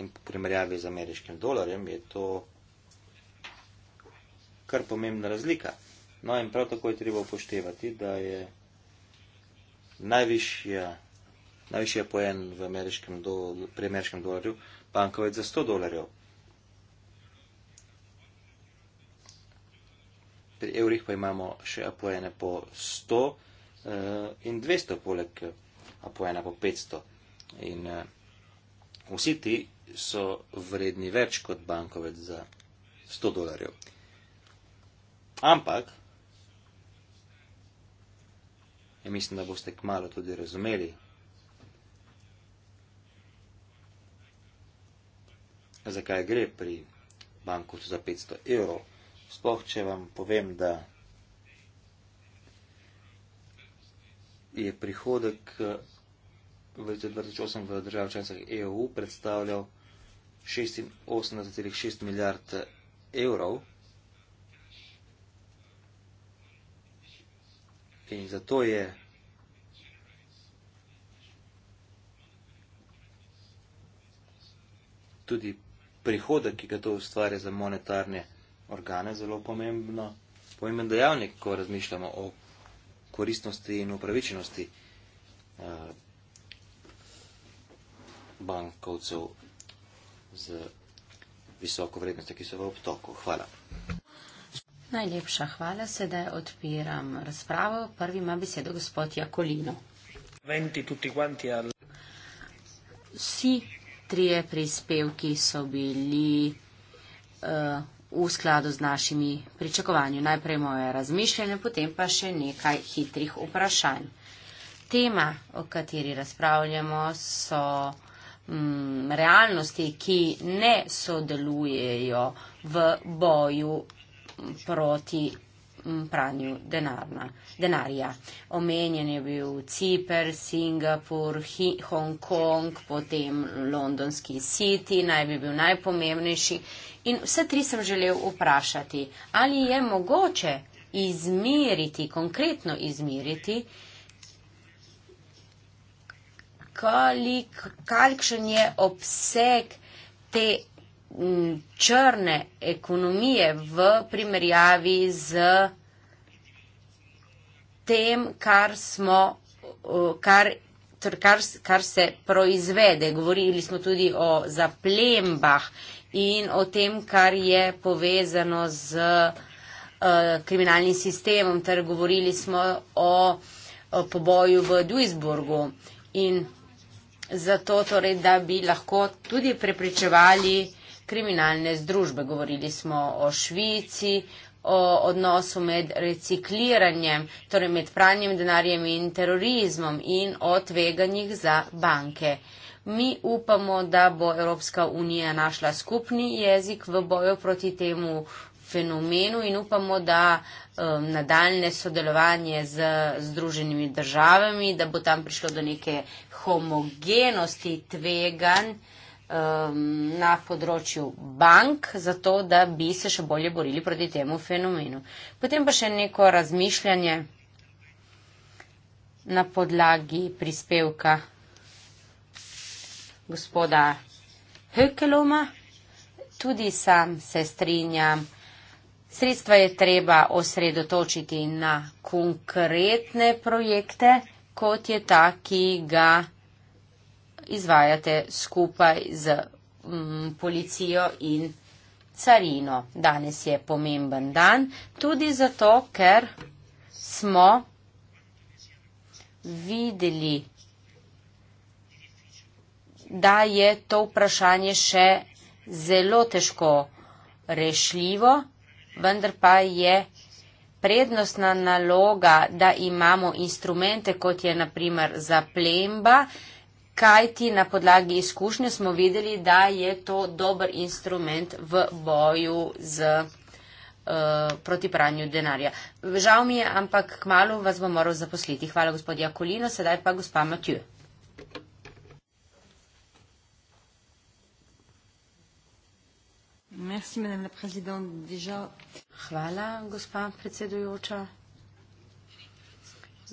In po primerjavi z ameriškim dolarjem je to kar pomembna razlika. No in prav tako je treba upoštevati, da je najvišji pojen v ameriškem do, pri ameriškem dolarju bankovec za 100 dolarjev. Pri evrih pa imamo še apojene po 100 eh, in 200, poleg apojena po 500. In eh, vsi ti so vredni več kot bankovec za 100 dolarjev. Ampak, ja mislim, da boste kmalo tudi razumeli, zakaj gre pri banku za 500 evrov. Sploh, če vam povem, da je prihodek eh, v 2008 v državah članicah EU predstavljal 86,6 milijard eh, evrov. In zato je tudi prihodek, ki ga to ustvarja za monetarne organe, zelo pomembno, pomemben dejavnik, ko razmišljamo o koristnosti in upravičenosti uh, bankovcev z visoko vrednostjo, ki so v obtoku. Hvala. Najlepša hvala, sedaj odpiram razpravo. Prvi ima besedo gospod Jakolino. Vsi trije prispevki so bili uh, v skladu z našimi pričakovanji. Najprej moje razmišljanje, potem pa še nekaj hitrih vprašanj. Tema, o kateri razpravljamo, so mm, realnosti, ki ne sodelujejo v boju proti mm, pranju denarna, denarja. Omenjen je bil Cipr, Singapur, Hong Kong, potem londonski City, naj bi bil najpomembnejši. In vse tri sem želel vprašati, ali je mogoče izmeriti, konkretno izmeriti, kolik, kakšen je obseg te črne ekonomije v primerjavi z tem, kar, smo, kar, kar, kar se proizvede. Govorili smo tudi o zaplembah in o tem, kar je povezano z uh, kriminalnim sistemom, ter govorili smo o, o poboju v Duisburgu. In zato torej, da bi lahko tudi prepričevali, kriminalne združbe. Govorili smo o Švici, o odnosu med recikliranjem, torej med pranjem denarjem in terorizmom in o tveganjih za banke. Mi upamo, da bo Evropska unija našla skupni jezik v boju proti temu fenomenu in upamo, da um, nadaljne sodelovanje z združenimi državami, da bo tam prišlo do neke homogenosti tveganj um, na področju bank, zato da bi se še bolje borili proti temu fenomenu. Potem pa še neko razmišljanje na podlagi prispevka gospoda Hökeloma. Tudi sam se strinjam. Sredstva je treba osredotočiti na konkretne projekte, kot je ta, ki ga izvajate skupaj z mm, policijo in carino. Danes je pomemben dan, tudi zato, ker smo videli, da je to vprašanje še zelo težko rešljivo, vendar pa je prednostna naloga, da imamo instrumente, kot je naprimer zaplemba, kajti na podlagi izkušnje smo videli, da je to dober instrument v boju z, uh, proti pranju denarja. Žal mi je, ampak kmalo vas bom moral zaposliti. Hvala gospodja Kolino, sedaj pa gospa Matju. Merci, Deja... Hvala, gospa predsedujoča.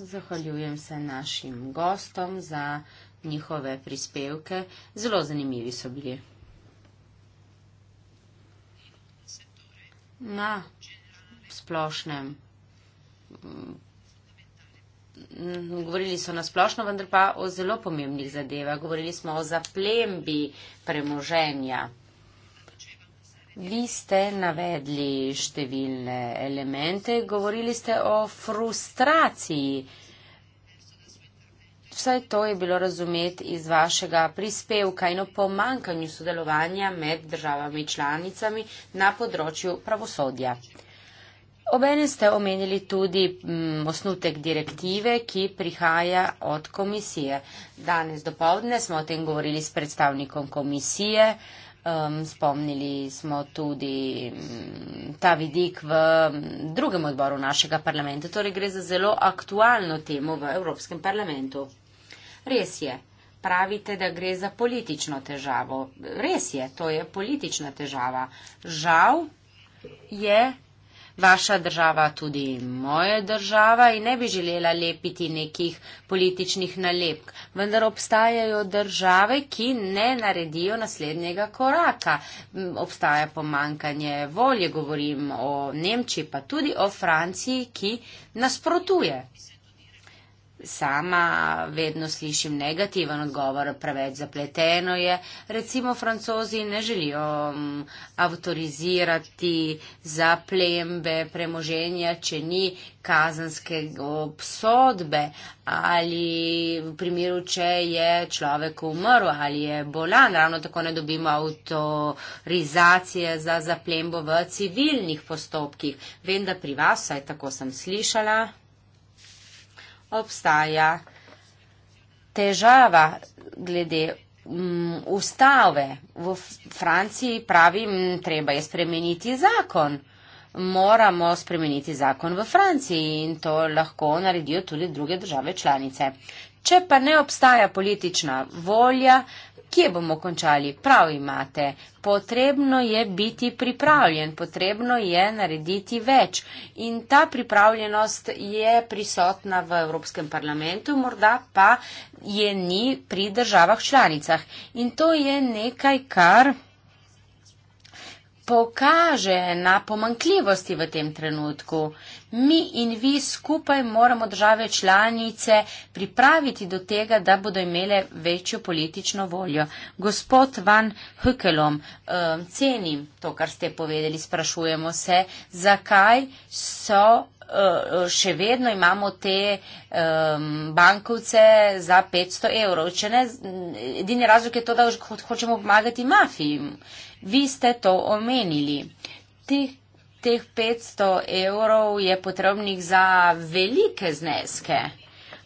Zahvaljujem se našim gostom za njihove prispevke, zelo zanimivi so bili. Na splošnem. Mm, govorili so na splošno, vendar pa o zelo pomembnih zadevah. Govorili smo o zaplembi premoženja. Vi ste navedli številne elemente, govorili ste o frustraciji. Vsaj to je bilo razumeti iz vašega prispevka in o pomankanju sodelovanja med državami članicami na področju pravosodja. Obene ste omenili tudi m, mm, osnutek direktive, ki prihaja od komisije. Danes do povdne smo o tem govorili s predstavnikom komisije. Um, spomnili smo tudi um, ta vidik v mm, drugem odboru našega parlamenta. Torej gre za zelo aktualno temo v Evropskem parlamentu res je. Pravite, da gre za politično težavo. Res je, to je politična težava. Žal je vaša država tudi moja država in ne bi želela lepiti nekih političnih nalepk. Vendar obstajajo države, ki ne naredijo naslednjega koraka. Obstaja pomankanje volje, govorim o Nemčiji, pa tudi o Franciji, ki nasprotuje. Sama vedno slišim negativen odgovor, preveč zapleteno je. Recimo, francozi ne želijo m, mm, avtorizirati za plembe premoženja, če ni kazanske obsodbe ali v primeru, če je človek umrl ali je bolan. Ravno tako ne dobimo avtorizacije za zaplembo v civilnih postopkih. Vem, da pri vas, saj tako sem slišala obstaja težava glede m, mm, ustave. V Franciji pravim, treba je spremeniti zakon. Moramo spremeniti zakon v Franciji in to lahko naredijo tudi druge države članice. Če pa ne obstaja politična volja, kje bomo končali. Prav imate, potrebno je biti pripravljen, potrebno je narediti več. In ta pripravljenost je prisotna v Evropskem parlamentu, morda pa je ni pri državah članicah. In to je nekaj, kar pokaže na pomankljivosti v tem trenutku mi in vi skupaj moramo države članice pripraviti do tega, da bodo imele večjo politično voljo. Gospod Van Hükelom, eh, cenim to, kar ste povedali, sprašujemo se, zakaj so. Eh, še vedno imamo te um, bankovce za 500 evrov. Ne, edini razlog je to, da hočemo pomagati mafiji. Vi ste to omenili. Teh teh 500 evrov je potrebnih za velike zneske.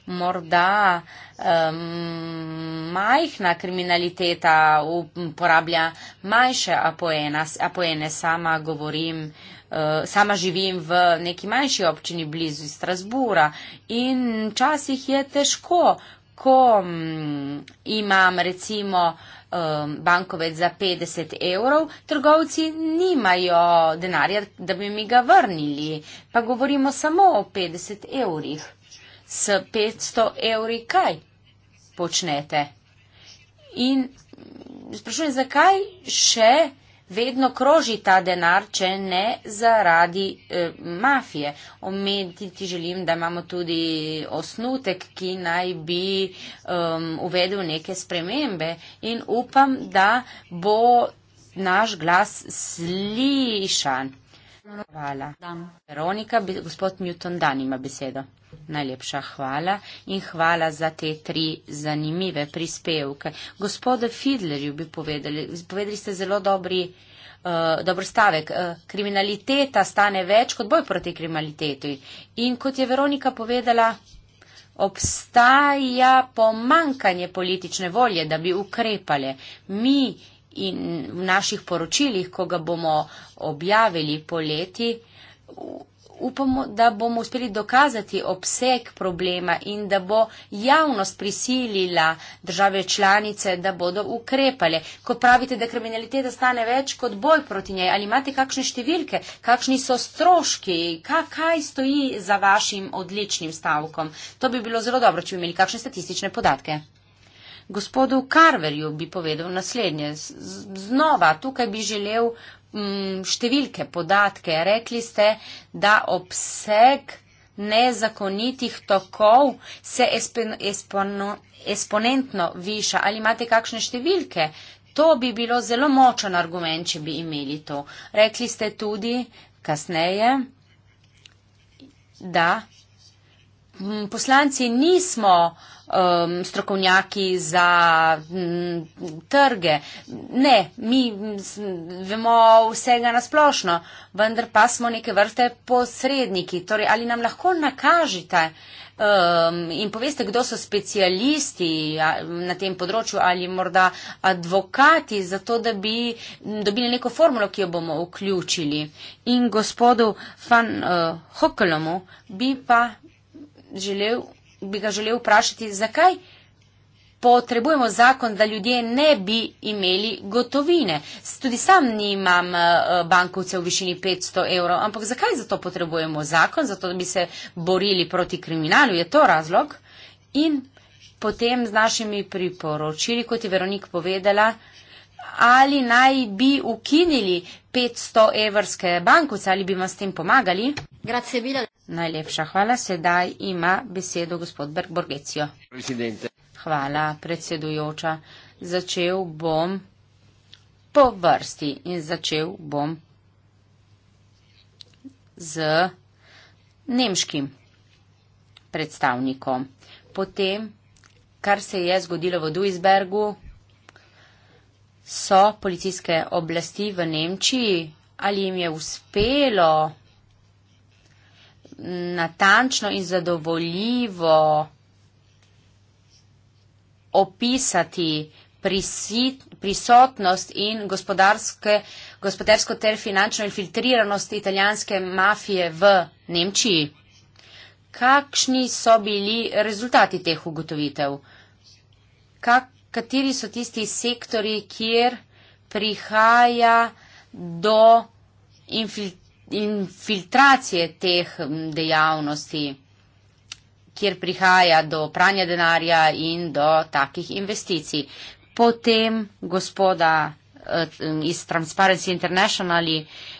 Morda um, majhna kriminaliteta uporablja manjše apoena, apoene. Sama, govorim, uh, sama živim v neki manjši občini blizu Strasbura in včasih je težko, ko um, imam recimo uh, um, bankovec za 50 evrov, trgovci nimajo denarja, da bi mi ga vrnili. Pa govorimo samo o 50 evrih. S 500 evri kaj počnete? In sprašujem, zakaj še? vedno kroži ta denar, če ne zaradi eh, mafije. Omeniti želim, da imamo tudi osnutek, ki naj bi um, uvedel neke spremembe in upam, da bo naš glas slišan. Hvala. Veronika, gospod Newton Dan ima besedo. Najlepša hvala in hvala za te tri zanimive prispevke. Gospode Fidlerju bi povedali, povedali ste zelo dobri, uh, eh, dobro stavek. Uh, kriminaliteta stane več kot boj proti kriminaliteti. In kot je Veronika povedala, obstaja pomankanje politične volje, da bi ukrepale. Mi in v naših poročilih, ko ga bomo objavili poleti, upamo, da bomo uspeli dokazati obseg problema in da bo javnost prisilila države članice, da bodo ukrepale. Ko pravite, da kriminaliteta stane več kot boj proti njej, ali imate kakšne številke, kakšni so stroški, kaj stoji za vašim odličnim stavkom? To bi bilo zelo dobro, če bi imeli kakšne statistične podatke. Gospodu Karverju bi povedal naslednje. Znova, tukaj bi želel m, mm, številke, podatke. Rekli ste, da obseg nezakonitih tokov se espeno, espono, eksponentno viša. Ali imate kakšne številke? To bi bilo zelo močen argument, če bi imeli to. Rekli ste tudi kasneje, da Mm, poslanci nismo um, strokovnjaki za m, mm, trge. Ne, mi mm, s, vemo vsega nasplošno, vendar pa smo neke vrste posredniki. Torej, ali nam lahko nakažite um, in poveste, kdo so specialisti na tem področju ali morda advokati, zato da bi dobili neko formulo, ki jo bomo vključili. In gospodu Van uh, Hokelomu bi pa želel, bi ga želel vprašati, zakaj potrebujemo zakon, da ljudje ne bi imeli gotovine. Tudi sam nimam eh, bankovce v višini 500 evrov, ampak zakaj za to potrebujemo zakon, zato da bi se borili proti kriminalu, je to razlog. In potem z našimi priporočili, kot je Veronik povedala, ali naj bi ukinili 500 evrske bankovce, ali bi vam s tem pomagali. Grazie mille. Najlepša hvala. Sedaj ima besedo gospod Berg Borgecijo. Hvala, predsedujoča. Začel bom po vrsti in začel bom z nemškim predstavnikom. Potem, kar se je zgodilo v Duisbergu, so policijske oblasti v Nemčiji, ali jim je uspelo natančno in zadovoljivo opisati prisit, prisotnost in gospodarsko ter finančno infiltriranost italijanske mafije v Nemčiji. Kakšni so bili rezultati teh ugotovitev? Kak, kateri so tisti sektori, kjer prihaja do infiltriranosti? infiltracije teh dejavnosti, kjer prihaja do pranja denarja in do takih investicij. Potem gospoda eh, iz Transparency International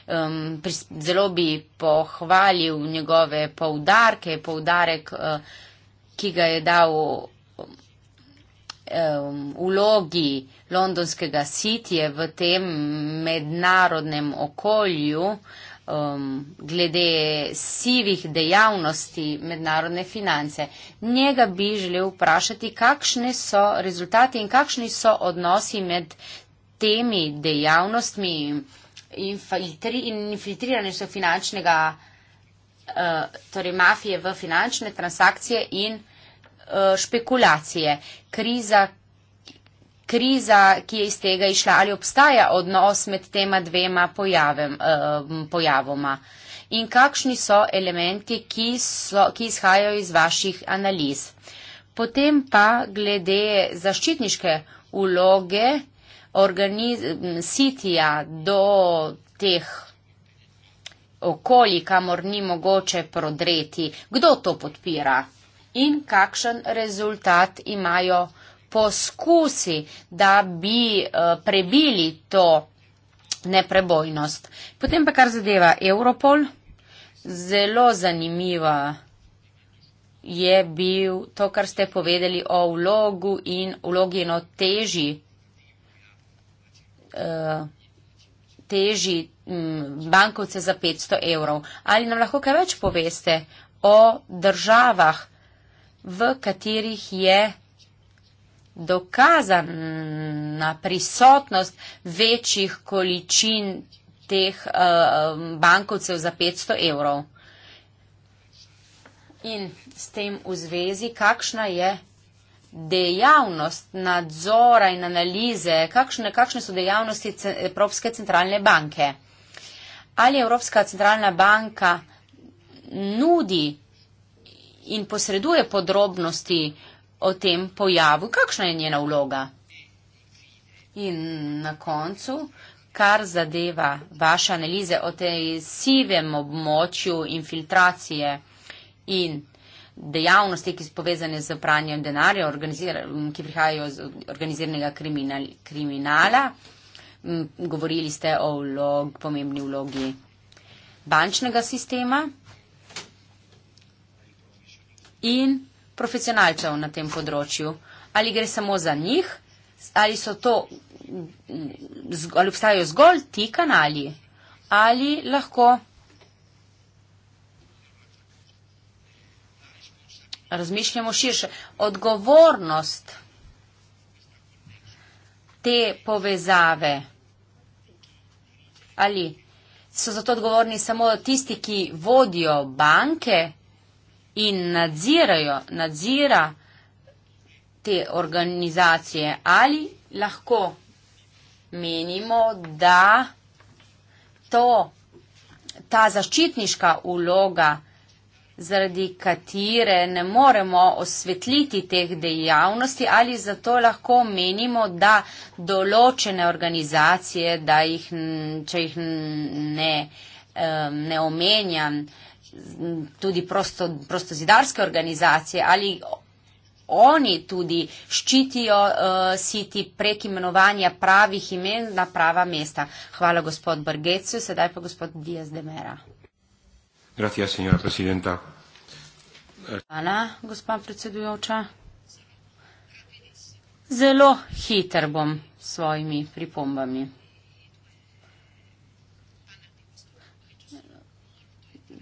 um, zelo bi pohvalil njegove poudarke, poudarek, eh, ki ga je dal um, vlogi londonskega sitije v tem mednarodnem okolju, uh, um, glede sivih dejavnosti mednarodne finance. Njega bi želel vprašati, kakšne so rezultati in kakšni so odnosi med temi dejavnostmi in, filtri, in infiltriranjem finančnega, uh, torej mafije v finančne transakcije in uh, špekulacije. Kriza, kriza, ki je iz tega išla, ali obstaja odnos med tema dvema pojavem, eh, pojavoma. In kakšni so elementi, ki, so, ki izhajajo iz vaših analiz. Potem pa glede zaščitniške uloge sitija do teh okolij, kamor ni mogoče prodreti. Kdo to podpira? In kakšen rezultat imajo? poskusi, da bi eh, prebili to neprebojnost. Potem pa kar zadeva Europol, zelo zanimiva je bil to, kar ste povedali o vlogu in vlogi eno teži, eh, teži mm, bankovce za 500 evrov. Ali nam lahko kaj več poveste o državah, v katerih je dokazana prisotnost večjih količin teh uh, bankovcev za 500 evrov. In s tem v zvezi, kakšna je dejavnost nadzora in analize, kakšne, kakšne so dejavnosti Evropske centralne banke. Ali Evropska centralna banka nudi in posreduje podrobnosti uh, o tem pojavu, kakšna je njena vloga. In na koncu, kar zadeva vaše analize o tej sivem območju infiltracije in dejavnosti, ki so povezane z pranjem denarja, ki prihajajo iz organiziranega kriminal kriminala. Govorili ste o vlog, pomembni vlogi bančnega sistema in profesionalcev na tem področju. Ali gre samo za njih, ali so to, ali obstajajo zgolj ti kanali, ali lahko. Razmišljamo širše. Odgovornost te povezave. Ali so za to odgovorni samo tisti, ki vodijo banke, in nadzirajo, nadzira te organizacije, ali lahko menimo, da to, ta zaščitniška uloga, zaradi katere ne moremo osvetliti teh dejavnosti, ali zato lahko menimo, da določene organizacije, da jih, če jih ne, ne omenjam, tudi prosto, prostozidarske organizacije, ali oni tudi ščitijo uh, siti prek imenovanja pravih imen na prava mesta. Hvala gospod Brgecu, sedaj pa gospod Diaz de Mera. Gracias, senjora presidenta. Hvala, gospod predsedujoča. Zelo hiter bom s svojimi pripombami.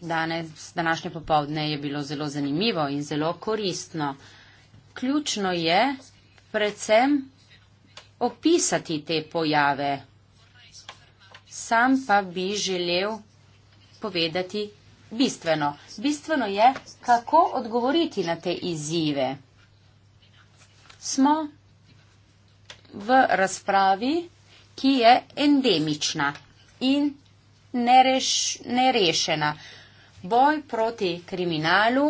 danes, današnje popovdne je bilo zelo zanimivo in zelo koristno. Ključno je predvsem opisati te pojave. Sam pa bi želel povedati bistveno. Bistveno je, kako odgovoriti na te izzive. Smo v razpravi, ki je endemična in nereš, nerešena. Boj proti kriminalu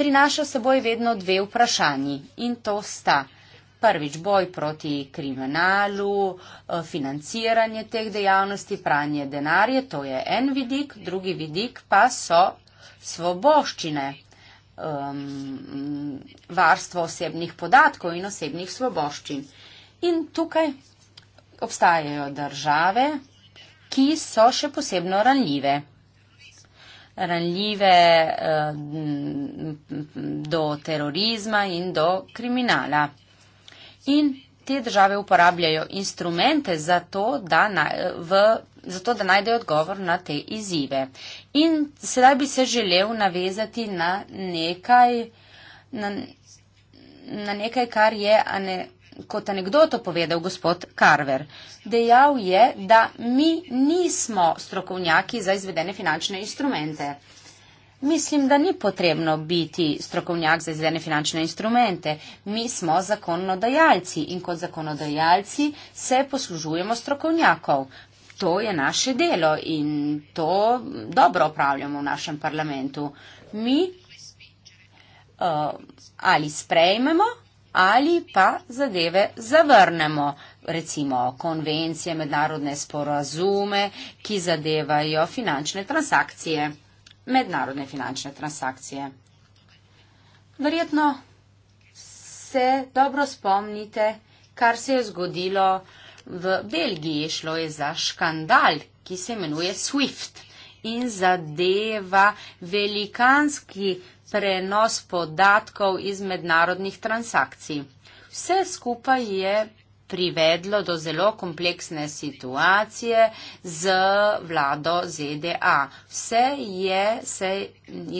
prinaša seboj vedno dve vprašanji in to sta. Prvič boj proti kriminalu, eh, financiranje teh dejavnosti, pranje denarja, to je en vidik, drugi vidik pa so svoboščine, um, varstvo osebnih podatkov in osebnih svoboščin. In tukaj obstajajo države, ki so še posebno ranljive ranljive eh, do terorizma in do kriminala. In te države uporabljajo instrumente za to, da, na, v, za to, da najde odgovor na te izzive. In sedaj bi se želel navezati na nekaj, na, na nekaj kar je ane, kot anegdoto povedal gospod Carver. Dejal je, da mi nismo strokovnjaki za izvedene finančne instrumente. Mislim, da ni potrebno biti strokovnjak za izvedene finančne instrumente. Mi smo zakonodajalci in kot zakonodajalci se poslužujemo strokovnjakov. To je naše delo in to dobro opravljamo v našem parlamentu. Mi uh, ali sprejmemo ali pa zadeve zavrnemo. Recimo konvencije, mednarodne sporazume, ki zadevajo finančne transakcije. Mednarodne finančne transakcije. Verjetno se dobro spomnite, kar se je zgodilo v Belgiji. Šlo je za škandal, ki se imenuje SWIFT in zadeva velikanski prenos podatkov iz mednarodnih transakcij. Vse skupaj je privedlo do zelo kompleksne situacije z vlado ZDA. Vse je, se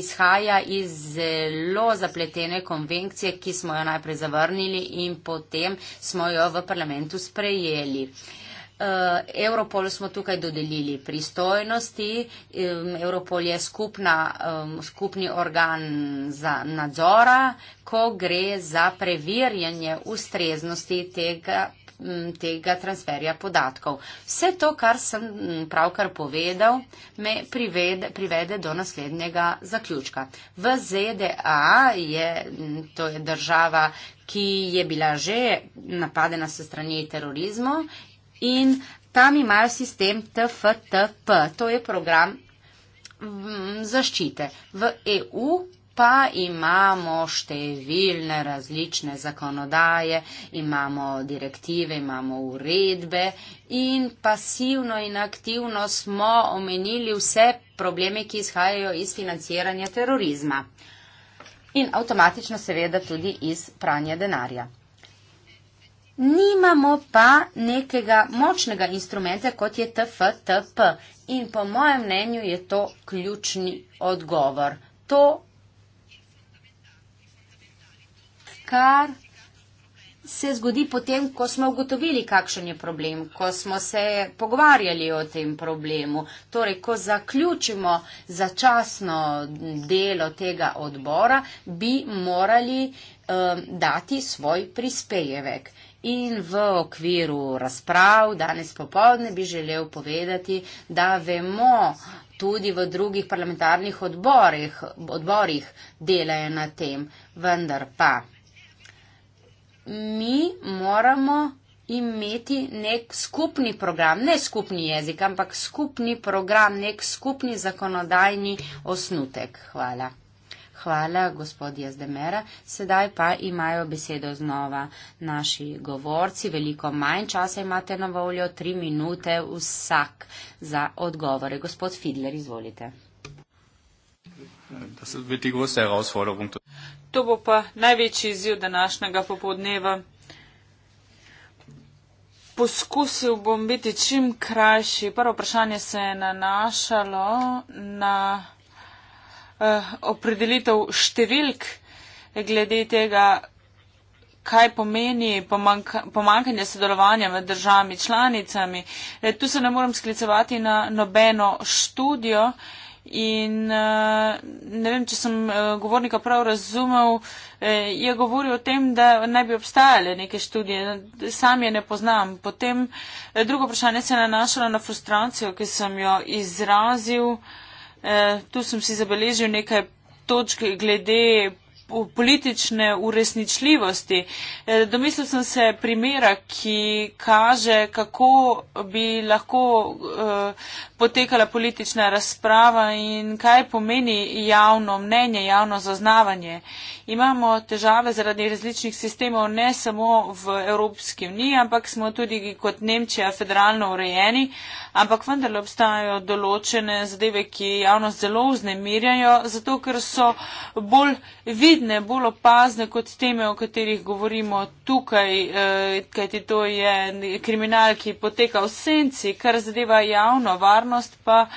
izhaja iz zelo zapletene konvencije, ki smo jo najprej zavrnili in potem smo jo v parlamentu sprejeli. Uh, Eh, Europol smo tukaj dodelili pristojnosti. Europol je skupna, skupni organ za nadzora, ko gre za preverjanje ustreznosti tega, tega transferja podatkov. Vse to, kar sem pravkar povedal, me privede, privede do naslednjega zaključka. V ZDA je, to je država, ki je bila že napadena se strani terorizmu in tam imajo sistem TFTP. To je program mm, zaščite. V EU pa imamo številne različne zakonodaje, imamo direktive, imamo uredbe in pasivno in aktivno smo omenili vse probleme, ki izhajajo iz financiranja terorizma. In avtomatično seveda tudi iz pranja denarja. Nimamo pa nekega močnega instrumenta, kot je TFTP. In po mojem mnenju je to ključni odgovor. To, kar se zgodi potem, ko smo ugotovili, kakšen je problem, ko smo se pogovarjali o tem problemu, torej, ko zaključimo začasno delo tega odbora, bi morali um, dati svoj prispevek. In v okviru razprav danes popovdne bi želel povedati, da vemo tudi v drugih parlamentarnih odborih, odborih delajo na tem, vendar pa mi moramo imeti nek skupni program, ne skupni jezik, ampak skupni program, nek skupni zakonodajni osnutek. Hvala. Hvala, gospod Jazdemera. Sedaj pa imajo besedo znova naši govorci. Veliko manj časa imate na voljo, tri minute vsak za odgovore. Gospod Fidler, izvolite. To bo pa največji izziv današnjega popodneva. Poskusil bom biti čim krajši. Prvo vprašanje se je nanašalo na Eh, opredelitev številk glede tega, kaj pomeni pomanka, pomankanje sodelovanja med državami članicami. E, tu se ne moram sklicevati na nobeno študijo in e, ne vem, če sem e, govornika prav razumel, e, je govoril o tem, da ne bi obstajale neke študije. Sam je ne poznam. Potem e, drugo vprašanje se je nanašalo na frustracijo, ki sem jo izrazil. E, Eh, tu sem si zabeležil nekaj točk glede politične uresničljivosti. E, domislil sem se primera, ki kaže, kako bi lahko e, potekala politična razprava in kaj pomeni javno mnenje, javno zaznavanje. Imamo težave zaradi različnih sistemov ne samo v Evropski uniji, ampak smo tudi kot Nemčija federalno urejeni, ampak vendarle obstajajo določene zadeve, ki javnost zelo vznemirjajo, zato ker so bolj vidni vidne, bolj opazne kot teme, o katerih govorimo tukaj, eh, kajti to je kriminal, ki poteka v senci, kar zadeva javno varnost, pa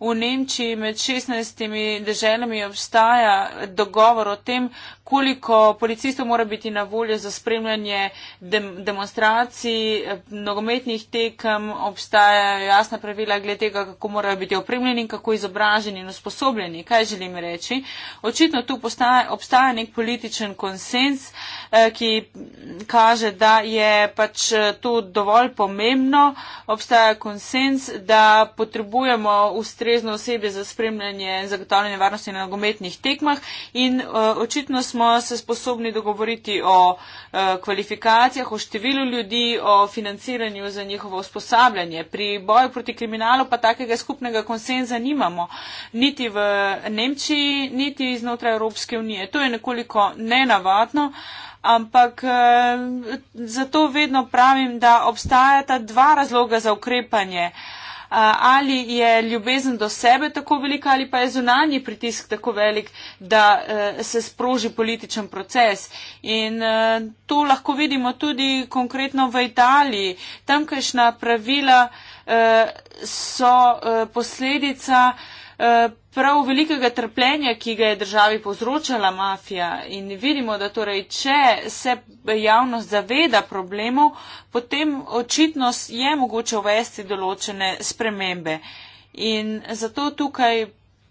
v Nemčiji med 16 deželami obstaja dogovor o tem, koliko policistov mora biti na voljo za spremljanje dem demonstracij, nogometnih tekem, obstajajo jasna pravila glede tega, kako morajo biti opremljeni, kako izobraženi in usposobljeni. Kaj želim reči? Očitno tu postaja, obstaja nek političen konsens, eh, ki kaže, da je pač eh, to dovolj pomembno. Obstaja konsens, da potrebujemo ustrezno osebje za spremljanje in zagotavljanje varnosti na nogometnih tekmah in eh, očitno smo smo se sposobni dogovoriti o eh, kvalifikacijah, o številu ljudi, o financiranju za njihovo usposabljanje. Pri boju proti kriminalu pa takega skupnega konsenza nimamo, niti v Nemčiji, niti iznotraj Evropske unije. To je nekoliko nenavadno. Ampak eh, zato vedno pravim, da obstajata dva razloga za ukrepanje ali je ljubezen do sebe tako velika ali pa je zunanji pritisk tako velik, da e, se sproži političen proces. In e, to lahko vidimo tudi konkretno v Italiji. Tamkajšnja pravila e, so posledica prav velikega trpljenja, ki ga je državi povzročala mafija. In vidimo, da torej, če se javnost zaveda problemov, potem očitno je mogoče uvesti določene spremembe. In zato tukaj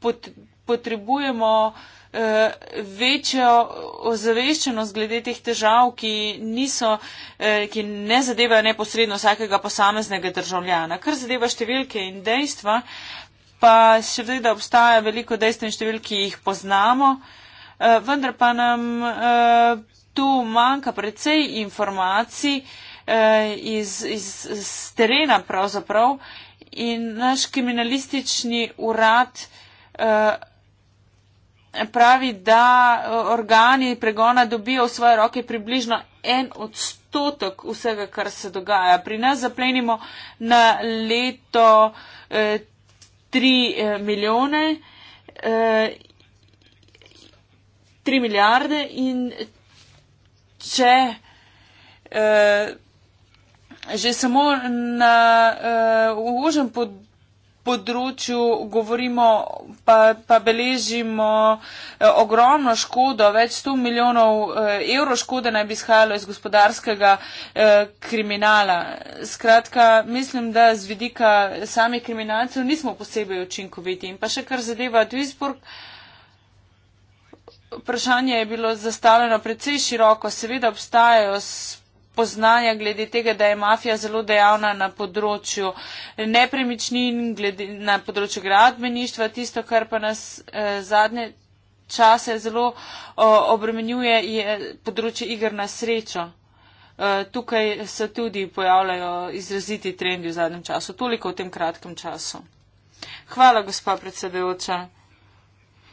pot, potrebujemo eh, večjo ozaveščenost glede teh težav, ki, niso, eh, ki ne zadevajo neposredno vsakega posameznega državljana. Kar zadeva številke in dejstva, pa še vedno obstaja veliko dejstv in številk, ki jih poznamo, eh, vendar pa nam eh, tu manjka precej informacij eh, iz, iz, iz terena pravzaprav in naš kriminalistični urad pravi, da organi pregona dobijo v svoje roke približno en odstotek vsega, kar se dogaja. Pri nas zaplenimo na leto eh, 3 eh, milijone, 3 eh, milijarde in če eh, že samo na uvožen področju, področju govorimo, pa, pa beležimo eh, ogromno škodo, več sto milijonov eh, evrov škode naj bi izhajalo iz gospodarskega eh, kriminala. Skratka, mislim, da z vidika samih kriminalcev nismo posebej učinkoviti. In pa še kar zadeva Duisburg. Vprašanje je bilo zastavljeno precej široko. Seveda obstajajo poznanja glede tega, da je mafija zelo dejavna na področju nepremičnin, glede, na področju gradbeništva, tisto, kar pa nas eh, zadnje čase zelo eh, obremenjuje, je področje igr na srečo. Eh, tukaj se tudi pojavljajo izraziti trendi v zadnjem času, toliko v tem kratkem času. Hvala, gospa predsedujoča.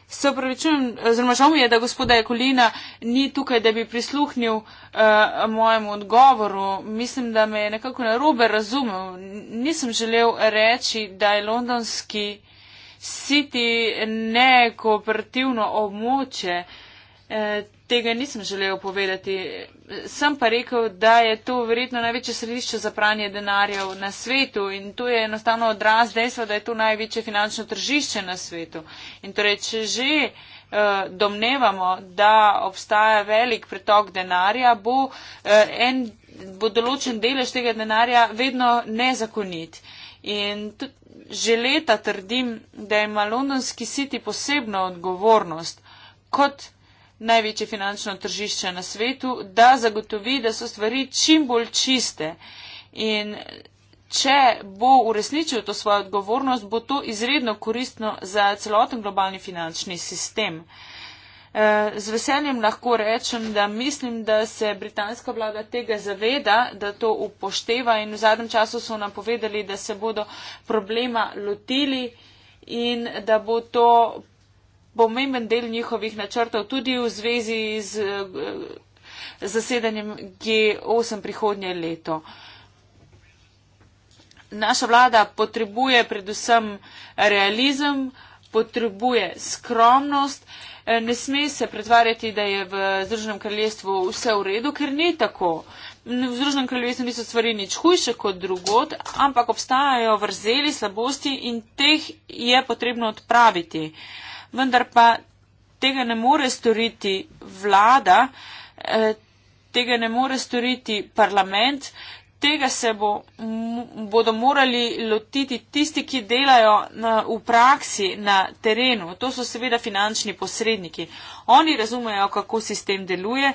Se upravičujem, zelo žal mi je, da gospoda Jekolina ni tukaj, da bi prisluhnil uh, mojemu odgovoru. Mislim, da me je nekako narobe razumel. Nisem želel reči, da je londonski siti nekooperativno območje. Uh, tega nisem želel povedati sem pa rekel, da je to verjetno največje središče za pranje denarja na svetu in to je enostavno odraz dejstva, da je to največje finančno tržišče na svetu. In torej, če že eh, domnevamo, da obstaja velik pretok denarja, bo, eh, en, bo določen delež tega denarja vedno nezakonit. In že leta trdim, da ima londonski siti posebno odgovornost kot največje finančno tržišče na svetu, da zagotovi, da so stvari čim bolj čiste. In če bo uresničil to svojo odgovornost, bo to izredno koristno za celoten globalni finančni sistem. Eh, z veseljem lahko rečem, da mislim, da se britanska vlada tega zaveda, da to upošteva in v zadnjem času so nam povedali, da se bodo problema lotili in da bo to pomemben del njihovih načrtov tudi v zvezi z eh, zasedanjem G8 prihodnje leto. Naša vlada potrebuje predvsem realizem, potrebuje skromnost, eh, ne sme se pretvarjati, da je v Združenem kraljestvu vse v redu, ker ni tako. V Združenem kraljestvu niso stvari nič hujše kot drugot, ampak obstajajo vrzeli, slabosti in teh je potrebno odpraviti vendar pa tega ne more storiti vlada, eh, tega ne more storiti parlament, tega se bo, bodo morali lotiti tisti, ki delajo na, v praksi na terenu. To so seveda finančni posredniki. Oni razumejo, kako sistem deluje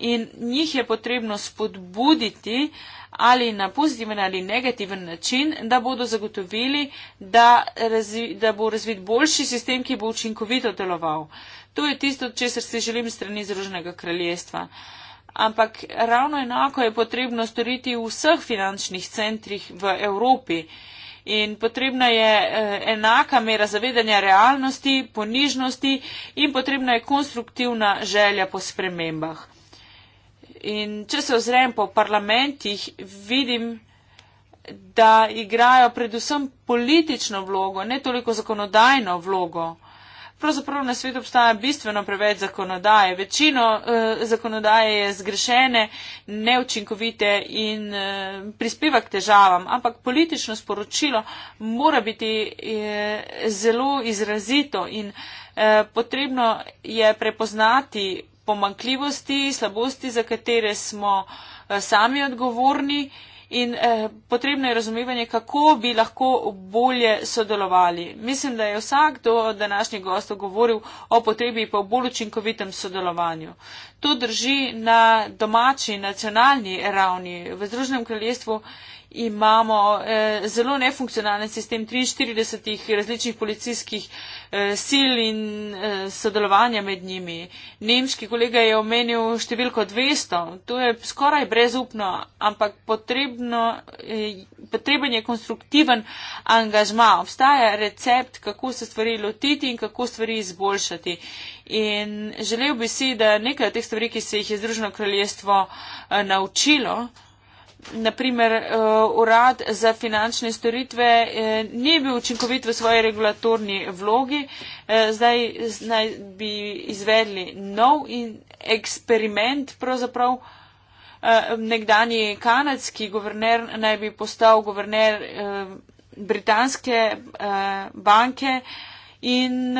in njih je potrebno spodbuditi ali na pozitiven ali negativen način, da bodo zagotovili, da, razvi, da bo razvit boljši sistem, ki bo učinkovito deloval. To je tisto, česar se želim strani Združenega kraljestva. Uh, ampak ravno enako je potrebno storiti v vseh finančnih centrih v Evropi. In potrebna je eh, enaka mera zavedanja realnosti, ponižnosti in potrebna je konstruktivna želja po spremembah. In če se ozrem po parlamentih, vidim, da igrajo predvsem politično vlogo, ne toliko zakonodajno vlogo pravzaprav na svetu obstaja bistveno preveč zakonodaje. Večino uh, zakonodaje je zgrešene, neučinkovite in uh, prispeva k težavam, ampak politično sporočilo mora biti uh, zelo izrazito in uh, potrebno je prepoznati pomankljivosti, slabosti, za katere smo uh, sami odgovorni. Uh, in eh, potrebno je razumevanje, kako bi lahko bolje sodelovali. Mislim, da je vsak do današnjih gostov govoril o potrebi po bolj učinkovitem sodelovanju. To drži na domači, nacionalni ravni. V Združenem kraljestvu eh, imamo eh, zelo nefunkcionalen sistem 43 različnih policijskih eh, sil in eh, sodelovanja med njimi. Nemški kolega je omenil številko 200, to je skoraj brezupno, ampak potrebno, eh, potreben je konstruktiven angažma. Obstaja recept, kako se stvari lotiti in kako stvari izboljšati. In želel bi si, da nekaj od teh stvari, ki se jih je Združeno kraljestvo eh, naučilo, naprimer eh, urad za finančne storitve eh, ni bil učinkovit v svoji regulatorni vlogi, eh, zdaj naj bi izvedli nov eksperiment pravzaprav. Nekdani kanadski guverner naj bi postal guverner britanske banke in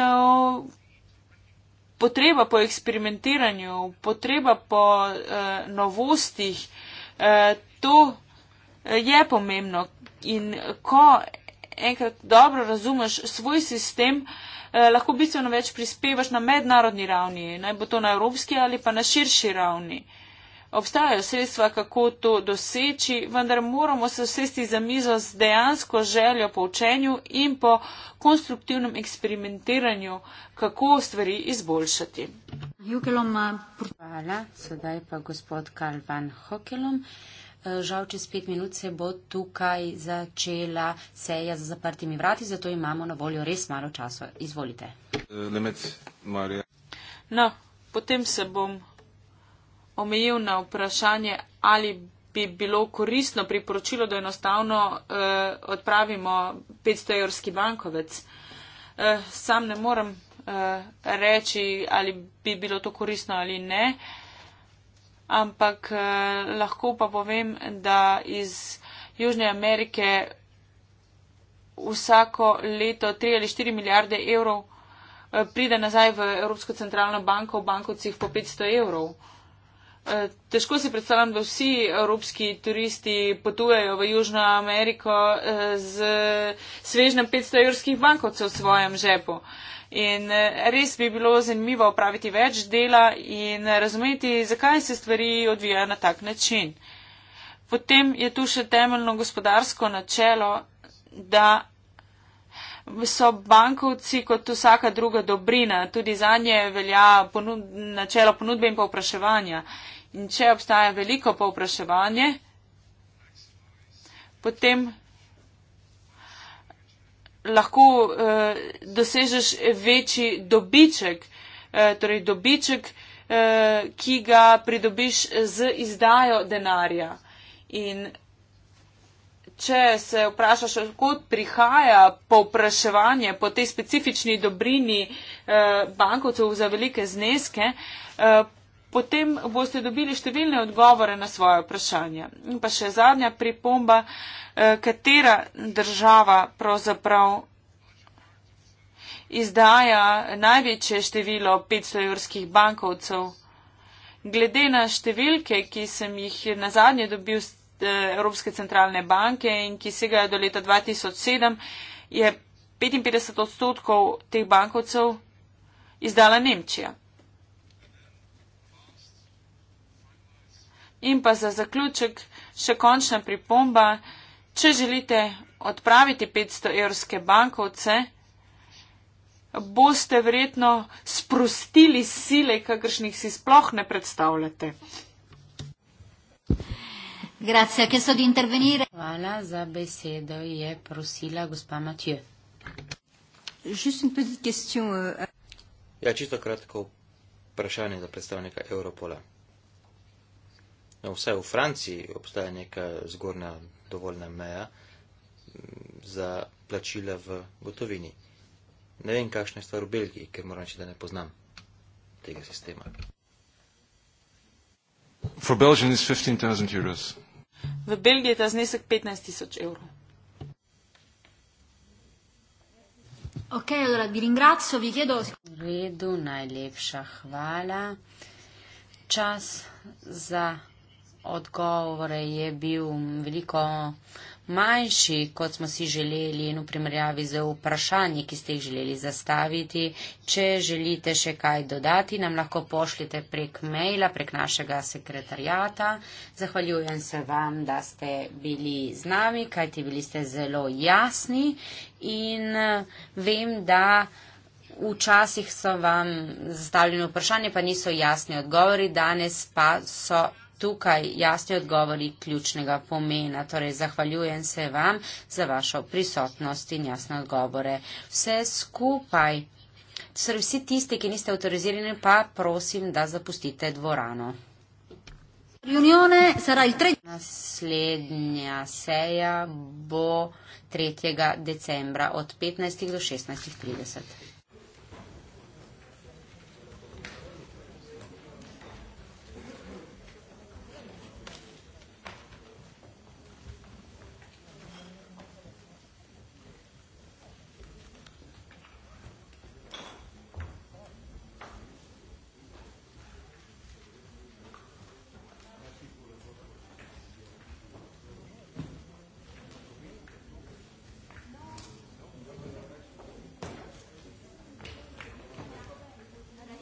potreba po eksperimentiranju, potreba po novostih, to eh, je pomembno. In ko enkrat dobro razumeš svoj sistem, eh, lahko bistveno več prispevaš na mednarodni ravni, naj bo to na evropski ali pa na širši ravni. Obstajajo sredstva, kako to doseči, vendar moramo se sesti za mizo z dejansko željo po učenju in po konstruktivnem eksperimentiranju, kako stvari izboljšati. Jugeloma, eh, hvala, sedaj pa gospod Kalvan Hokelom. Eh, žal, čez pet minut se bo tukaj začela seja za zaprtimi vrati, zato imamo na voljo res malo časa. Izvolite. Eh, Lemec, Marija. No, potem se bom omejil na vprašanje, ali bi bilo koristno priporočilo, da enostavno eh, odpravimo 500 evrski bankovec. Eh, sam ne morem eh, reči, ali bi bilo to koristno ali ne. Eh, ampak eh, lahko pa povem, da iz Južne Amerike vsako leto 3 ali 4 milijarde evrov eh, pride nazaj v Evropsko centralno banko v bankovcih po 500 evrov. Eh, težko si predstavljam, da vsi evropski turisti potujejo v Južno Ameriko z svežnem 500-jurskih bankovcev v svojem žepu. In eh, res bi bilo zanimivo upraviti več dela in razumeti, zakaj se stvari odvijajo na tak način. Potem je tu še temeljno gospodarsko načelo, da so bankovci kot vsaka druga dobrina, tudi zadnje velja ponud, načelo ponudbe in povpraševanja. In če obstaja veliko povpraševanje, potem lahko eh, dosežeš večji dobiček, eh, torej dobiček, eh, ki ga pridobiš z izdajo denarja. In če se vprašaš, odkot prihaja povpraševanje po tej specifični dobrini eh, bankovcev za velike zneske, eh, potem boste dobili številne odgovore na svoje vprašanje. In pa še zadnja pripomba, eh, katera država pravzaprav izdaja največje število 500 jurskih bankovcev. Glede na številke, ki sem jih na zadnje dobil z eh, Evropske centralne banke in ki segajo do leta 2007, je 55 odstotkov teh bankovcev izdala Nemčija. In pa za zaključek še končna pripomba, če želite odpraviti 500 evrske bankovce, boste verjetno sprostili sile, kakršnih si sploh ne predstavljate. Grazie, che so di intervenire. Voilà, za besedo je prosila gospa Mathieu. Juste une petite question. Euh, ja, čisto kratko vprašanje za predstavnika Europola no, vse v Franciji obstaja neka zgornja dovoljna meja mm, za plačila v gotovini. Ne vem, kakšna je stvar v Belgiji, ker moram reči, da ne poznam tega sistema. V Belgiji je ta znesek 15 tisoč evrov. Ok, allora vi ringrazio, vi chiedo. Redu, najlepša hvala. Čas za odgovore je bil veliko manjši, kot smo si želeli in v primerjavi z vprašanji, ki ste jih želeli zastaviti. Če želite še kaj dodati, nam lahko pošljite prek maila, prek našega sekretarjata. Zahvaljujem se vam, da ste bili z nami, kajti bili ste zelo jasni in eh, vem, da. Včasih so vam zastavljeno vprašanje, pa niso jasni odgovori, danes pa so tukaj jasni odgovori ključnega pomena. Torej, zahvaljujem se vam za vašo prisotnost in jasne odgovore. Vse skupaj, torej vsi tisti, ki niste autorizirani, pa prosim, da zapustite dvorano. Reunione sarà il 3. Naslednja seja bo 3. decembra od 15. do 16.30.